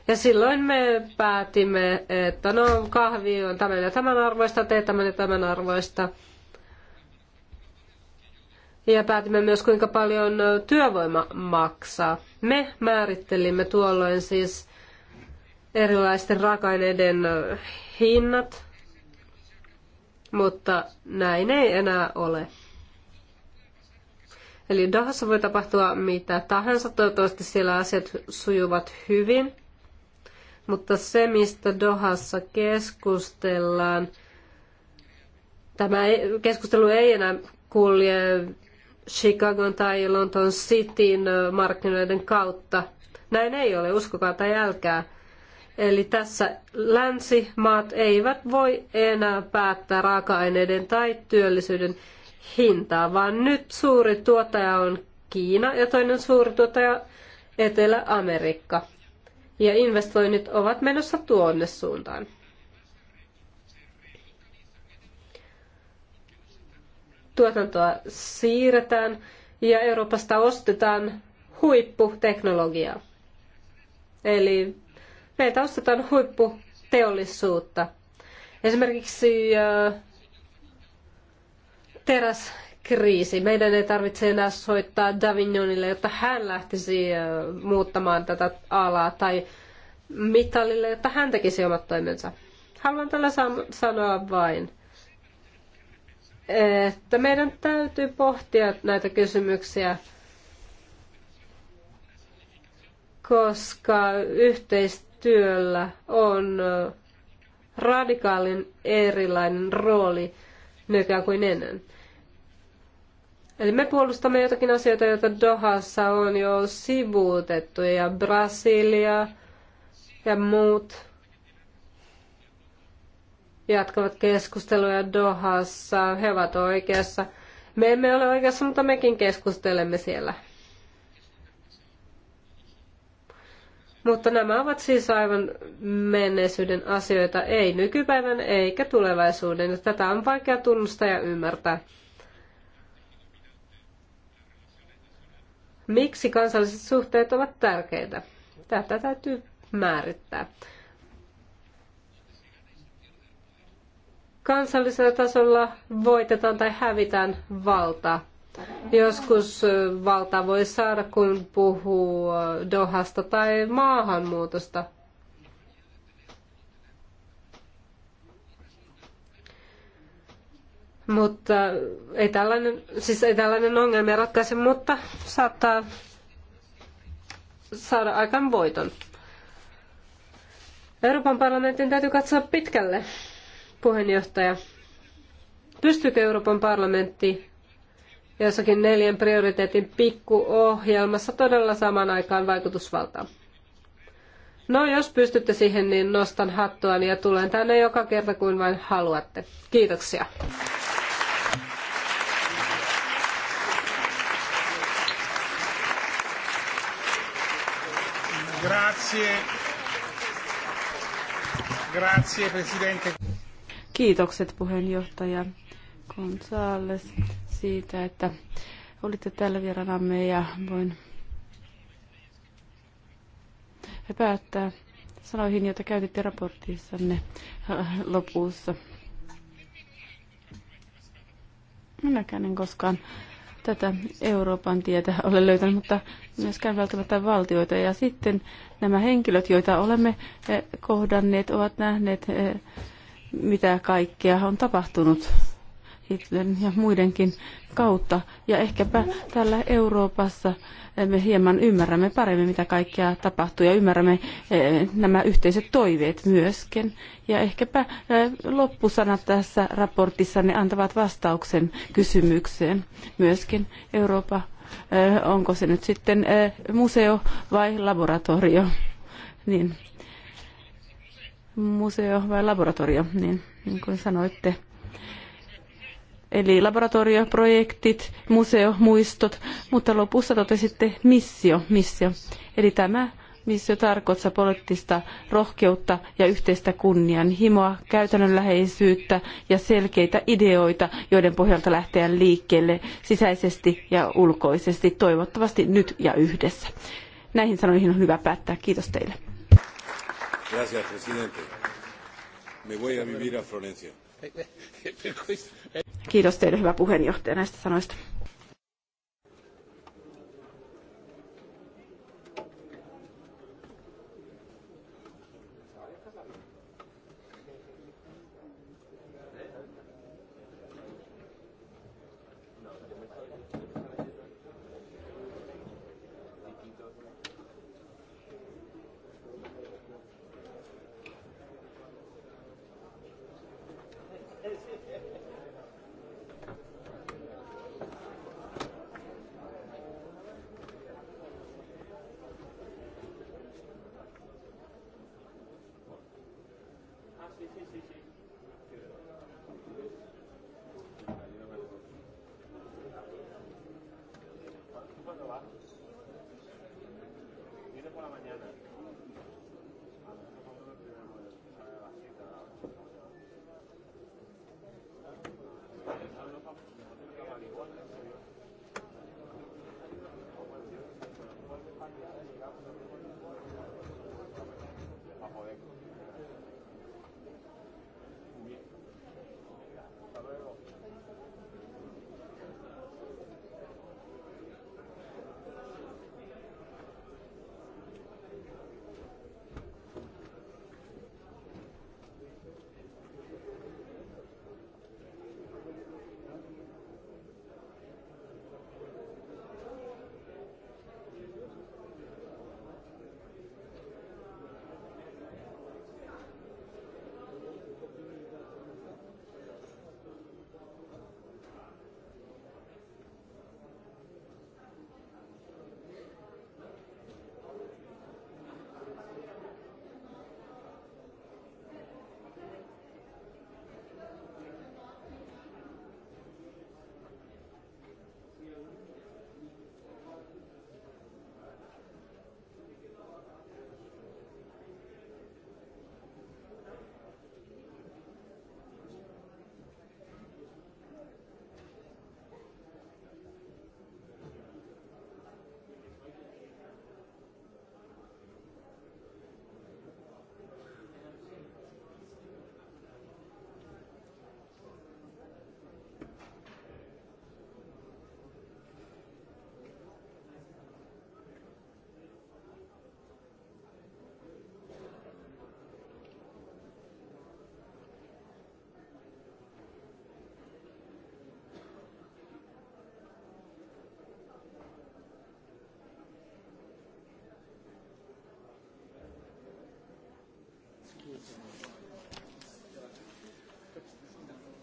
Ja silloin me päätimme, että no kahvi on tämän ja tämän arvoista, tee tämän ja tämän arvoista. Ja päätimme myös, kuinka paljon työvoima maksaa. Me määrittelimme tuolloin siis erilaisten raaka-aineiden hinnat, mutta näin ei enää ole. Eli Dohassa voi tapahtua mitä tahansa, toivottavasti siellä asiat sujuvat hyvin. Mutta se, mistä Dohassa keskustellaan, tämä keskustelu ei enää kulje Chicagon tai Lontoon Cityn markkinoiden kautta. Näin ei ole, uskokaa tai älkää. Eli tässä länsimaat eivät voi enää päättää raaka-aineiden tai työllisyyden hintaa, vaan nyt suuri tuottaja on Kiina ja toinen suuri tuottaja Etelä-Amerikka. Ja investoinnit ovat menossa tuonne suuntaan. Tuotantoa siirretään ja Euroopasta ostetaan huipputeknologiaa. Eli meiltä ostetaan huipputeollisuutta. Esimerkiksi teräskriisi. Meidän ei tarvitse enää soittaa Davignonille, jotta hän lähtisi äh, muuttamaan tätä alaa, tai Mitalille, jotta hän tekisi omat toimensa. Haluan tällä sanoa vain, että meidän täytyy pohtia näitä kysymyksiä, koska yhteistyöllä on äh, radikaalin erilainen rooli nykyään kuin ennen. Eli me puolustamme jotakin asioita, joita Dohassa on jo sivuutettu, ja Brasilia ja muut jatkavat keskusteluja Dohassa. He ovat oikeassa. Me emme ole oikeassa, mutta mekin keskustelemme siellä. Mutta nämä ovat siis aivan menneisyyden asioita, ei nykypäivän eikä tulevaisuuden. tätä on vaikea tunnustaa ja ymmärtää. Miksi kansalliset suhteet ovat tärkeitä? Tätä täytyy määrittää. Kansallisella tasolla voitetaan tai hävitään valta. Joskus valta voi saada, kun puhuu Dohasta tai maahanmuutosta, Mutta ei tällainen, siis ei tällainen ongelmia ratkaise, mutta saattaa saada aikaan voiton. Euroopan parlamentin täytyy katsoa pitkälle, puheenjohtaja. Pystyykö Euroopan parlamentti jossakin neljän prioriteetin pikkuohjelmassa todella saman aikaan vaikutusvaltaa? No, jos pystytte siihen, niin nostan hattuani ja tulen tänne joka kerta kuin vain haluatte. Kiitoksia. Grazie. Grazie, presidente. Kiitokset puheenjohtaja Gonzales siitä, että olitte täällä vieraanamme ja voin päättää sanoihin, joita käytitte raportissanne äh, lopussa. Minäkään en koskaan tätä Euroopan tietä ole löytänyt, mutta myöskään välttämättä valtioita. Ja sitten nämä henkilöt, joita olemme eh, kohdanneet, ovat nähneet, eh, mitä kaikkea on tapahtunut Hitlerin ja muidenkin kautta. Ja ehkäpä täällä Euroopassa eh, me hieman ymmärrämme paremmin, mitä kaikkea tapahtuu ja ymmärrämme eh, nämä yhteiset toiveet myöskin. Ja ehkäpä eh, loppusanat tässä raportissa ne antavat vastauksen kysymykseen myöskin Eurooppa. Onko se nyt sitten museo vai laboratorio? Niin. Museo vai laboratorio, niin, niin kuin sanoitte eli laboratorioprojektit, museomuistot, mutta lopussa totesitte missio, missio. Eli tämä missio tarkoittaa poliittista rohkeutta ja yhteistä kunnianhimoa, käytännönläheisyyttä ja selkeitä ideoita, joiden pohjalta lähteä liikkeelle sisäisesti ja ulkoisesti, toivottavasti nyt ja yhdessä. Näihin sanoihin on hyvä päättää. Kiitos teille. Gracias, presidente. Me voy a vivir a Florencia. Kiitos teille, hyvä puheenjohtaja, näistä sanoista.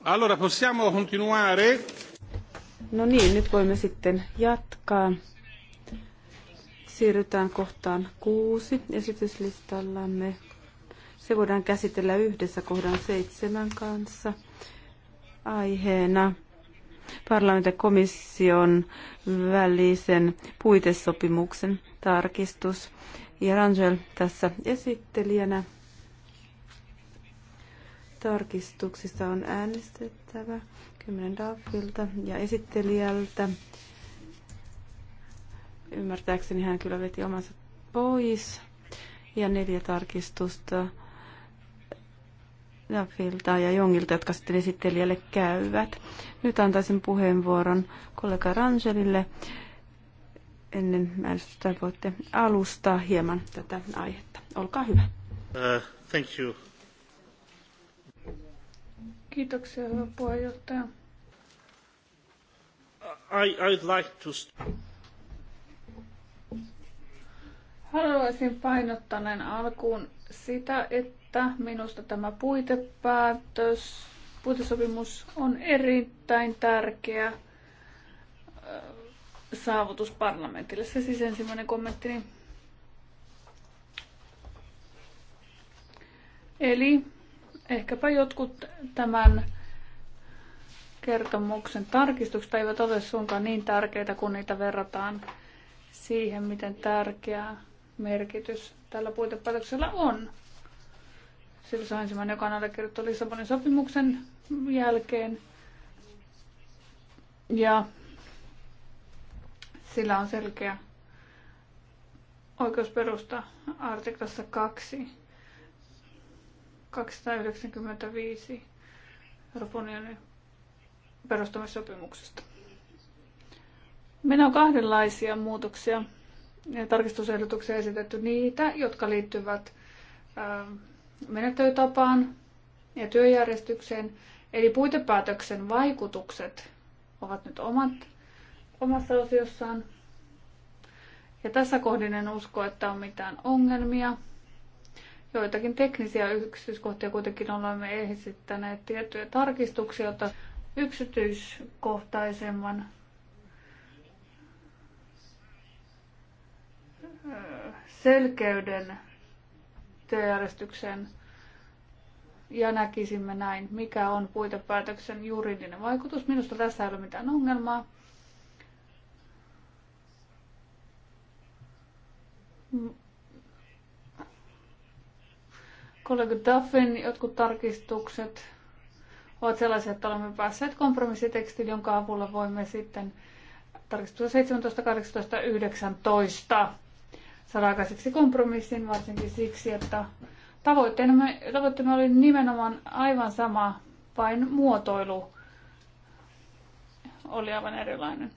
Allora possiamo continuare. No niin, nyt voimme sitten jatkaa. Siirrytään kohtaan kuusi esityslistallamme. Se voidaan käsitellä yhdessä kohdan seitsemän kanssa. Aiheena parlamentin komission välisen puitesopimuksen tarkistus. Ja Rangel tässä esittelijänä. Tarkistuksista on äänestettävä 10 Daffilta ja esittelijältä. Ymmärtääkseni hän kyllä veti omansa pois. Ja neljä tarkistusta Daffilta ja Jongilta, jotka sitten esittelijälle käyvät. Nyt antaisin puheenvuoron kollega Rangelille ennen äänestystä voitte alustaa hieman tätä aihetta. Olkaa hyvä. Uh, thank you. Kiitoksia, hyvä puheenjohtaja. I, I'd like to... Haluaisin painottaneen alkuun sitä, että minusta tämä puitepäätös, puitesopimus on erittäin tärkeä saavutus parlamentille. Se siis ensimmäinen kommentti. Eli Ehkäpä jotkut tämän kertomuksen tarkistukset eivät ole suinkaan niin tärkeitä, kun niitä verrataan siihen, miten tärkeä merkitys tällä puitepäätöksellä on. Sillä se on ensimmäinen, joka on allekirjoittu Lissabonin sopimuksen jälkeen. Ja sillä on selkeä oikeusperusta artiklassa 2 295 Euroopan perustamissopimuksesta. Meillä on kahdenlaisia muutoksia ja tarkistusehdotuksia esitetty niitä, jotka liittyvät ähm, menettelytapaan ja työjärjestykseen. Eli puitepäätöksen vaikutukset ovat nyt omat, omassa osiossaan. Ja tässä kohdin en usko, että on mitään ongelmia. Joitakin teknisiä yksityiskohtia kuitenkin olemme esittäneet tiettyjä tarkistuksia, jotta yksityiskohtaisemman selkeyden työjärjestykseen ja näkisimme näin, mikä on puitepäätöksen juridinen vaikutus. Minusta tässä ei ole mitään ongelmaa. Kollega Duffin jotkut tarkistukset ovat sellaisia, että olemme päässeet kompromissitekstiin, jonka avulla voimme sitten tarkistua 17, 18, 19 saada aikaiseksi kompromissin, varsinkin siksi, että tavoitteemme, tavoitteemme oli nimenomaan aivan sama, vain muotoilu oli aivan erilainen.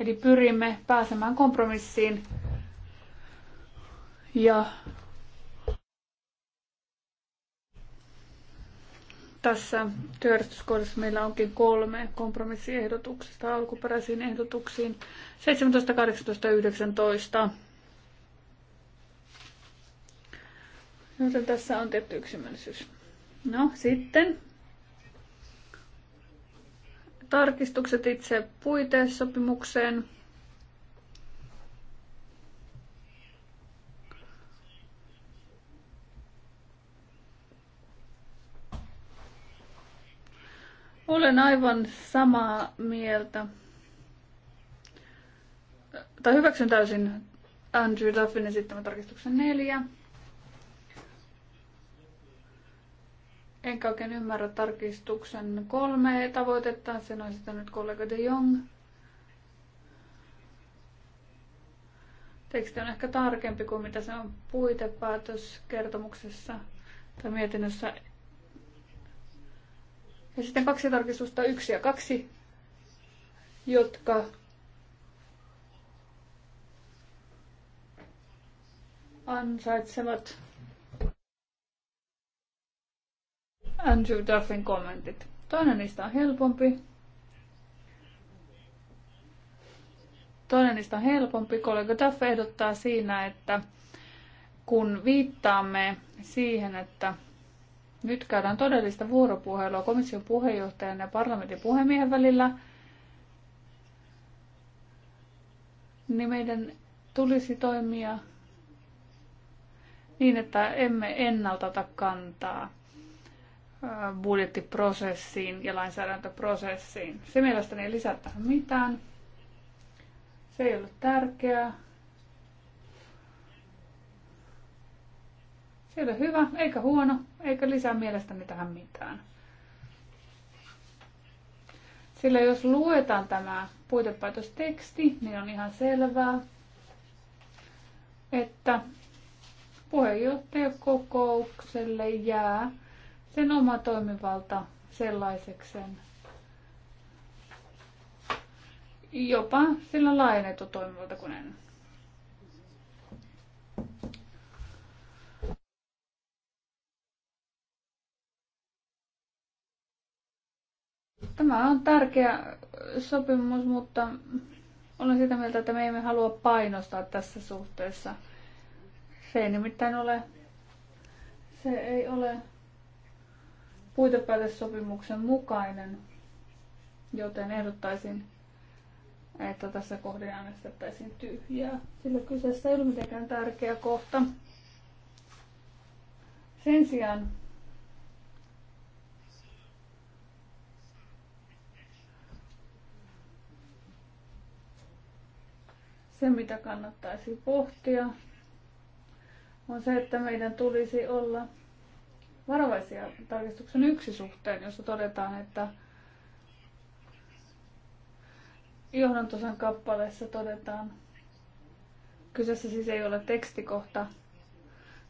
Eli pyrimme pääsemään kompromissiin ja Tässä työjärjestyskohdassa meillä onkin kolme kompromissiehdotuksesta alkuperäisiin ehdotuksiin 17, 18 ja 19. Joten tässä on tietty yksimielisyys. No sitten tarkistukset itse puitesopimukseen. Olen aivan samaa mieltä. Tai hyväksyn täysin Andrew Duffin esittämän tarkistuksen neljä. Enkä oikein ymmärrä tarkistuksen kolme tavoitetta. Sen on sitä nyt kollega de Jong. Teksti on ehkä tarkempi kuin mitä se on puitepäätöskertomuksessa tai mietinnössä ja sitten kaksi tarkistusta, yksi ja kaksi, jotka ansaitsevat Andrew Duffin kommentit. Toinen niistä on helpompi. Toinen niistä on helpompi. Kollega Duff ehdottaa siinä, että kun viittaamme siihen, että nyt käydään todellista vuoropuhelua komission puheenjohtajan ja parlamentin puhemiehen välillä. Niin meidän tulisi toimia niin, että emme ennaltata kantaa budjettiprosessiin ja lainsäädäntöprosessiin. Se mielestäni ei lisätä mitään. Se ei ole tärkeää. Se ei ole hyvä, eikä huono, eikä lisää mielestäni tähän mitään. Sillä jos luetaan tämä puitepäätösteksti, niin on ihan selvää, että puheenjohtajakokoukselle jää sen oma toimivalta sellaisekseen, jopa sillä laajennettu toimivalta kuin ennen. Tämä on tärkeä sopimus, mutta olen sitä mieltä, että me emme halua painostaa tässä suhteessa. Se ei nimittäin ole, se ei ole sopimuksen mukainen, joten ehdottaisin, että tässä kohdin äänestettäisiin tyhjää, sillä kyseessä ei ole mitenkään tärkeä kohta. Sen sijaan Se, mitä kannattaisi pohtia, on se, että meidän tulisi olla varovaisia tarkistuksen yksi suhteen, jossa todetaan, että johdantosan kappaleessa todetaan, kyseessä siis ei ole tekstikohta,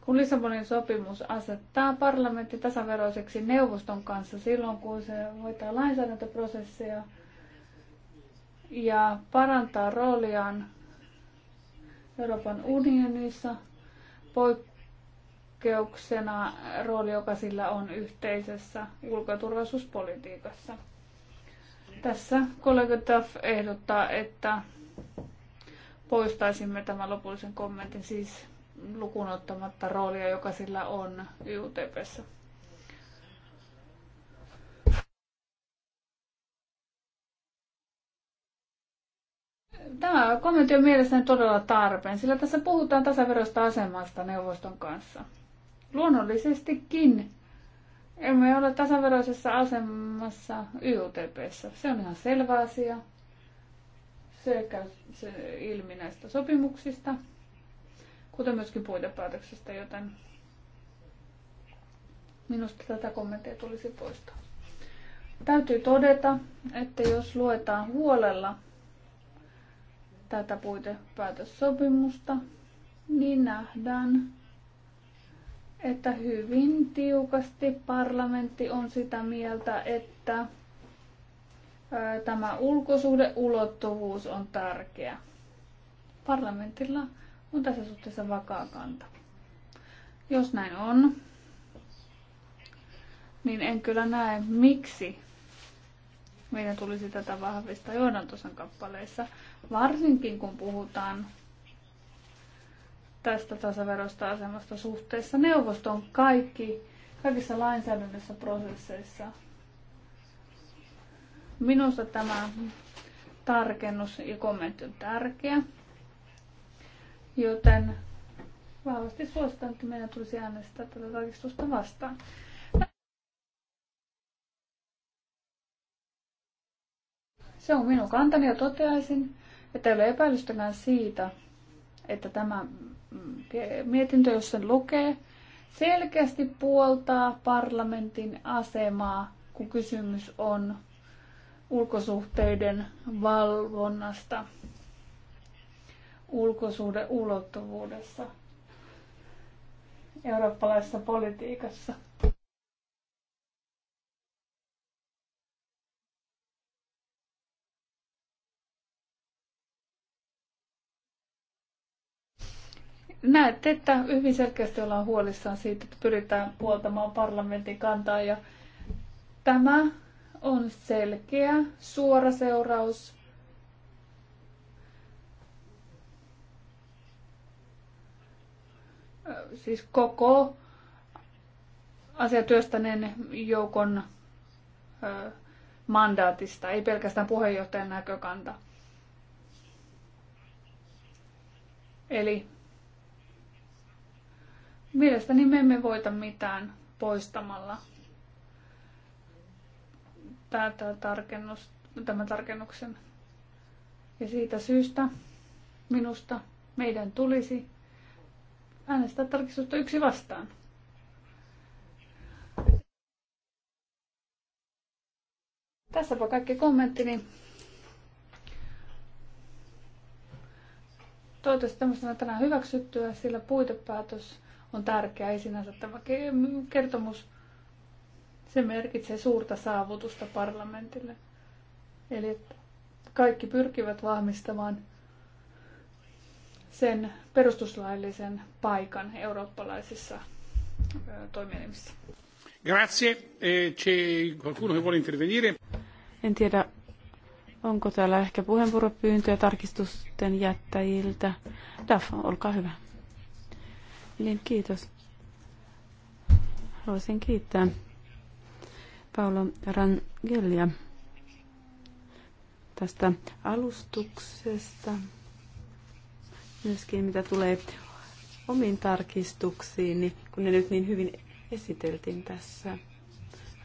kun Lissabonin sopimus asettaa parlamentti tasaveroiseksi neuvoston kanssa silloin, kun se hoitaa lainsäädäntöprosesseja ja parantaa rooliaan Euroopan unionissa poikkeuksena rooli, joka sillä on yhteisessä ulkoturvallisuuspolitiikassa. Tässä kollega Duff ehdottaa, että poistaisimme tämän lopullisen kommentin siis lukunottamatta roolia, joka sillä on YTPssä. Tämä kommentti on mielestäni todella tarpeen, sillä tässä puhutaan tasaverosta asemasta neuvoston kanssa. Luonnollisestikin emme ole tasaveroisessa asemassa YUTPssä. Se on ihan selvä asia. Se käy ilmi näistä sopimuksista, kuten myöskin puitepäätöksestä, joten minusta tätä kommenttia tulisi poistaa. Täytyy todeta, että jos luetaan huolella tätä puitepäätössopimusta, niin nähdään, että hyvin tiukasti parlamentti on sitä mieltä, että tämä ulkosuhdeulottuvuus on tärkeä. Parlamentilla on tässä suhteessa vakaa kanta. Jos näin on, niin en kyllä näe, miksi meidän tulisi tätä vahvistaa johdantosan kappaleissa varsinkin kun puhutaan tästä tasaverosta asemasta suhteessa neuvoston kaikki, kaikissa lainsäädännössä prosesseissa. Minusta tämä tarkennus ja kommentti on tärkeä, joten vahvasti suositan, että meidän tulisi äänestää tätä tarkistusta vastaan. Se on minun kantani ja toteaisin, että ei ole epäilystäkään siitä, että tämä mm, mietintö, jos sen lukee, selkeästi puoltaa parlamentin asemaa, kun kysymys on ulkosuhteiden valvonnasta ulkosuhdeulottuvuudessa eurooppalaisessa politiikassa. näette, että hyvin selkeästi ollaan huolissaan siitä, että pyritään puoltamaan parlamentin kantaa ja tämä on selkeä, suora seuraus siis koko asiatyöstäneen joukon mandaatista, ei pelkästään puheenjohtajan näkökanta. Eli Mielestäni me emme voita mitään poistamalla tätä tarkennus, tämän tarkennuksen. Ja siitä syystä minusta meidän tulisi äänestää tarkistusta yksi vastaan. Tässäpä kaikki kommenttini. Niin toivottavasti tämmöistä on tänään hyväksyttyä, sillä puitepäätös on tärkeä, ei sinänsä tämä kertomus. Se merkitsee suurta saavutusta parlamentille. Eli että kaikki pyrkivät vahvistamaan sen perustuslaillisen paikan eurooppalaisissa toimielimissä. Grazie. E, c'è qualcuno che vuole intervenire? En tiedä, onko täällä ehkä puheenvuoropyyntöjä tarkistusten jättäjiltä. Daf, olkaa hyvä. Niin, kiitos. Haluaisin kiittää Paolo Rangelia tästä alustuksesta. Myöskin mitä tulee omiin tarkistuksiini, niin kun ne nyt niin hyvin esiteltiin tässä.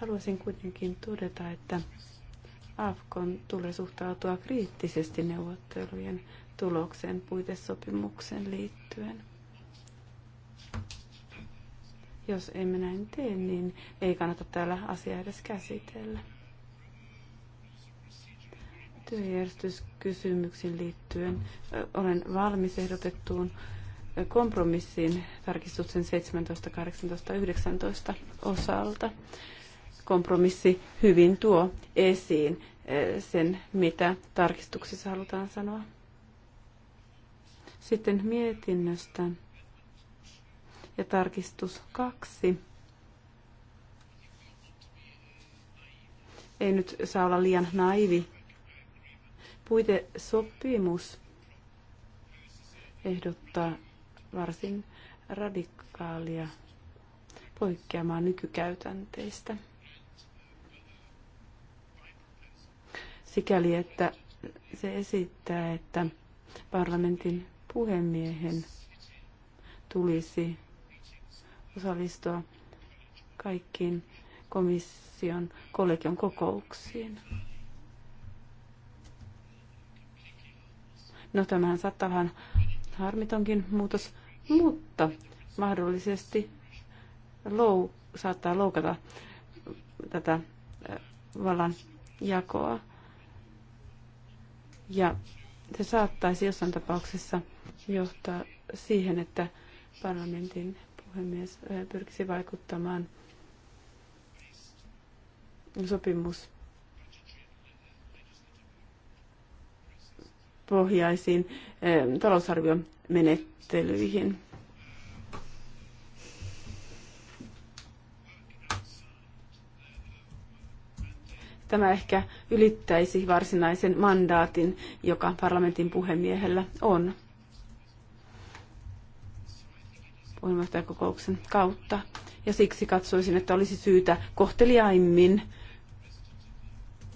Haluaisin kuitenkin todeta, että AFKon tulee suhtautua kriittisesti neuvottelujen tuloksen puitesopimuksen liittyen. Jos emme näin tee, niin ei kannata täällä asiaa edes käsitellä. Työjärjestyskysymyksiin liittyen olen valmis ehdotettuun kompromissiin tarkistuksen 17, 18, 19 osalta. Kompromissi hyvin tuo esiin sen, mitä tarkistuksissa halutaan sanoa. Sitten mietinnöstä ja tarkistus 2. Ei nyt saa olla liian naivi. Puitesopimus ehdottaa varsin radikaalia poikkeamaa nykykäytänteistä. Sikäli, että se esittää, että parlamentin puhemiehen tulisi osallistua kaikkiin komission kollegion kokouksiin. No tämähän saattaa vähän harmitonkin muutos, mutta mahdollisesti lou, saattaa loukata tätä vallan jakoa. Ja se saattaisi jossain tapauksessa johtaa siihen, että parlamentin puhemies eh, pyrkisi vaikuttamaan sopimus pohjaisiin eh, talousarviomenettelyihin. Tämä ehkä ylittäisi varsinaisen mandaatin, joka parlamentin puhemiehellä on. puheenjohtajakokouksen kautta. Ja siksi katsoisin, että olisi syytä kohteliaimmin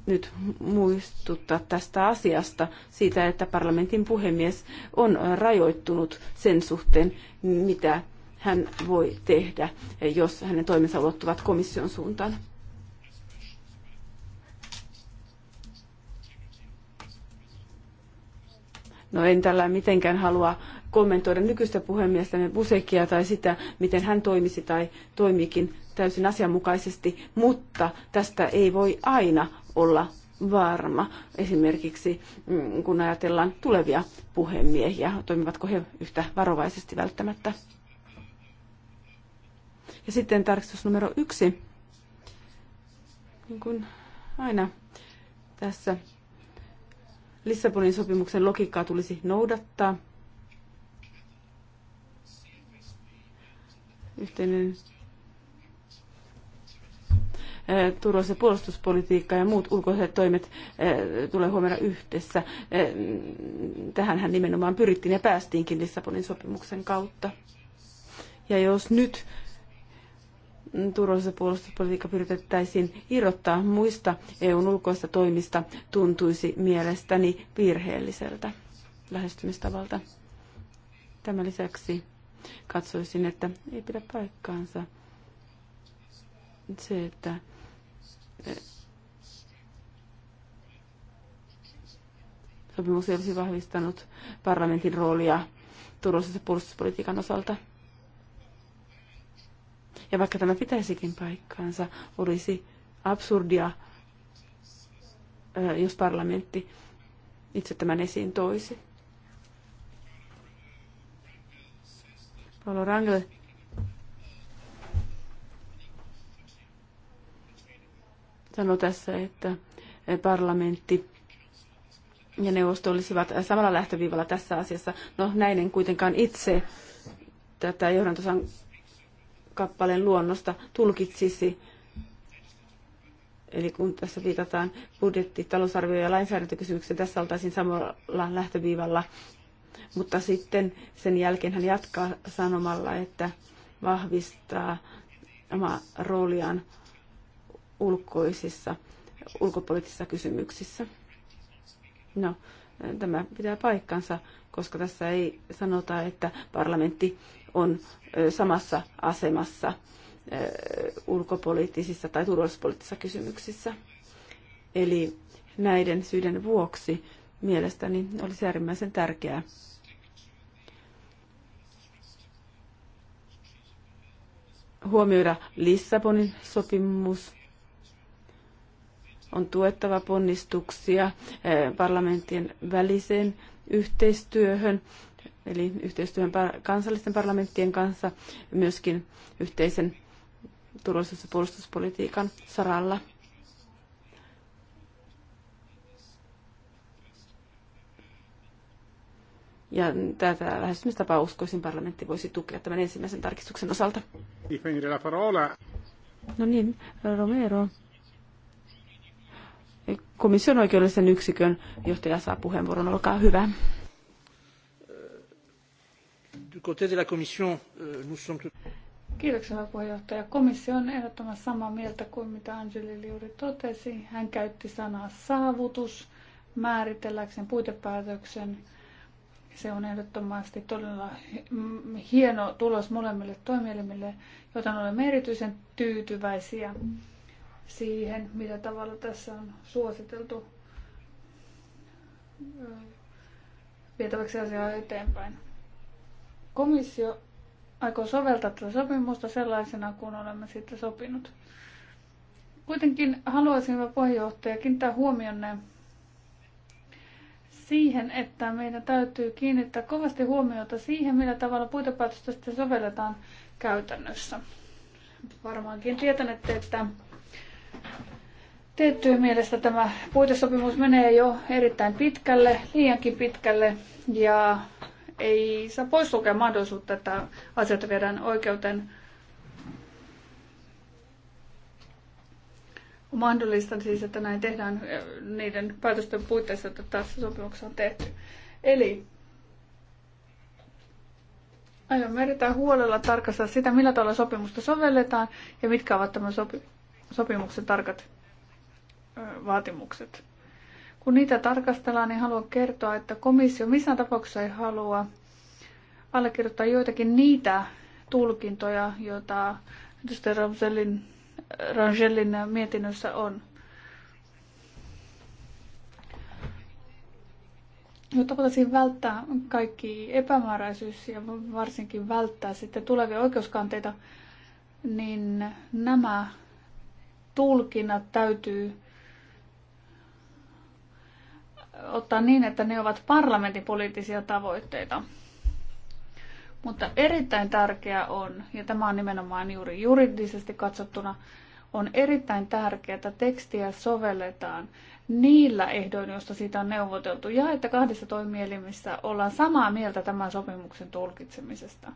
nyt muistuttaa tästä asiasta, siitä, että parlamentin puhemies on rajoittunut sen suhteen, mitä hän voi tehdä, jos hänen toimensa ulottuvat komission suuntaan. No en tällä mitenkään halua kommentoida nykyistä puhemiestämme Busekia tai sitä, miten hän toimisi tai toimiikin täysin asianmukaisesti, mutta tästä ei voi aina olla varma. Esimerkiksi mm, kun ajatellaan tulevia puhemiehiä, toimivatko he yhtä varovaisesti välttämättä. Ja sitten tarkistus numero yksi. Niin kuin aina tässä Lissabonin sopimuksen logiikkaa tulisi noudattaa – yhteinen eh, turvallisuus- ja puolustuspolitiikka ja muut ulkoiset toimet eh, tulee huomioida yhdessä. Eh, tähänhän nimenomaan pyrittiin ja päästiinkin Lissabonin sopimuksen kautta. Ja jos nyt turvallisuus- ja puolustuspolitiikka pyritettäisiin irrottaa muista EUn ulkoista toimista, tuntuisi mielestäni virheelliseltä lähestymistavalta. Tämän lisäksi katsoisin, että ei pidä paikkaansa se, että eh, sopimus olisi vahvistanut parlamentin roolia turvallisuus- puolustuspolitiikan osalta. Ja vaikka tämä pitäisikin paikkaansa, olisi absurdia, eh, jos parlamentti itse tämän esiin toisi. Paolo Rangel. Sano tässä, että eh, parlamentti ja neuvosto olisivat eh, samalla lähtöviivalla tässä asiassa. No näin en kuitenkaan itse tätä johdantosan kappaleen luonnosta tulkitsisi. Eli kun tässä viitataan budjetti, talousarvio ja lainsäädäntökysymykseen, tässä oltaisiin samalla lähtöviivalla mutta sitten sen jälkeen hän jatkaa sanomalla, että vahvistaa oma rooliaan ulkoisissa, ulkopoliittisissa kysymyksissä. No, tämä pitää paikkansa, koska tässä ei sanota, että parlamentti on samassa asemassa ulkopoliittisissa tai turvallisuuspoliittisissa kysymyksissä. Eli näiden syiden vuoksi mielestäni olisi äärimmäisen tärkeää. Huomioida Lissabonin sopimus. On tuettava ponnistuksia eh, parlamenttien väliseen yhteistyöhön, eli yhteistyöhön kansallisten parlamenttien kanssa, myöskin yhteisen turvallisuus- ja puolustuspolitiikan saralla. Ja tätä lähestymistapaa uskoisin parlamentti voisi tukea tämän ensimmäisen tarkistuksen osalta. No niin, Romero. Komission oikeudellisen yksikön johtaja saa puheenvuoron, olkaa hyvä. Kiitoksia puheenjohtaja. Komissio on ehdottomasti samaa mieltä kuin mitä Angeli juuri totesi. Hän käytti sanaa saavutus määritelläkseen puitepäätöksen se on ehdottomasti todella hieno tulos molemmille toimielimille, joten olemme erityisen tyytyväisiä siihen, mitä tavalla tässä on suositeltu vietäväksi asiaa eteenpäin. Komissio aikoo soveltaa tätä sopimusta sellaisena, kuin olemme siitä sopinut. Kuitenkin haluaisin, hyvä puheenjohtaja, kiinnittää huomionne siihen, että meidän täytyy kiinnittää kovasti huomiota siihen, millä tavalla puitepäätöstä sitten sovelletaan käytännössä. Varmaankin tietänette, että tiettyyn mielestä tämä puitesopimus menee jo erittäin pitkälle, liiankin pitkälle, ja ei saa poislukea mahdollisuutta, että asioita viedään oikeuteen On mahdollista siis, että näin tehdään niiden päätösten puitteissa, että tässä sopimuksessa on tehty. Eli aion erittäin huolella tarkastaa sitä, millä tavalla sopimusta sovelletaan ja mitkä ovat tämän sopi- sopimuksen tarkat vaatimukset. Kun niitä tarkastellaan, niin haluan kertoa, että komissio missään tapauksessa ei halua allekirjoittaa joitakin niitä tulkintoja, joita edustaja Ramselin Rangelin mietinnössä on. Jotta voitaisiin välttää kaikki epämääräisyys ja varsinkin välttää sitten tulevia oikeuskanteita, niin nämä tulkinnat täytyy ottaa niin, että ne ovat parlamentin poliittisia tavoitteita. Mutta erittäin tärkeää on, ja tämä on nimenomaan juuri juridisesti katsottuna, on erittäin tärkeää, että tekstiä sovelletaan niillä ehdoin, joista siitä on neuvoteltu, ja että kahdessa toimielimissä ollaan samaa mieltä tämän sopimuksen tulkitsemisesta.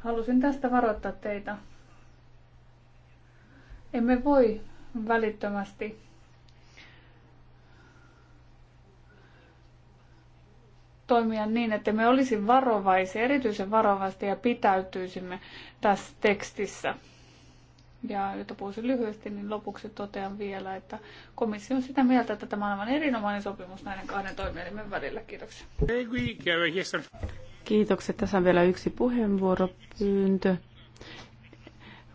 Halusin tästä varoittaa teitä. Emme voi välittömästi toimia niin, että me olisi varovaisia, erityisen varovasti ja pitäytyisimme tässä tekstissä. Ja jotta puhuisin lyhyesti, niin lopuksi totean vielä, että komissio on sitä mieltä, että tämä on aivan erinomainen sopimus näiden kahden toimielimen välillä. Kiitoksia. Kiitokset. Tässä on vielä yksi puheenvuoropyyntö.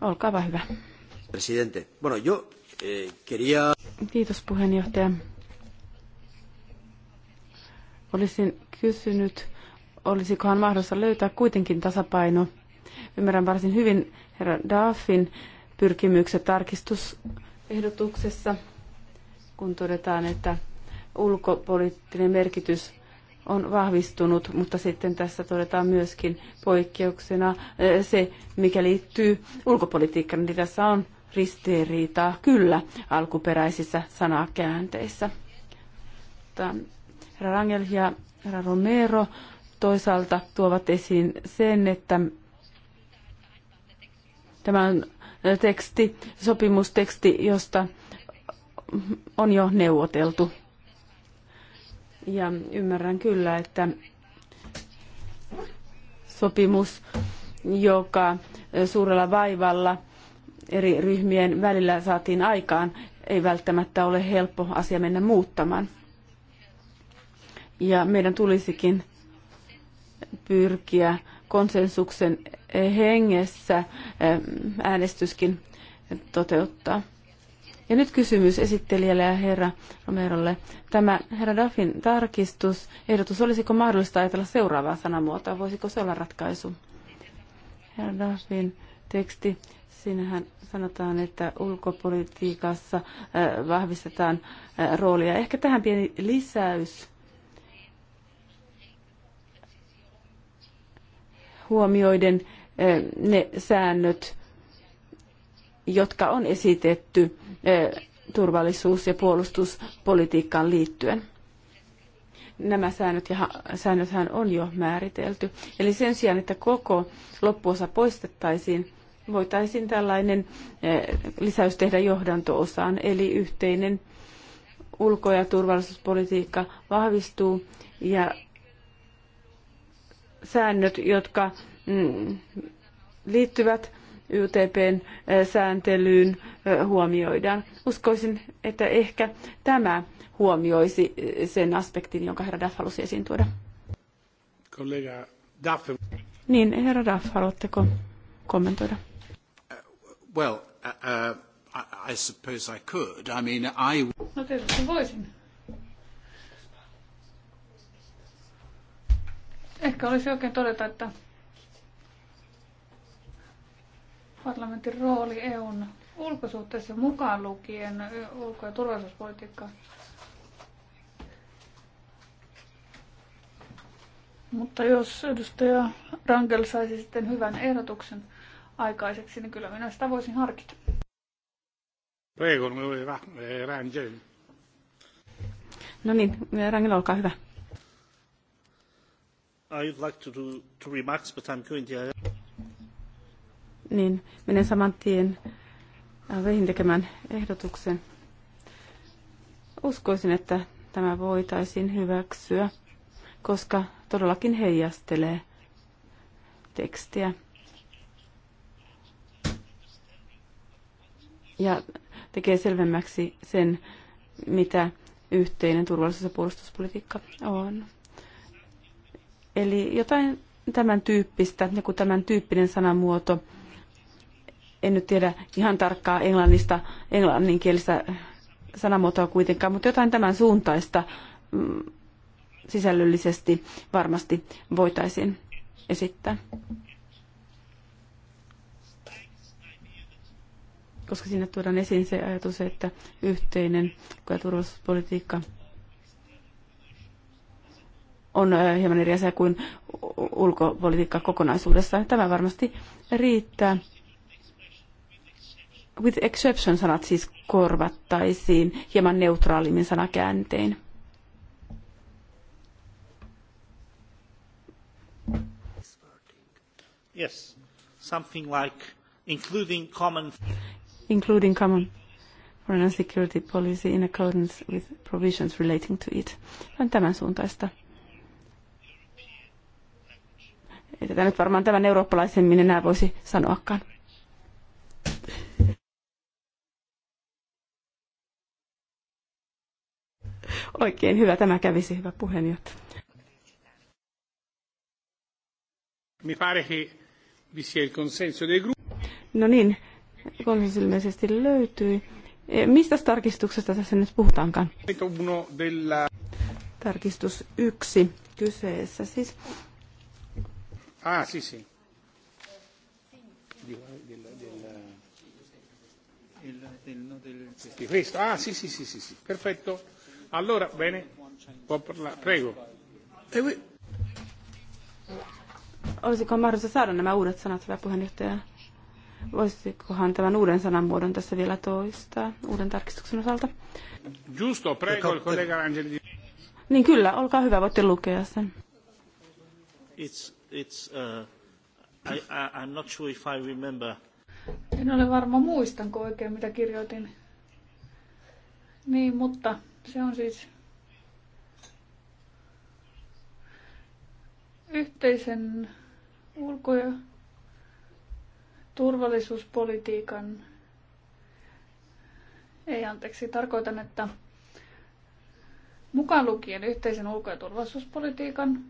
Olkaa hyvä. Presidente. Bueno, yo, eh, quería... Kiitos puheenjohtaja. Olisin kysynyt, olisikohan mahdollista löytää kuitenkin tasapaino. Ymmärrän varsin hyvin herra Daffin pyrkimykset tarkistusehdotuksessa, kun todetaan, että ulkopoliittinen merkitys on vahvistunut, mutta sitten tässä todetaan myöskin poikkeuksena eh, se, mikä liittyy ulkopolitiikkaan, niin tässä on ristiriitaa kyllä alkuperäisissä sanakäänteissä. Tämä Herra Rangel ja herra Romero toisaalta tuovat esiin sen, että tämä on teksti, sopimusteksti, josta on jo neuvoteltu. Ja ymmärrän kyllä, että sopimus, joka suurella vaivalla eri ryhmien välillä saatiin aikaan, ei välttämättä ole helppo asia mennä muuttamaan. Ja meidän tulisikin pyrkiä konsensuksen hengessä ähm, äänestyskin toteuttaa. Ja nyt kysymys esittelijälle ja herra Romerolle. Tämä herra Daffin tarkistus, ehdotus, olisiko mahdollista ajatella seuraavaa sanamuotoa? Voisiko se olla ratkaisu? Herra Daffin teksti, siinähän sanotaan, että ulkopolitiikassa äh, vahvistetaan äh, roolia. Ehkä tähän pieni lisäys huomioiden eh, ne säännöt, jotka on esitetty eh, turvallisuus- ja puolustuspolitiikkaan liittyen. Nämä säännöt ja, säännöthän on jo määritelty. Eli sen sijaan, että koko loppuosa poistettaisiin, voitaisiin tällainen eh, lisäys tehdä johdantoosaan, eli yhteinen ulko- ja turvallisuuspolitiikka vahvistuu ja säännöt, jotka mm, liittyvät YTPn sääntelyyn huomioidaan. Uskoisin, että ehkä tämä huomioisi sen aspektin, jonka herra Duff halusi esiin tuoda. Kollega Daff. Niin, herra Duff, haluatteko kommentoida? well, uh, uh, I suppose I could. I mean, I... No tietysti voisin. Ehkä olisi oikein todeta, että parlamentin rooli EUn ulkosuhteessa mukaan lukien ulko- ja turvallisuuspolitiikka. Mutta jos edustaja Rangel saisi sitten hyvän ehdotuksen aikaiseksi, niin kyllä minä sitä voisin harkita. No niin, Rangel, olkaa hyvä. I'd like to do two remarks, but I'm going to... Uh, niin, menen saman tien Veihin äh, tekemään ehdotuksen. Uskoisin, että tämä voitaisiin hyväksyä, koska todellakin heijastelee tekstiä. Ja tekee selvemmäksi sen, mitä yhteinen turvallisuus- ja puolustuspolitiikka on. Eli jotain tämän tyyppistä, joku tämän tyyppinen sanamuoto. En nyt tiedä ihan tarkkaa englannista, englanninkielistä sanamuotoa kuitenkaan, mutta jotain tämän suuntaista mm, sisällöllisesti varmasti voitaisiin esittää. Koska sinne tuodaan esiin se ajatus, että yhteinen turvallisuuspolitiikka on hieman eri asia kuin ulkopolitiikka kokonaisuudessaan. Tämä varmasti riittää. With exception sanat siis korvattaisiin hieman neutraalimmin sanakääntein. Yes, something like including common including common foreign and security policy in accordance with provisions relating to it. On tämän suuntaista. Ei tätä nyt varmaan tämän eurooppalaisemmin enää voisi sanoakaan. Oikein hyvä, tämä kävisi, hyvä puheenjohtaja. Mi pare che vi sia il consenso dei gruppi. No niin, konsensus ilmeisesti löytyi. E, mistä tarkistuksesta tässä nyt puhutaankaan? Tarkistus yksi kyseessä siis. Ah, sì, sì. Di, eh, del, del, del, eh, del, no, del, questo. Ah, sì, sì, sì, sì, sì. Perfetto. Allora, bene. Può parlare. Prego. Olisiko mahdollista saada nämä uudet sanat, hyvä puheenjohtaja? Voisikohan tämän uuden sanan muodon tässä vielä toistaa, uuden tarkistuksen osalta? Justo, prego, il collega Angeli. Niin kyllä, olkaa hyvä, voitte lukea sen. It's it's, uh, I, I, I'm not sure if I remember. En ole varma, muistanko oikein mitä kirjoitin. Niin, mutta se on siis yhteisen ulko- ja turvallisuuspolitiikan, ei anteeksi, tarkoitan, että mukaan lukien yhteisen ulko- ja turvallisuuspolitiikan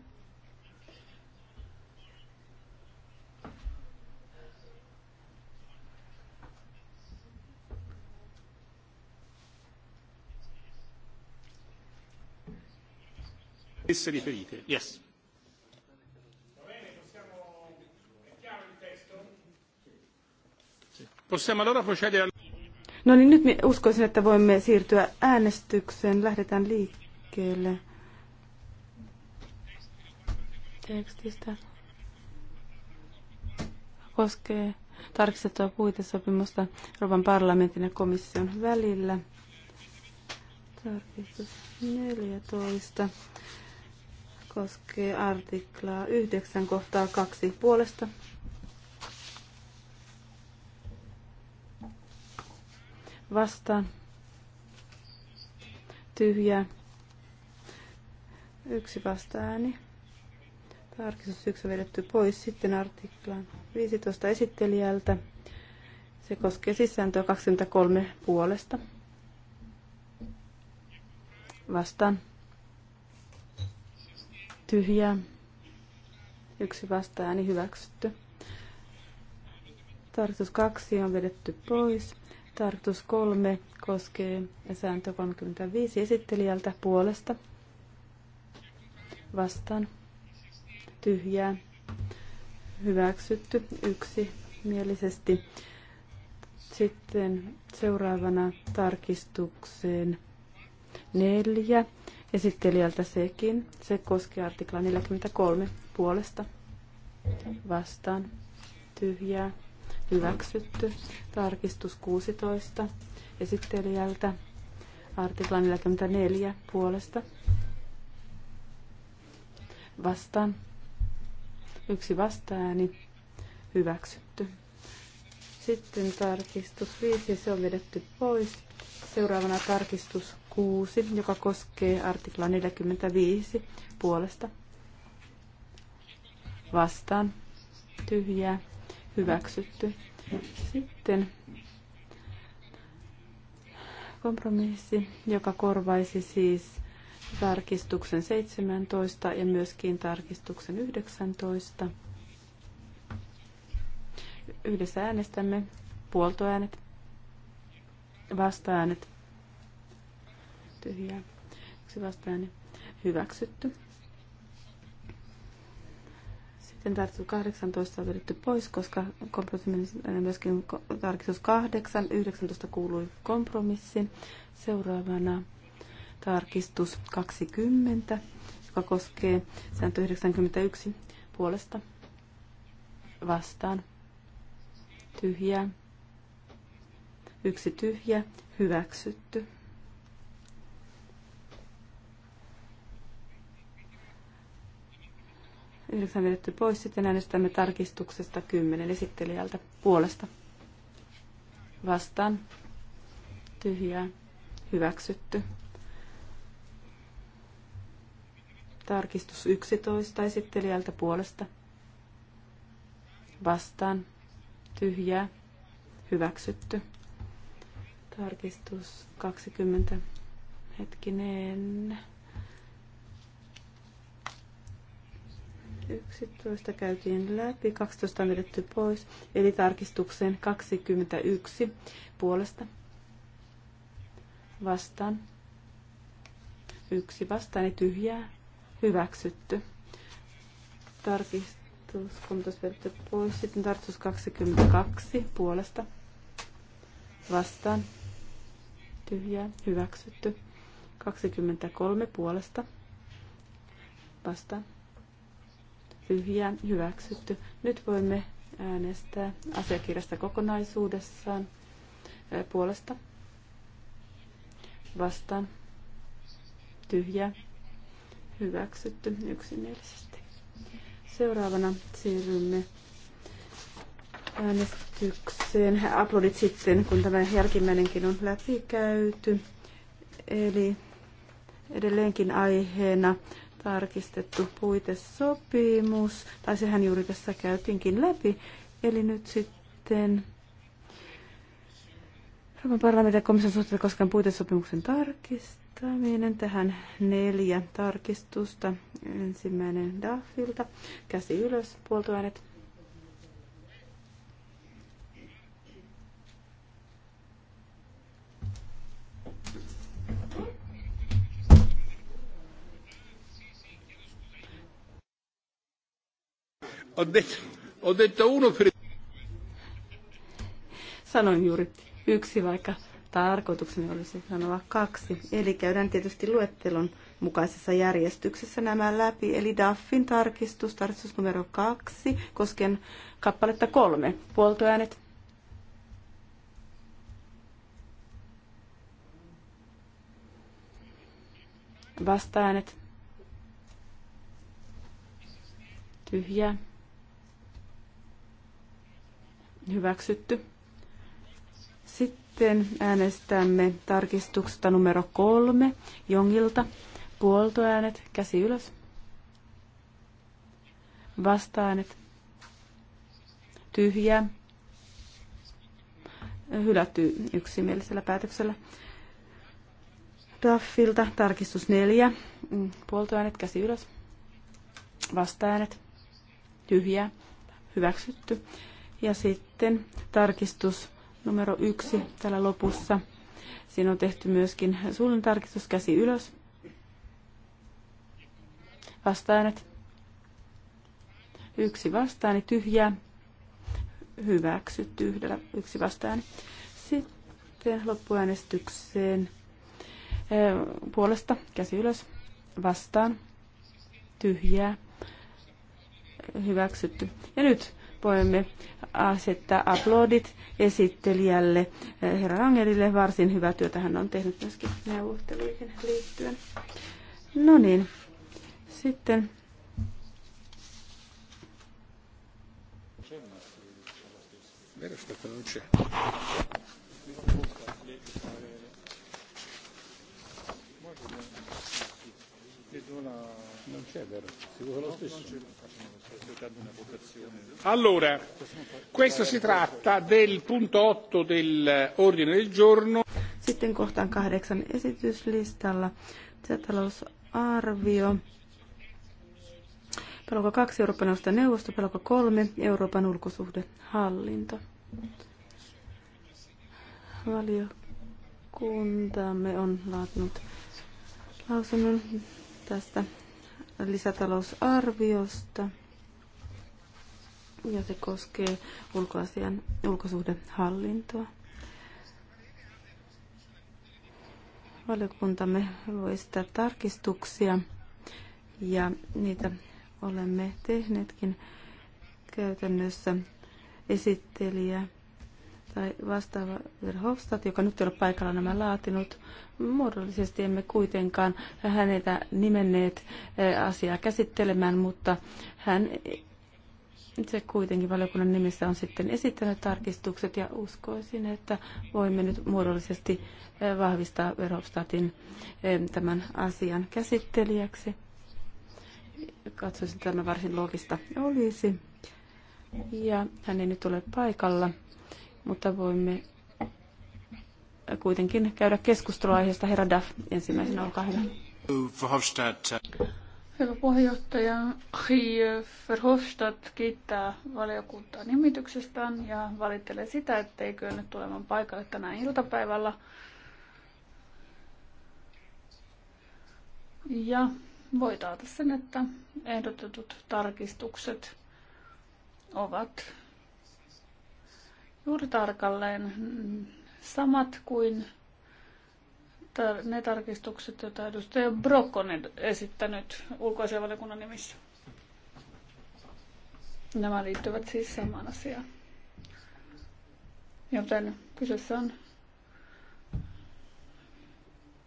esse riferite. Yes. No niin, nyt uskoisin, että voimme siirtyä äänestykseen. Lähdetään liikkeelle. Tekstistä koskee tarkistettua puitesopimusta Euroopan parlamentin ja komission välillä. Tarkistus 14 koskee artiklaa 9 kohtaa 2 puolesta. Vastaan. Tyhjä. Yksi vastaääni. Tarkistus yksi on vedetty pois. Sitten artiklaan 15 esittelijältä. Se koskee sisääntöä 23 puolesta. Vastaan tyhjää. Yksi vastaääni hyväksytty. Tarkoitus 2 on vedetty pois. Tarkoitus 3 koskee sääntö 35 esittelijältä puolesta. Vastaan. Tyhjää. Hyväksytty yksi mielisesti. Sitten seuraavana tarkistukseen neljä esittelijältä sekin. Se koskee artikla 43 puolesta vastaan tyhjää hyväksytty. Tarkistus 16 esittelijältä artikla 44 puolesta vastaan yksi vastaääni hyväksytty. Sitten tarkistus 5, se on vedetty pois. Seuraavana tarkistus 6, joka koskee artikla 45 puolesta. Vastaan. Tyhjää. Hyväksytty. Sitten kompromissi, joka korvaisi siis tarkistuksen 17 ja myöskin tarkistuksen 19. Yhdessä äänestämme puoltoäänet, vastaäänet, tyhjää. Yksi vastaani, hyväksytty. Sitten tarkistus 18 on vedetty pois, koska kompromissi myöskin tarkistus 8, 19 kuului kompromissin. Seuraavana tarkistus 20, joka koskee sääntö 91 puolesta vastaan. Tyhjää. Yksi tyhjä, hyväksytty. 9 vedetty pois. Sitten äänestämme tarkistuksesta kymmenen esittelijältä puolesta. Vastaan. Tyhjää. Hyväksytty. Tarkistus 11 esittelijältä puolesta. Vastaan. Tyhjää. Hyväksytty. Tarkistus 20. Hetkinen. 11 käytiin läpi, 12 on vedetty pois, eli tarkistukseen 21 puolesta vastaan. Yksi vastaan, niin tyhjää, hyväksytty. Tarkistus 13 vedetty pois, sitten tarkistus 22 puolesta vastaan, tyhjää, hyväksytty. 23 puolesta vastaan pyhiä, hyväksytty. Nyt voimme äänestää asiakirjasta kokonaisuudessaan puolesta vastaan tyhjä hyväksytty yksimielisesti. Seuraavana siirrymme äänestykseen. Aplodit sitten, kun tämä jälkimmäinenkin on läpikäyty. Eli edelleenkin aiheena tarkistettu puitesopimus, tai sehän juuri tässä käytiinkin läpi. Eli nyt sitten Euroopan parlamentin ja komission suhteen koskaan puitesopimuksen tarkistaminen. Tähän neljä tarkistusta. Ensimmäinen Daffilta. Käsi ylös, puoltoäänet Ho detto, ho detto uno per... Sanoin juuri yksi, vaikka tarkoitukseni olisi sanoa kaksi. Eli käydään tietysti luettelon mukaisessa järjestyksessä nämä läpi. Eli Daffin tarkistus, tarkistus numero kaksi, koskien kappaletta kolme. Puoltoäänet vastaäänet. Tyhjää. Hyväksytty. Sitten äänestämme tarkistuksesta numero kolme Jongilta. Puoltoäänet, käsi ylös. Vastaäänet, tyhjää. Hylätty yksimielisellä päätöksellä. Taffilta tarkistus neljä. Puoltoäänet, käsi ylös. Vastaäänet, tyhjää. Hyväksytty. Ja sitten tarkistus numero yksi täällä lopussa. Siinä on tehty myöskin suullinen tarkistus, käsi ylös. Vastaanet. Yksi vastaani tyhjää. Hyväksytty yhdellä yksi vastaani. Sitten loppuäänestykseen. Puolesta käsi ylös. Vastaan. Tyhjää. Hyväksytty. Ja nyt voimme asettaa aplodit esittelijälle eh, herra Rangerille. Varsin hyvä työtä hän on tehnyt myöskin neuvotteluihin liittyen. No niin, sitten Vero, sta Non c'è, vero? Sicuro lo no, stesso. Allora, questo si tratta del punto 8 dell'ordine del giorno. Sitten kohtaan kahdeksan esityslistalla. Lisätalousarvio. Pelko 2 Euroopan neuvosto, pelko 3 Euroopan ulkosuhdehallinto. Valiokuntamme on laatinut lausunnon tästä lisätalousarviosta, ja se koskee ulkoasian ulkosuhdehallintoa. Valiokuntamme luo sitä tarkistuksia ja niitä olemme tehneetkin käytännössä esittelijä tai vastaava Verhofstadt, joka nyt ei ole paikalla nämä laatinut. Muodollisesti emme kuitenkaan hänetä nimenneet eh, asiaa käsittelemään, mutta hän itse kuitenkin valiokunnan nimissä on sitten esittänyt tarkistukset ja uskoisin, että voimme nyt muodollisesti eh, vahvistaa Verhofstadtin eh, tämän asian käsittelijäksi. Katsoisin, että tämä varsin loogista olisi. Ja hän ei nyt ole paikalla mutta voimme kuitenkin käydä keskustelua aiheesta. Herra Duff, ensimmäisenä olkaa hyvä. Hyvä puheenjohtaja Hi Verhofstadt kiittää valiokuntaa nimityksestään ja valittelee sitä, ettei kyennyt tulemaan paikalle tänään iltapäivällä. Ja voi taata sen, että ehdotetut tarkistukset ovat juuri tarkalleen samat kuin ne tarkistukset, joita edustaja Brock on esittänyt ulkoasiavaliokunnan nimissä. Nämä liittyvät siis samaan asiaan. Joten kyseessä on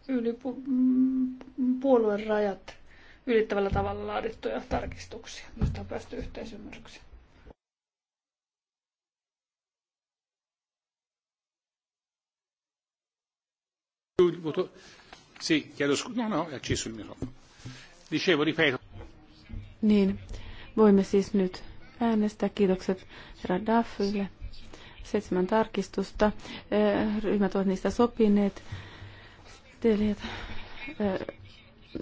yli pu- mm, rajat ylittävällä tavalla laadittuja tarkistuksia, joista on päästy yhteisymmärrykseen. Sì, chiedo scusa. No, no, è acceso il microfono. Dicevo, ripeto. Niin, voimme siis nyt äänestää. Kiitokset herra Daffille. Seitsemän tarkistusta. Ryhmät ovat niistä sopineet. Teilijät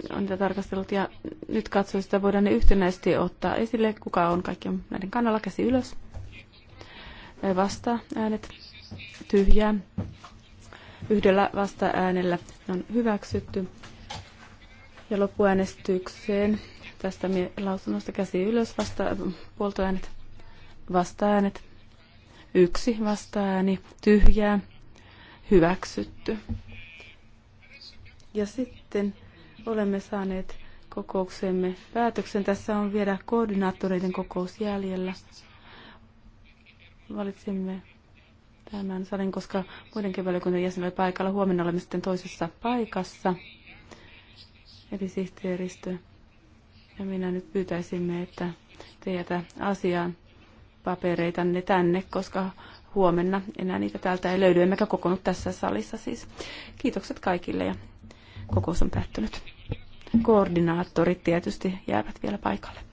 on niitä tarkastellut ja nyt katsoo, että voidaan ne yhtenäisesti ottaa esille, kuka on kaikki näiden kannalla, käsi ylös. Vasta äänet, tyhjää, Yhdellä vasta-äänellä on hyväksytty. Ja loppuäänestykseen tästä lausunnosta käsi ylös vasta, puoltoäänet, vastaäänet, yksi vastaääni, tyhjää, hyväksytty. Ja sitten olemme saaneet kokouksemme päätöksen. Tässä on vielä koordinaattoreiden kokous jäljellä. Valitsimme tämän salin, koska muidenkin valiokunnan jäsen oli paikalla. Huomenna olemme sitten toisessa paikassa, eli sihteeristö. Ja minä nyt pyytäisimme, että teitä jätä asiaan ne tänne, koska huomenna enää niitä täältä ei löydy, emmekä kokonut tässä salissa siis. Kiitokset kaikille ja kokous on päättynyt. Koordinaattorit tietysti jäävät vielä paikalle.